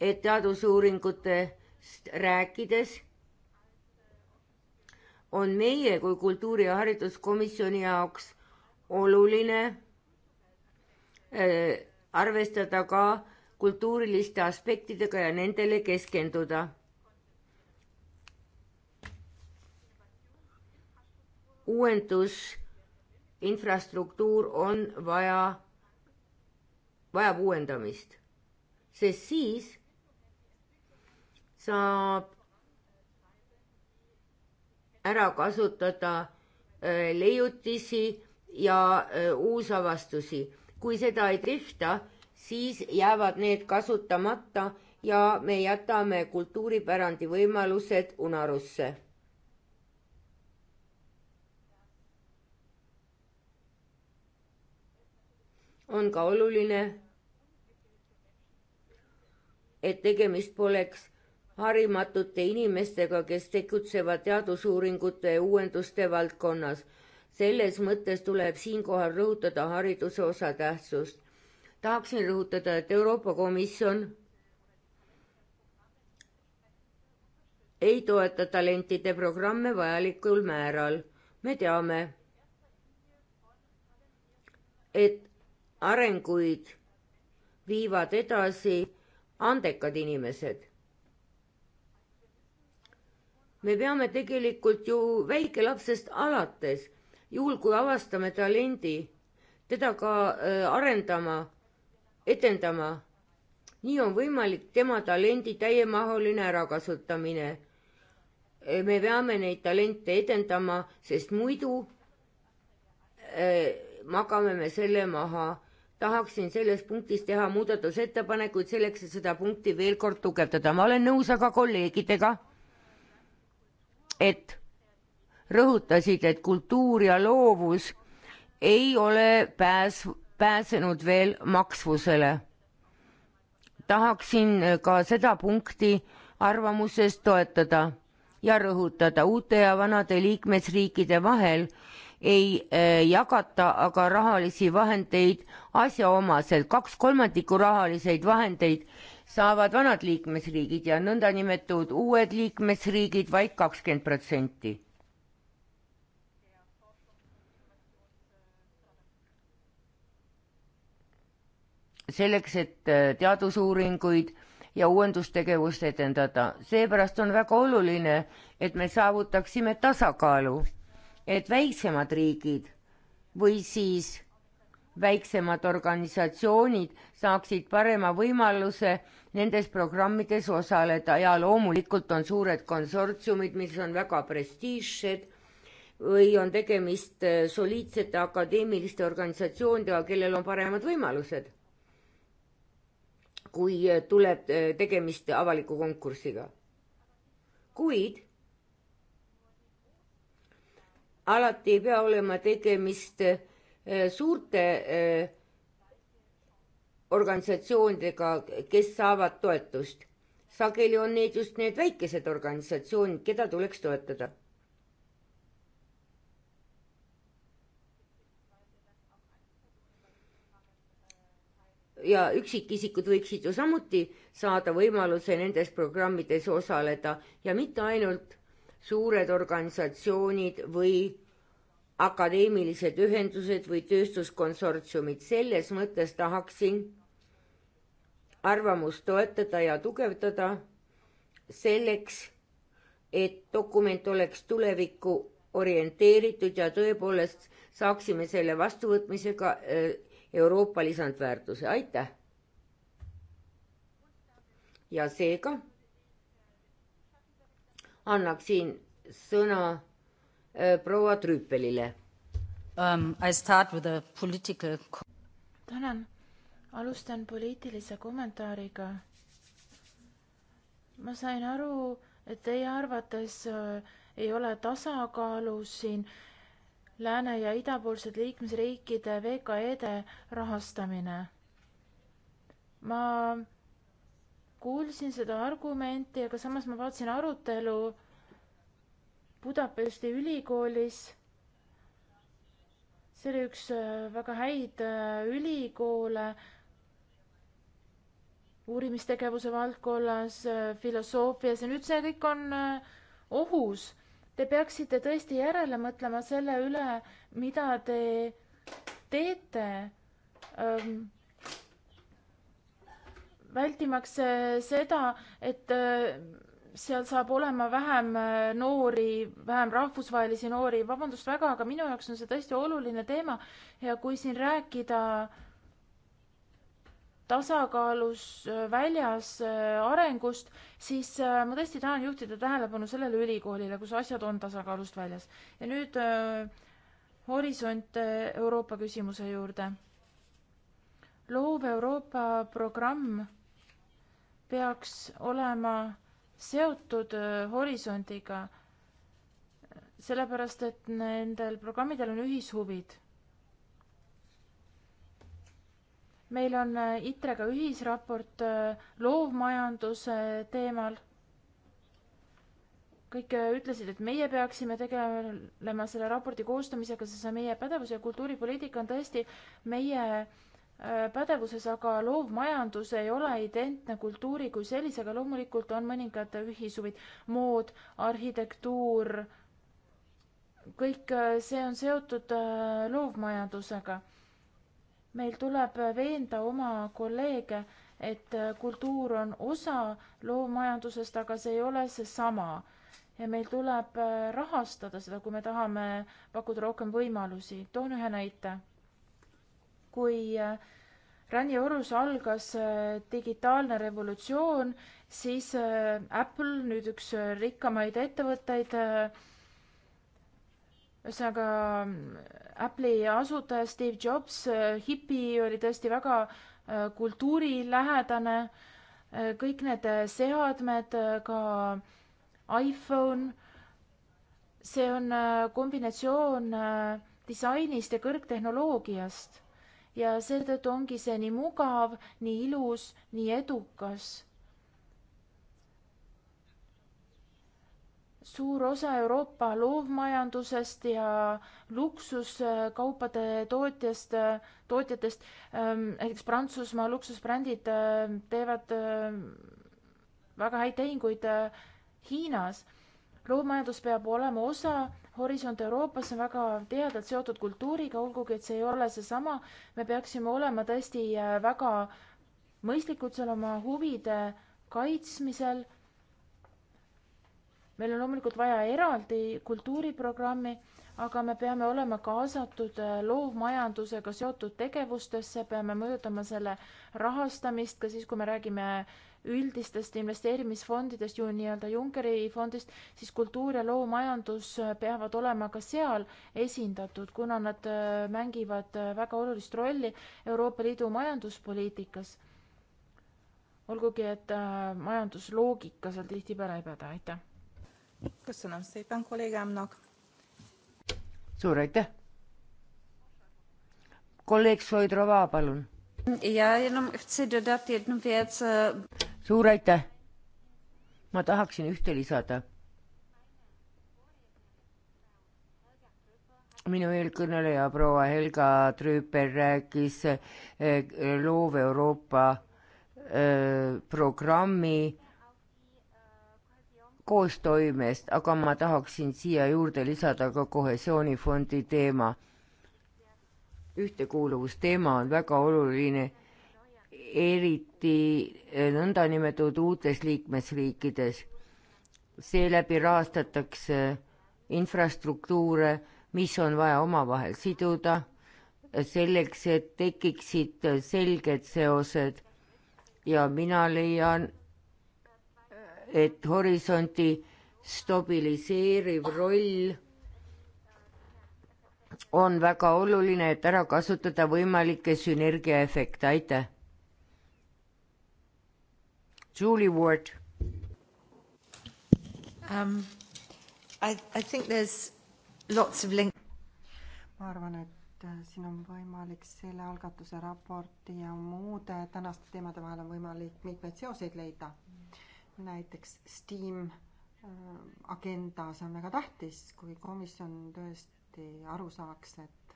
et teadusuuringutest rääkides on meie kui kultuuri- ja hariduskomisjoni jaoks oluline äh, arvestada ka kultuuriliste aspektidega ja nendele keskenduda. uuendus, infrastruktuur on vaja, vajab uuendamist, sest siis saab ära kasutada äh, leiutisi ja äh, uusavastusi kui seda ei tehta, siis jäävad need kasutamata ja me jätame kultuuripärandi võimalused unarusse. on ka oluline, et tegemist poleks harimatute inimestega, kes tegutsevad teadusuuringute ja uuenduste valdkonnas selles mõttes tuleb siinkohal rõhutada hariduse osatähtsust. tahaksin rõhutada, et Euroopa Komisjon ei toeta talentide programme vajalikul määral. me teame, et arenguid viivad edasi andekad inimesed. me peame tegelikult ju väikelapsest alates juhul kui avastame talendi, teda ka äh, arendama, edendama. nii on võimalik tema talendi täiemahuline ärakasutamine. Äh, me peame neid talente edendama, sest muidu äh, magame me selle maha. tahaksin selles punktis teha muudatusettepanekuid selleks, et seda punkti veel kord tugevdada. ma olen nõus aga kolleegidega, et rõhutasid, et kultuur ja loovus ei ole pääs, pääsenud veel maksvusele. tahaksin ka seda punkti arvamuses toetada ja rõhutada uute ja vanade liikmesriikide vahel ei äh, jagata aga rahalisi vahendeid asjaomaselt, kaks kolmandikku rahaliseid vahendeid saavad vanad liikmesriigid ja nõndanimetatud uued liikmesriigid vaid kakskümmend protsenti. selleks, et äh, teadusuuringuid ja uuendustegevust edendada. seepärast on väga oluline, et me saavutaksime tasakaalu, et väiksemad riigid või siis väiksemad organisatsioonid saaksid parema võimaluse nendes programmides osaleda ja loomulikult on suured konsortsiumid, mis on väga prestiižsed või on tegemist äh, soliidsete akadeemiliste organisatsioonidega, kellel on paremad võimalused kui tuleb eh, tegemist avaliku konkursiga. kuid alati ei pea olema tegemist eh, suurte eh, organisatsioonidega, kes saavad toetust. sageli on need just need väikesed organisatsioonid, keda tuleks toetada ja üksikisikud võiksid ju samuti saada võimaluse nendes programmides osaleda ja mitte ainult suured organisatsioonid või akadeemilised ühendused või tööstuskonsortsiumid, selles mõttes tahaksin arvamust toetada ja tugevdada selleks, et dokument oleks tulevikku orienteeritud ja tõepoolest saaksime selle vastuvõtmisega äh, Euroopa lisandväärtuse, aitäh! ja seega annaksin sõna äh, proua Trüüpelile um,. Political... tänan, alustan poliitilise kommentaariga. ma sain aru, et teie arvates äh, ei ole tasakaalu siin äh, lääne- ja idapoolsed liikmesriikide VKE-de rahastamine. ma kuulsin seda argumenti, aga samas ma vaatasin arutelu Budapesti ülikoolis. see oli üks äh, väga häid äh, ülikoole uurimistegevuse valdkonnas, äh, filosoofias ja nüüd see kõik on ohus Te peaksite tõesti järele mõtlema selle üle, mida te teete ähm,, vältimaks seda, et äh, seal saab olema vähem äh, noori, vähem rahvusvahelisi noori, vabandust väga, aga minu jaoks on see tõesti oluline teema ja kui siin rääkida äh, tasakaalus äh, väljas äh, arengust, siis äh, ma tõesti tahan juhtida tähelepanu sellele ülikoolile, kus asjad on tasakaalust väljas. ja nüüd Horisont Euroopa küsimuse juurde. loov Euroopa programm peaks olema seotud Horisondiga, sellepärast et nendel programmidel on ühishuvid meil on äh, ITREga ühisraport äh, loovmajanduse teemal. kõik äh, ütlesid, et meie peaksime tegelema selle raporti koostamisega, sest see on meie pädevus ja kultuuripoliitika on tõesti meie pädevuses, aga loovmajandus ei ole identne kultuuri kui sellisega, loomulikult on mõningad ühishuvid, mood, arhitektuur, kõik see on seotud loovmajandusega meil tuleb veenda oma kolleege, et kultuur on osa loomajandusest, aga see ei ole seesama. ja meil tuleb äh, rahastada seda, kui me tahame pakkuda rohkem võimalusi. toon ühe näite. kui äh, Rani orus algas äh, digitaalne revolutsioon, siis Apple, nüüd üks rikkamaid ettevõtteid, ühesõnaga Apple'i asutaja Steve Jobs, äh, hipi oli tõesti väga äh, kultuurilähedane, äh, kõik need seadmed, ka iPhone, see on kombinatsioon disainist ja kõrgtehnoloogiast ja seetõttu ongi see nii mugav, nii ilus, nii edukas suur osa Euroopa loovmajandusest ja luksuskaupade tootjast, tootjatest ähm,, näiteks Prantsusmaa luksusbrändid äh, teevad äh, väga häid tehinguid äh, Hiinas. loovmajandus peab olema osa Horisont Euroopas on väga tihedalt seotud kultuuriga, olgugi et see ei ole seesama, me peaksime olema tõesti äh, väga mõistlikud seal oma huvide kaitsmisel meil on loomulikult vaja eraldi kultuuriprogrammi, aga me peame olema kaasatud äh, loovmajandusega seotud tegevustesse, peame mõjutama selle rahastamist ka siis, kui me räägime üldistest investeerimisfondidest, ju nii-öelda Junckeri fondist, siis kultuur ja loomajandus äh, peavad olema ka seal esindatud, kuna nad äh, mängivad väga olulist rolli Euroopa Liidu majanduspoliitikas. olgugi, et majandusloogika seal tihtipeale ei päde, aitäh köszönöm szépen kollégámnak. suur aitäh. kolleeg Šoidrova, palun. ja enam ühtse dodat jednu věc. suur aitäh. ma tahaksin ühte lisada. minu eelkõneleja proua Helga Trüüper rääkis eh, loov Euroopa eh, programmi koostoimest, aga ma tahaksin siia juurde lisada ka kohesioonifondi teema. ühtekuuluvusteema on väga oluline, eriti nõndanimetatud uutes liikmesriikides. seeläbi rahastatakse infrastruktuure, mis on vaja omavahel siduda, selleks, et tekiksid selged seosed ja mina leian, et horisonti stabiliseeriv roll on väga oluline, et ära kasutada võimalikke sünergiaefekte, aitäh. Julie Ward um,. I, I think there's lots of link. ma arvan, et äh, siin on võimalik selle algatuse raporti ja muude tänaste teemade vahel on võimalik mitmeid seoseid leida mm näiteks STEAM äh, agenda, see on väga tähtis, kui komisjon tõesti aru saaks, et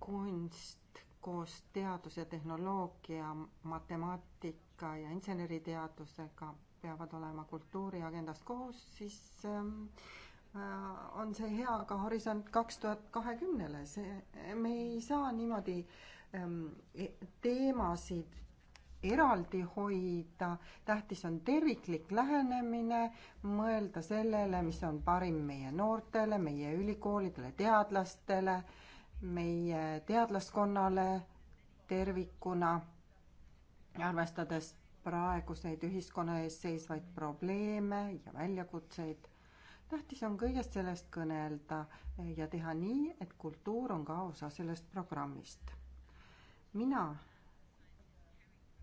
kunst koos teaduse, tehnoloogia, matemaatika ja inseneriteadusega peavad olema kultuuriagendas koos, siis ähm, äh, on see hea ka Horisont kaks tuhat kahekümnele, see, me ei saa niimoodi ähm, e-, teemasid eraldi hoida, tähtis on terviklik lähenemine, mõelda sellele, mis on parim meie noortele, meie ülikoolidele, teadlastele, meie teadlaskonnale tervikuna, arvestades praeguseid ühiskonna ees seisvaid probleeme ja väljakutseid. tähtis on kõigest sellest kõnelda ja teha nii, et kultuur on ka osa sellest programmist. mina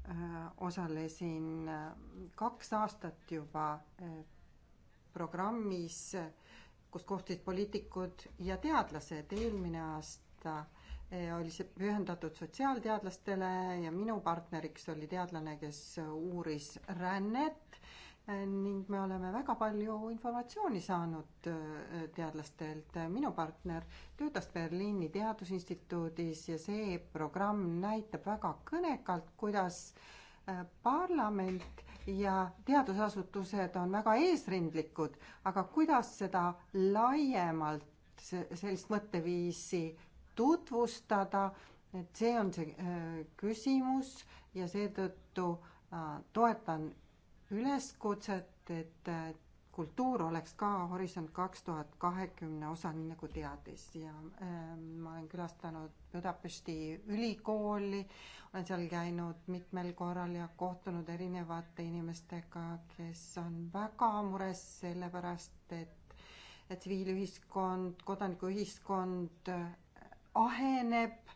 Äh, osalesin äh, kaks aastat juba äh, programmis, kus kohtusid poliitikud ja teadlased. eelmine aasta oli see pühendatud sotsiaalteadlastele ja minu partneriks oli teadlane, kes uuris rännet ning me oleme väga palju informatsiooni saanud äh, teadlastelt. minu partner töötas Berliini Teadusinstituudis ja see programm näitab väga kõnekalt, kuidas äh, parlament ja teadusasutused on väga eesrindlikud, aga kuidas seda laiemalt, sellist mõtteviisi tutvustada, et see on see äh, küsimus ja seetõttu toetan üleskutset, et kultuur oleks ka Horisont kaks tuhat kahekümne osa, nii nagu teadis ja ähm, ma olen külastanud Budapesti ülikooli, olen seal käinud mitmel korral ja kohtunud erinevate inimestega, kes on väga mures selle pärast, et tsiviilühiskond, kodanikuühiskond äh, aheneb,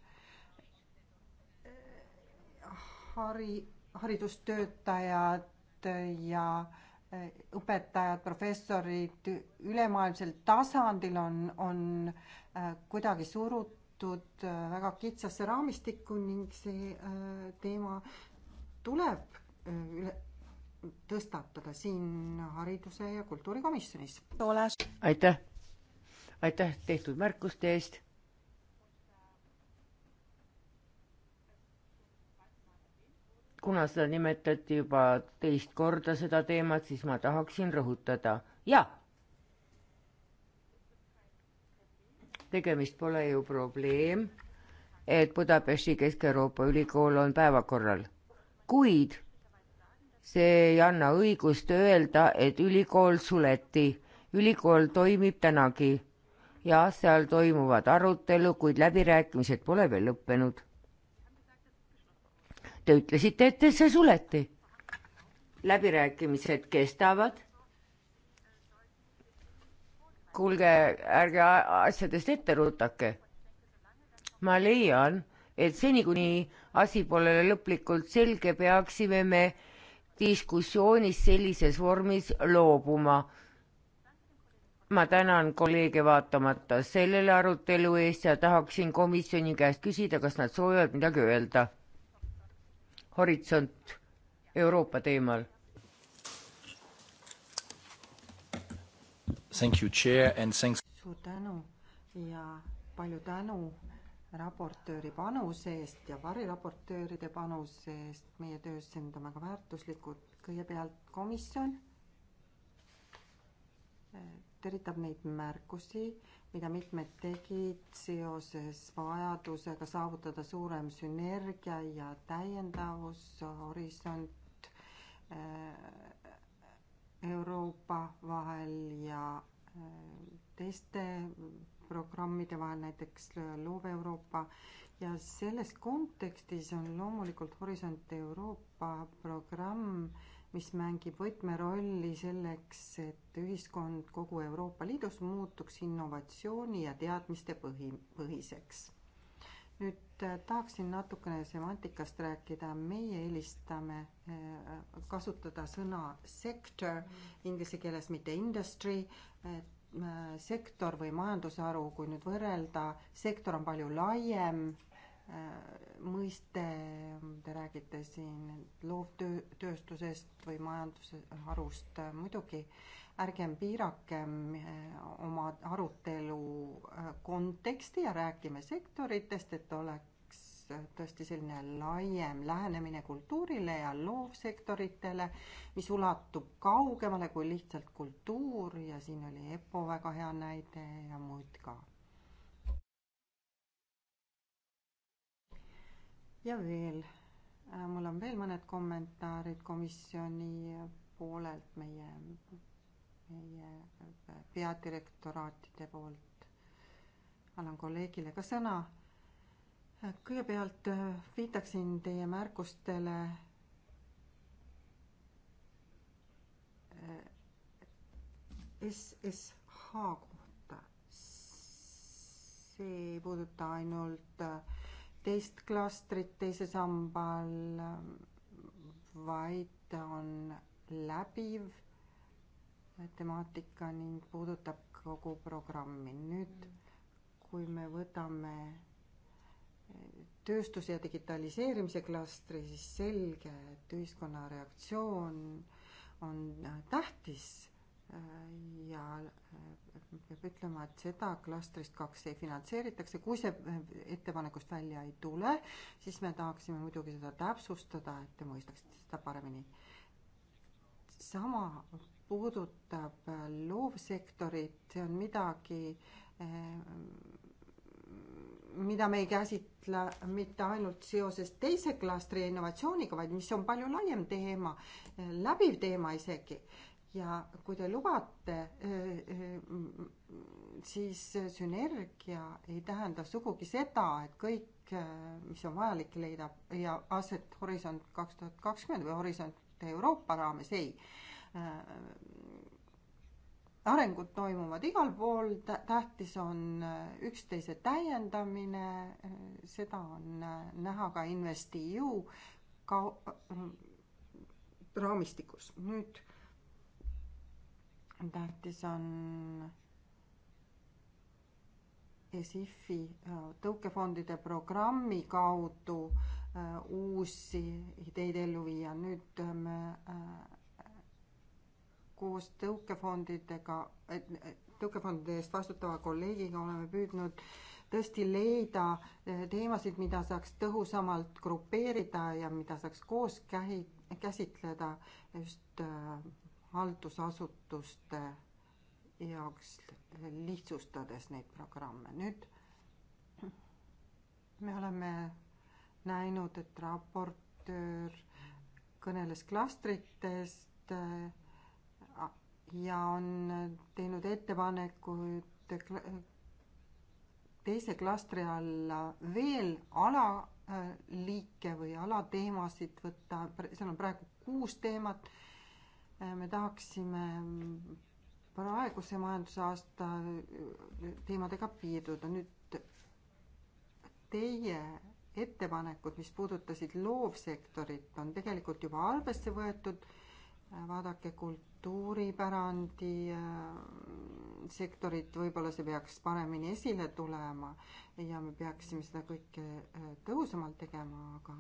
äh, hari, haridustöötajad ja eh, õpetajad, professorid ülemaailmsel tasandil on, on eh, kuidagi surutud eh, väga kitsasse raamistikku ning see teema tuleb üle, tõstatada siin hariduse ja kultuurikomisjonis. aitäh, aitäh tehtud märkuste eest kuna seda nimetati juba teist korda, seda teemat, siis ma tahaksin rõhutada, jah, tegemist pole ju probleem, et Budapesti Kesk-Euroopa Ülikool on päevakorral, kuid see ei anna õigust öelda, et ülikool suleti. ülikool toimib tänagi ja seal toimuvad arutelu, kuid läbirääkimised pole veel lõppenud te ütlesite, et see suleti. läbirääkimised kestavad. kuulge, ärge asjadest ette rutake. ma leian, et seni, kuni asi pole lõplikult selge, peaksime me diskussioonis sellises vormis loobuma ma tänan kolleege vaatamata sellele arutelu eest ja tahaksin komisjoni käest küsida, kas nad soovivad midagi öelda Horisont Euroopa teemal. suur tänu ja palju tänu raportööri panuse eest ja variraportööride panuse eest meie töös, need on väga väärtuslikud. kõigepealt komisjon eh, tervitab neid märkusi mida mitmed tegid seoses vajadusega saavutada suurem sünergia ja täiendavus, horisont äh, Euroopa vahel ja äh, teiste programmide vahel, näiteks Loov Euroopa ja selles kontekstis on loomulikult Horisont Euroopa programm mis mängib võtmerolli selleks, et ühiskond kogu Euroopa Liidus muutuks innovatsiooni ja teadmiste põhi, põhiseks. nüüd äh, tahaksin natukene semantikast rääkida, meie eelistame äh, kasutada sõna sector inglise keeles, mitte industry, äh, sektor või majandusharu, kui nüüd võrrelda, sektor on palju laiem mõiste, te räägite siin loovtööstusest või majandusharust, muidugi ärgem piirakem eh, oma arutelu eh, konteksti ja räägime sektoritest, et oleks eh, tõesti selline laiem lähenemine kultuurile ja loovsektoritele, mis ulatub kaugemale kui lihtsalt kultuur ja siin oli EPPO väga hea näide ja muud ka ja veel, äh, mul on veel mõned kommentaarid komisjoni poolelt, meie, meie äh, peadirektoraatide poolt. annan kolleegile ka sõna. kõigepealt äh, viitaksin teie märkustele SSH kohta. see ei puuduta ainult äh, teist klastrit teise samba all, vaid ta on läbiv temaatika ning puudutab kogu programmi. nüüd, kui me võtame eh, tööstuse ja digitaliseerimise klastri, siis selge, et ühiskonna reaktsioon on eh, tähtis Äh, ja äh, peab ütlema, et seda klastrist kaks ei finantseeritakse, kui see äh, ettepanekust välja ei tule, siis me tahaksime muidugi seda täpsustada, et te mõistaksite seda paremini. sama puudutab loovsektorit, see on midagi, mida me ei käsitle mitte ainult seoses teise klastri innovatsiooniga, vaid mis on palju laiem teema, läbiv teema isegi ja kui te lubate, eh, eh, siis sünergia ei tähenda sugugi seda, et kõik, eh, mis on vajalik, leidab ja aset Horisont kaks tuhat kakskümmend või Horisont Euroopa raames, ei. arengud toimuvad igal pool, tähtis on üksteise täiendamine, seda on näha ka InvestEU ka raamistikus. nüüd tähtis on ESIF-i äh, tõukefondide programmi kaudu äh, uusi ideid ellu viia. nüüd äh, me koos tõukefondidega, tõukefondide eest vastutava kolleegiga oleme püüdnud tõesti leida teemasid, mida saaks tõhusamalt grupeerida ja mida saaks koos kähi, käsitleda just haldusasutuste jaoks, lihtsustades neid programme. nüüd me oleme näinud, et raportöör kõneles klastritest äh, ja on teinud ettepanekuid teise klastri alla veel alaliike äh, või alateemasid võtta, seal on praegu kuus teemat Äh, me tahaksime praeguse majandusaasta äh, teemadega piirduda. nüüd teie ettepanekud, mis puudutasid loovsektorit, on tegelikult juba arvesse võetud. Äh, vaadake kultuuripärandi sektorit, võib-olla see peaks paremini esile tulema ja me peaksime seda kõike tõhusamalt tegema, aga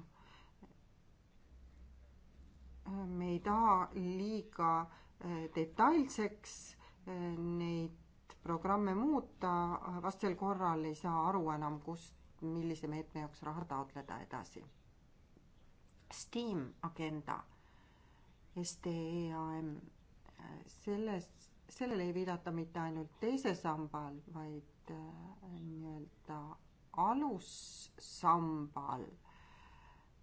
me ei taha liiga eh, detailseks eh, neid programme muuta, vastasel korral ei saa aru enam, kust, millise meetme jaoks raha taotleda edasi. STEAM agenda, STEAM, eh, selles, sellele ei viidata mitte ainult teise sambal, vaid nii-öelda alussambal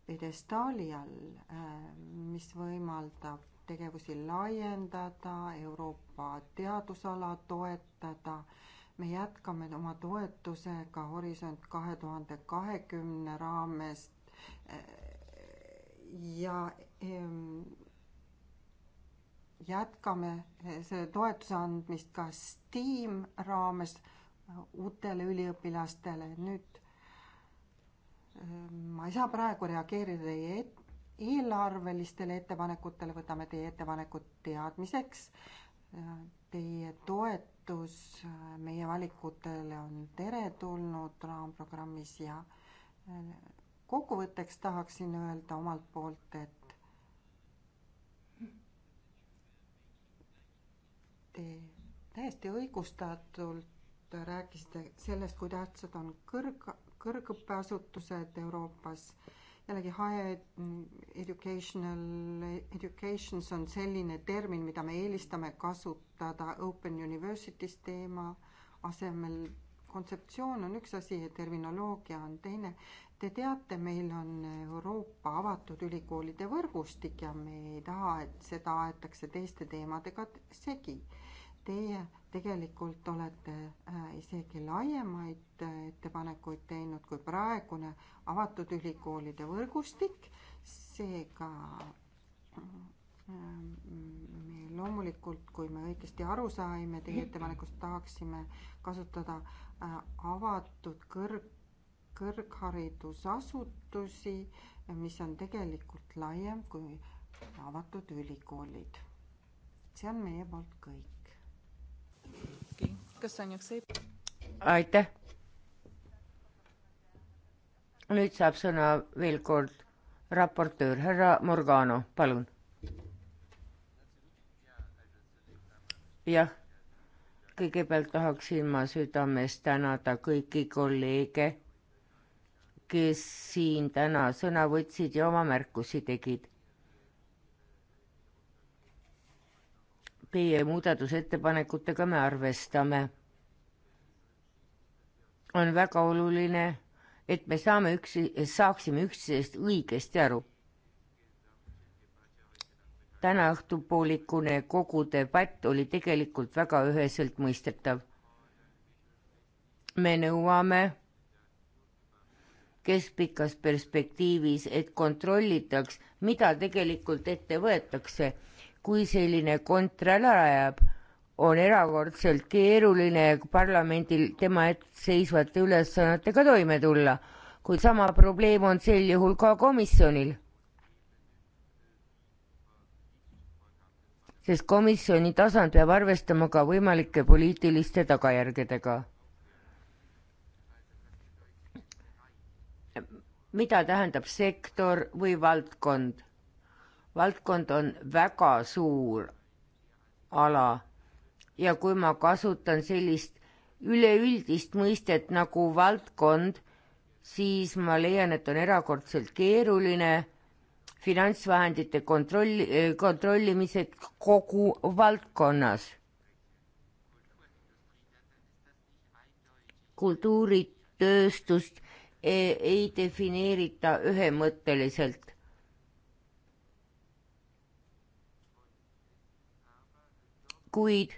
pjedestaali all, äh, mis võimaldab tegevusi laiendada, Euroopa teadusala toetada. me jätkame oma toetusega Horisont kahe tuhande kahekümne raames äh, ja ähm, jätkame selle toetuse andmist ka STEAM raames äh, uutele üliõpilastele. nüüd ma ei saa praegu reageerida teie et-, eelarvelistele ettepanekutele, võtame teie ettepanekud teadmiseks. Teie toetus meie valikutele on teretulnud raamprogrammis ja äh, kokkuvõtteks tahaksin öelda omalt poolt, et te täiesti õigustatult rääkisite sellest, kui tähtsad on kõrg-, kõrgõppeasutused Euroopas. jällegi higher educational, educations on selline termin, mida me eelistame kasutada open universities teema asemel. kontseptsioon on üks asi ja terminoloogia on teine. Te teate, meil on Euroopa avatud ülikoolide võrgustik ja me ei taha, et seda aetakse teiste teemadega segi teie tegelikult olete äh, isegi laiemaid äh, ettepanekuid teinud kui praegune avatud ülikoolide võrgustik, seega äh, me loomulikult, kui me õigesti aru saime teie ettepanekust, tahaksime kasutada avatud kõrg, kõrgharidusasutusi, mis on tegelikult laiem kui avatud ülikoolid. see on meie poolt kõik aitäh. nüüd saab sõna veel kord raportöör härra Morgano, palun. jah, kõigepealt tahaksin ma südames tänada kõiki kolleege, kes siin täna sõna võtsid ja oma märkusi tegid teie muudatusettepanekutega me arvestame. on väga oluline, et me saame üks, saaksime üksteisest õigesti aru. täna õhtupoolikune kogu debatt oli tegelikult väga üheselt mõistetav. me nõuame keskpikas perspektiivis, et kontrollitaks, mida tegelikult ette võetakse kui selline konträäl ära jääb, on erakordselt keeruline parlamendil tema ees seisvate ülesannetega toime tulla, kuid sama probleem on sel juhul ka komisjonil. sest komisjoni tasand peab arvestama ka võimalike poliitiliste tagajärgedega. mida tähendab sektor või valdkond? valdkond on väga suur ala ja kui ma kasutan sellist üleüldist mõistet nagu valdkond, siis ma leian, et on erakordselt keeruline finantsvahendite kontrolli, kontrollimised kogu valdkonnas. kultuuritööstust ei, ei defineerita ühemõtteliselt kuid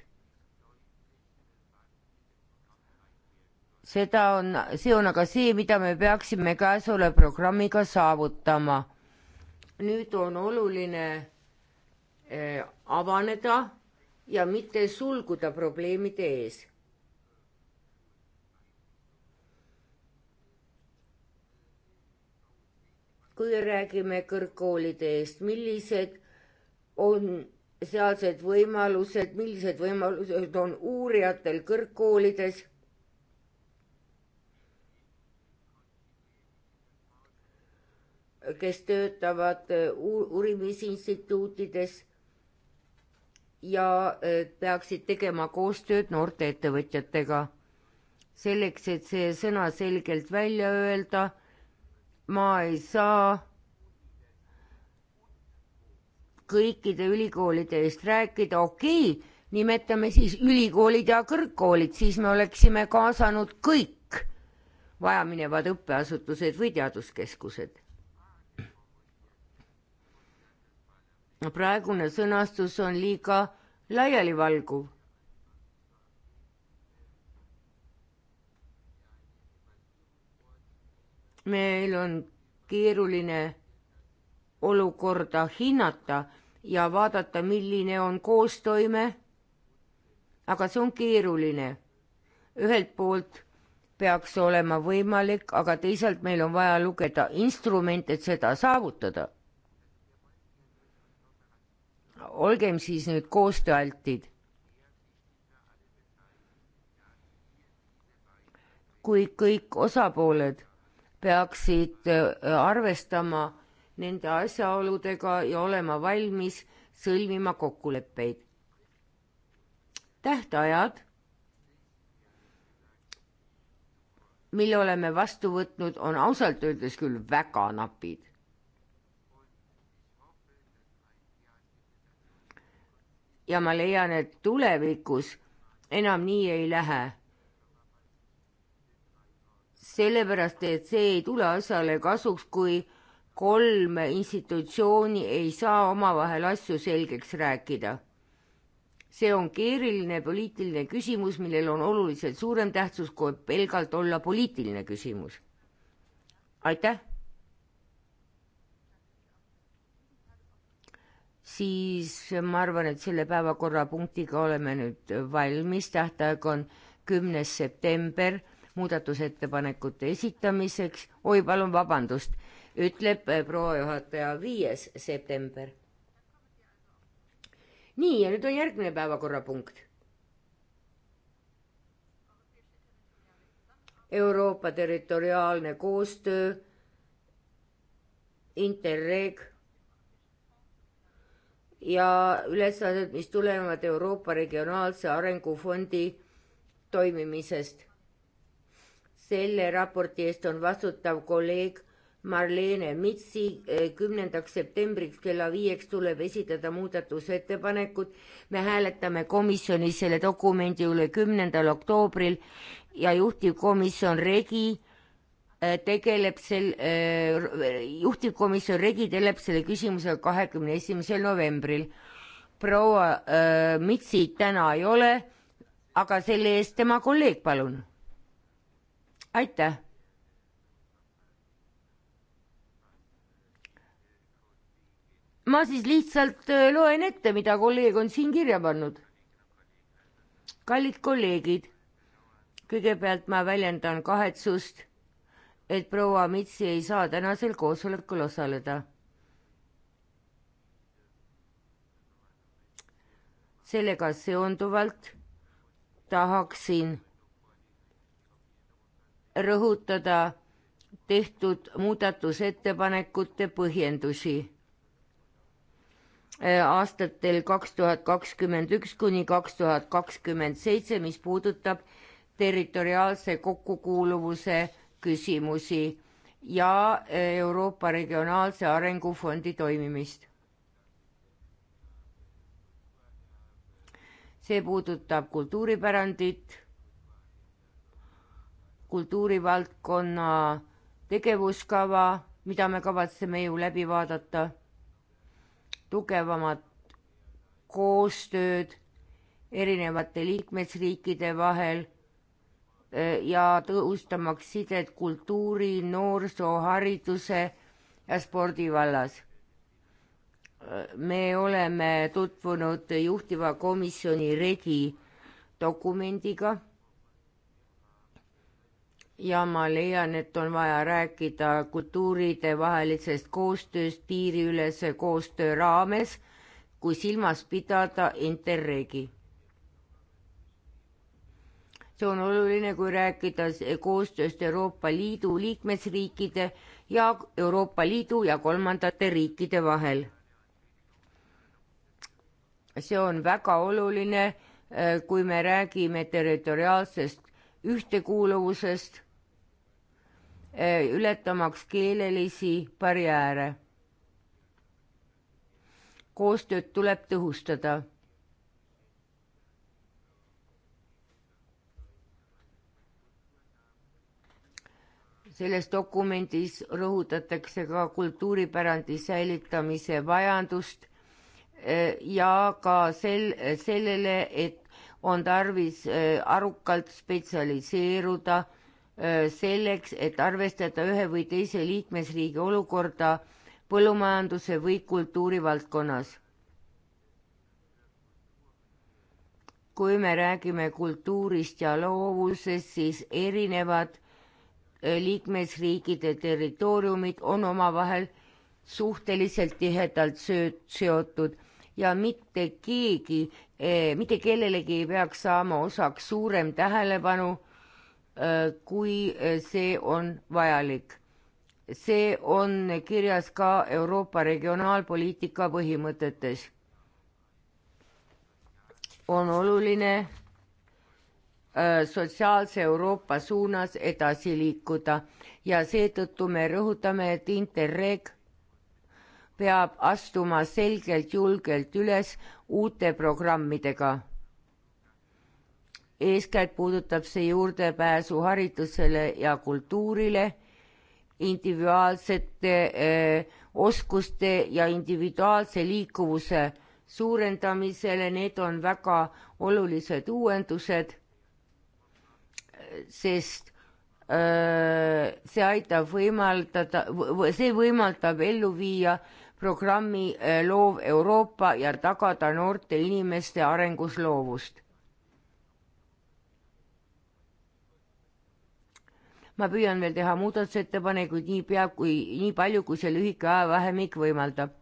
seda on, see on aga see, mida me peaksime käesoleva programmiga saavutama. nüüd on oluline eh, avaneda ja mitte sulguda probleemide ees. kui räägime kõrgkoolide eest, millised on sealsed võimalused, millised võimalused on uurijatel kõrgkoolides. kes töötavad äh, uurimisinstituutides ja äh, peaksid tegema koostööd noorte ettevõtjatega. selleks, et see sõna selgelt välja öelda, ma ei saa kõikide ülikoolide eest rääkida, okei okay,, nimetame siis ülikoolid ja kõrgkoolid, siis me oleksime kaasanud kõik vajaminevad õppeasutused või teaduskeskused. praegune sõnastus on liiga laialivalguv meil on keeruline olukorda hinnata ja vaadata, milline on koostoime. aga see on keeruline. ühelt poolt peaks olema võimalik, aga teisalt meil on vaja lugeda instrumente, et seda saavutada. olgem siis nüüd koostööaltid. kui kõik osapooled peaksid äh, arvestama nende asjaoludega ja olema valmis sõlmima kokkuleppeid. tähtajad, mille oleme vastu võtnud, on ausalt öeldes küll väga napid. ja ma leian, et tulevikus enam nii ei lähe sellepärast, et see ei tule asjale kasuks, kui kolm institutsiooni ei saa omavahel asju selgeks rääkida. see on keeruline poliitiline küsimus, millel on oluliselt suurem tähtsus kui pelgalt olla poliitiline küsimus. aitäh. siis ma arvan, et selle päevakorrapunktiga oleme nüüd valmis, tähtaeg on kümnes september muudatusettepanekute esitamiseks. oi, palun vabandust ütleb proua juhataja, viies september. nii, ja nüüd on järgmine päevakorrapunkt. Euroopa territoriaalne koostöö, Interreg ja ülesanded, mis tulenevad Euroopa Regionaalse Arengufondi toimimisest. selle raporti eest on vastutav kolleeg Marlene Mitsi eh, kümnendaks septembriks kella viieks tuleb esitada muudatusettepanekud. me hääletame komisjonis selle dokumendi üle kümnendal oktoobril ja juhtivkomisjon Regi eh, tegeleb sel, eh, juhtivkomisjon Regi tegeleb selle küsimusega kahekümne esimesel novembril. proua Mitsi täna ei ole, aga selle eest tema kolleeg, palun. aitäh ma siis lihtsalt äh, loen ette, mida kolleeg on siin kirja pannud. kallid kolleegid, kõigepealt ma väljendan kahetsust, et proua Mitsi ei saa tänasel koosolekul osaleda. sellega seonduvalt tahaksin rõhutada tehtud muudatusettepanekute põhjendusi Äh, aastatel kaks tuhat kakskümmend üks kuni kaks tuhat kakskümmend seitse, mis puudutab territoriaalse kokkukuuluvuse küsimusi ja äh, Euroopa Regionaalse Arengufondi toimimist. see puudutab kultuuripärandit, kultuurivaldkonna tegevuskava, mida me kavatseme ju läbi vaadata tugevamat koostööd erinevate liikmesriikide vahel e, ja tõhustamaks sidet kultuuri, noorsoo, hariduse ja spordi vallas. E, me oleme tutvunud juhtiva komisjoni Regi dokumendiga ja ma leian, et on vaja rääkida kultuuride vahelisest koostööst piiriülese koostöö raames, kui silmas pidada Interregi. see on oluline, kui rääkida koostööst Euroopa Liidu liikmesriikide ja Euroopa Liidu ja kolmandate riikide vahel. see on väga oluline, eh, kui me räägime territoriaalsest ühtekuuluvusest Eh, ületamaks keelelisi barjääre. koostööd tuleb tõhustada. selles dokumendis rõhutatakse ka kultuuripärandi säilitamise vajadust eh, ja ka sel, sellele, et on tarvis eh, arukalt spetsialiseeruda Äh, selleks, et arvestada ühe või teise liikmesriigi olukorda põllumajanduse või kultuuri valdkonnas. kui me räägime kultuurist ja loovusest, siis erinevad äh, liikmesriikide territooriumid on omavahel suhteliselt tihedalt sööt-, seotud ja mitte keegi, äh, mitte kellelegi ei peaks saama osaks suurem tähelepanu Äh, kui äh, see on vajalik. see on kirjas ka Euroopa regionaalpoliitika põhimõtetes. on oluline äh, sotsiaalse Euroopa suunas edasi liikuda ja seetõttu me rõhutame, et Interreg peab astuma selgelt julgelt üles uute programmidega eeskätt puudutab see juurdepääsu haridusele ja kultuurile, individuaalsete öö, eh, oskuste ja individuaalse liikuvuse suurendamisele, need on väga olulised uuendused, sest öö, eh, see aitab võimaldada, see võimaldab ellu viia programmi eh, Loov Euroopa ja tagada noorte inimeste arengusloovust ma püüan veel teha muudatusettepanekuid niipea kui, nii palju, kui see lühike ajavahemik võimaldab.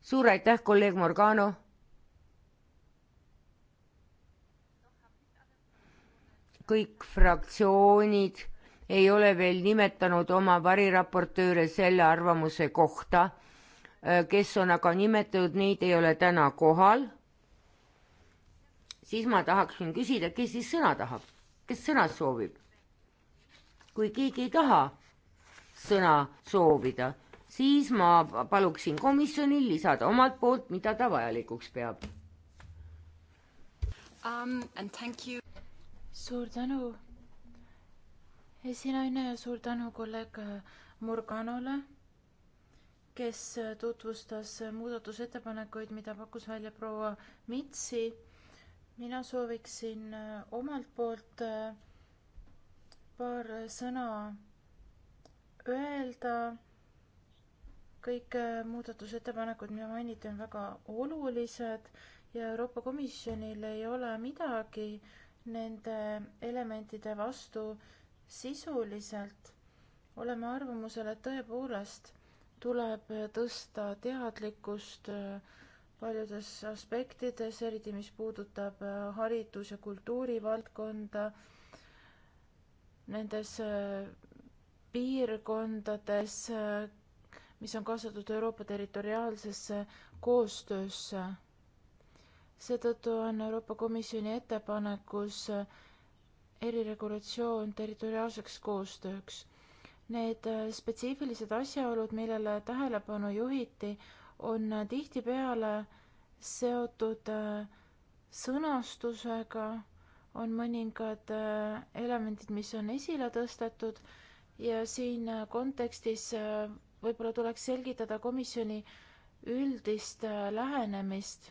suur aitäh, kolleeg Morgano. kõik fraktsioonid ei ole veel nimetanud oma variraportööre selle arvamuse kohta, kes on aga nimetatud, neid ei ole täna kohal. siis ma tahaksin küsida, kes siis sõna tahab, kes sõna soovib? kui keegi ei taha sõna soovida, siis ma paluksin komisjonil lisada omalt poolt, mida ta vajalikuks peab um,. suur tänu, esinaine ja suur tänu kolleeg Morganole, kes tutvustas muudatusettepanekuid, mida pakkus välja proua Mitsi. mina sooviksin omalt poolt äh, paar sõna öelda. kõik muudatusettepanekud, mida mainiti, on väga olulised ja Euroopa Komisjonil ei ole midagi nende elementide vastu sisuliselt. oleme arvamusel, et tõepoolest tuleb tõsta teadlikkust äh, paljudes aspektides, eriti mis puudutab äh, haridus- ja kultuurivaldkonda nendes äh, piirkondades, äh, mis on kaasatud Euroopa territoriaalsesse koostöösse. seetõttu on Euroopa Komisjoni ettepanekus äh, eriregulatsioon territoriaalseks koostööks. Need spetsiifilised asjaolud, millele tähelepanu juhiti, on tihtipeale seotud sõnastusega on mõningad äh, elemendid, mis on esile tõstetud ja siin äh, kontekstis äh, võib-olla tuleks selgitada komisjoni üldist lähenemist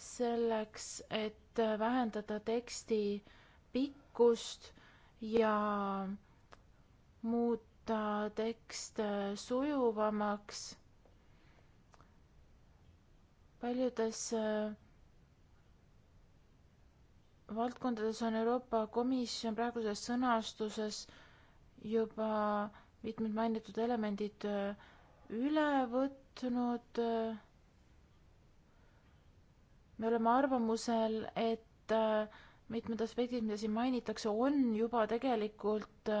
selleks, et vähendada teksti pikkust ja muuta tekst sujuvamaks. paljudes äh, valdkondades on Euroopa Komisjon praeguses sõnastuses juba mitmed mainitud elemendid äh, üle võtnud. Äh. me oleme arvamusel, et äh, mitmed aspektid, mida siin mainitakse, on juba tegelikult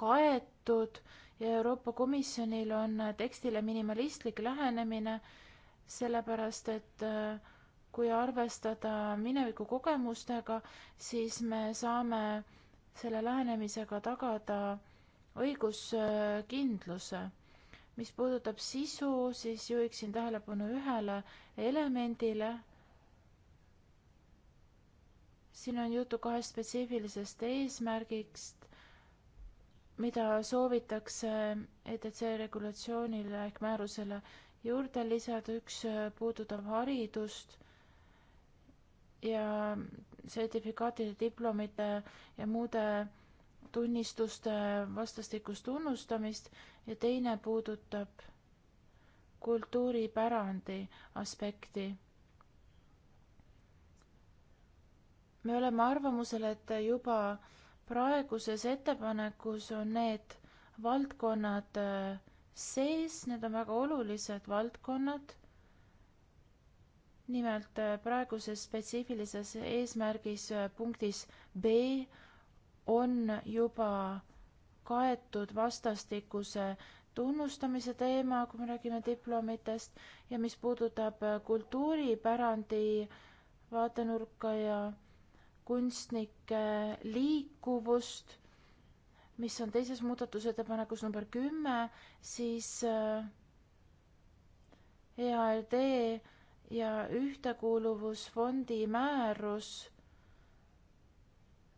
kaetud ja Euroopa Komisjonil on tekstile minimalistlik lähenemine, sellepärast et äh, kui arvestada mineviku kogemustega, siis me saame selle lähenemisega tagada õiguskindluse. mis puudutab sisu, siis juhiksin tähelepanu ühele elemendile. siin on juttu kahest spetsiifilisest eesmärgist, mida soovitakse ETC regulatsioonile ehk määrusele juurde lisada, üks puudutab haridust ja sertifikaatide, diplomite ja muude tunnistuste vastastikust tunnustamist ja teine puudutab kultuuripärandi aspekti. me oleme arvamusel, et juba praeguses ettepanekus on need valdkonnad äh, sees, need on väga olulised valdkonnad nimelt äh, praeguses spetsiifilises eesmärgis äh, punktis B on juba kaetud vastastikuse tunnustamise teema, kui me räägime diplomitest ja mis puudutab äh, kultuuripärandi vaatenurka ja kunstnike liikuvust, mis on teises muudatusettepanekus number kümme, siis EALD ja Ühtekuuluvusfondi määrus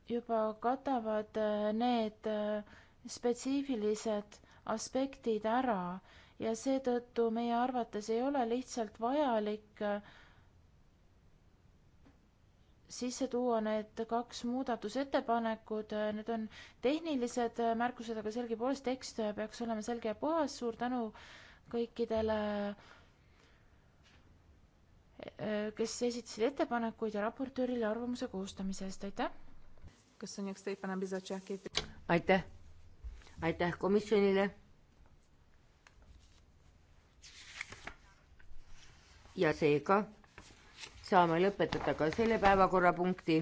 juba katavad äh, need äh, spetsiifilised aspektid ära ja seetõttu meie arvates ei ole lihtsalt vajalik äh, sisse tuua need kaks muudatusettepanekut, need on tehnilised märkused, aga sellegipoolest tekst peaks olema selge ja puhas, suur tänu kõikidele äh, Äh, kes esitasid ettepanekuid ja raportöörile arvamuse koostamise eest, aitäh! aitäh, aitäh komisjonile. ja seega saame lõpetada ka selle päevakorrapunkti.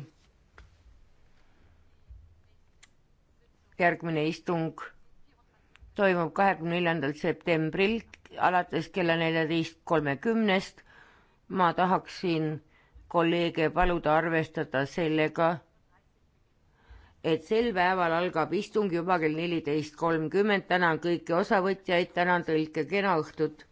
järgmine istung toimub kahekümne neljandal septembril alates kella neljateist kolmekümnest ma tahaksin kolleege paluda arvestada sellega, et sel päeval algab istung juba kell neliteist kolmkümmend, tänan kõiki osavõtjaid, tänan tõlke, kena õhtut!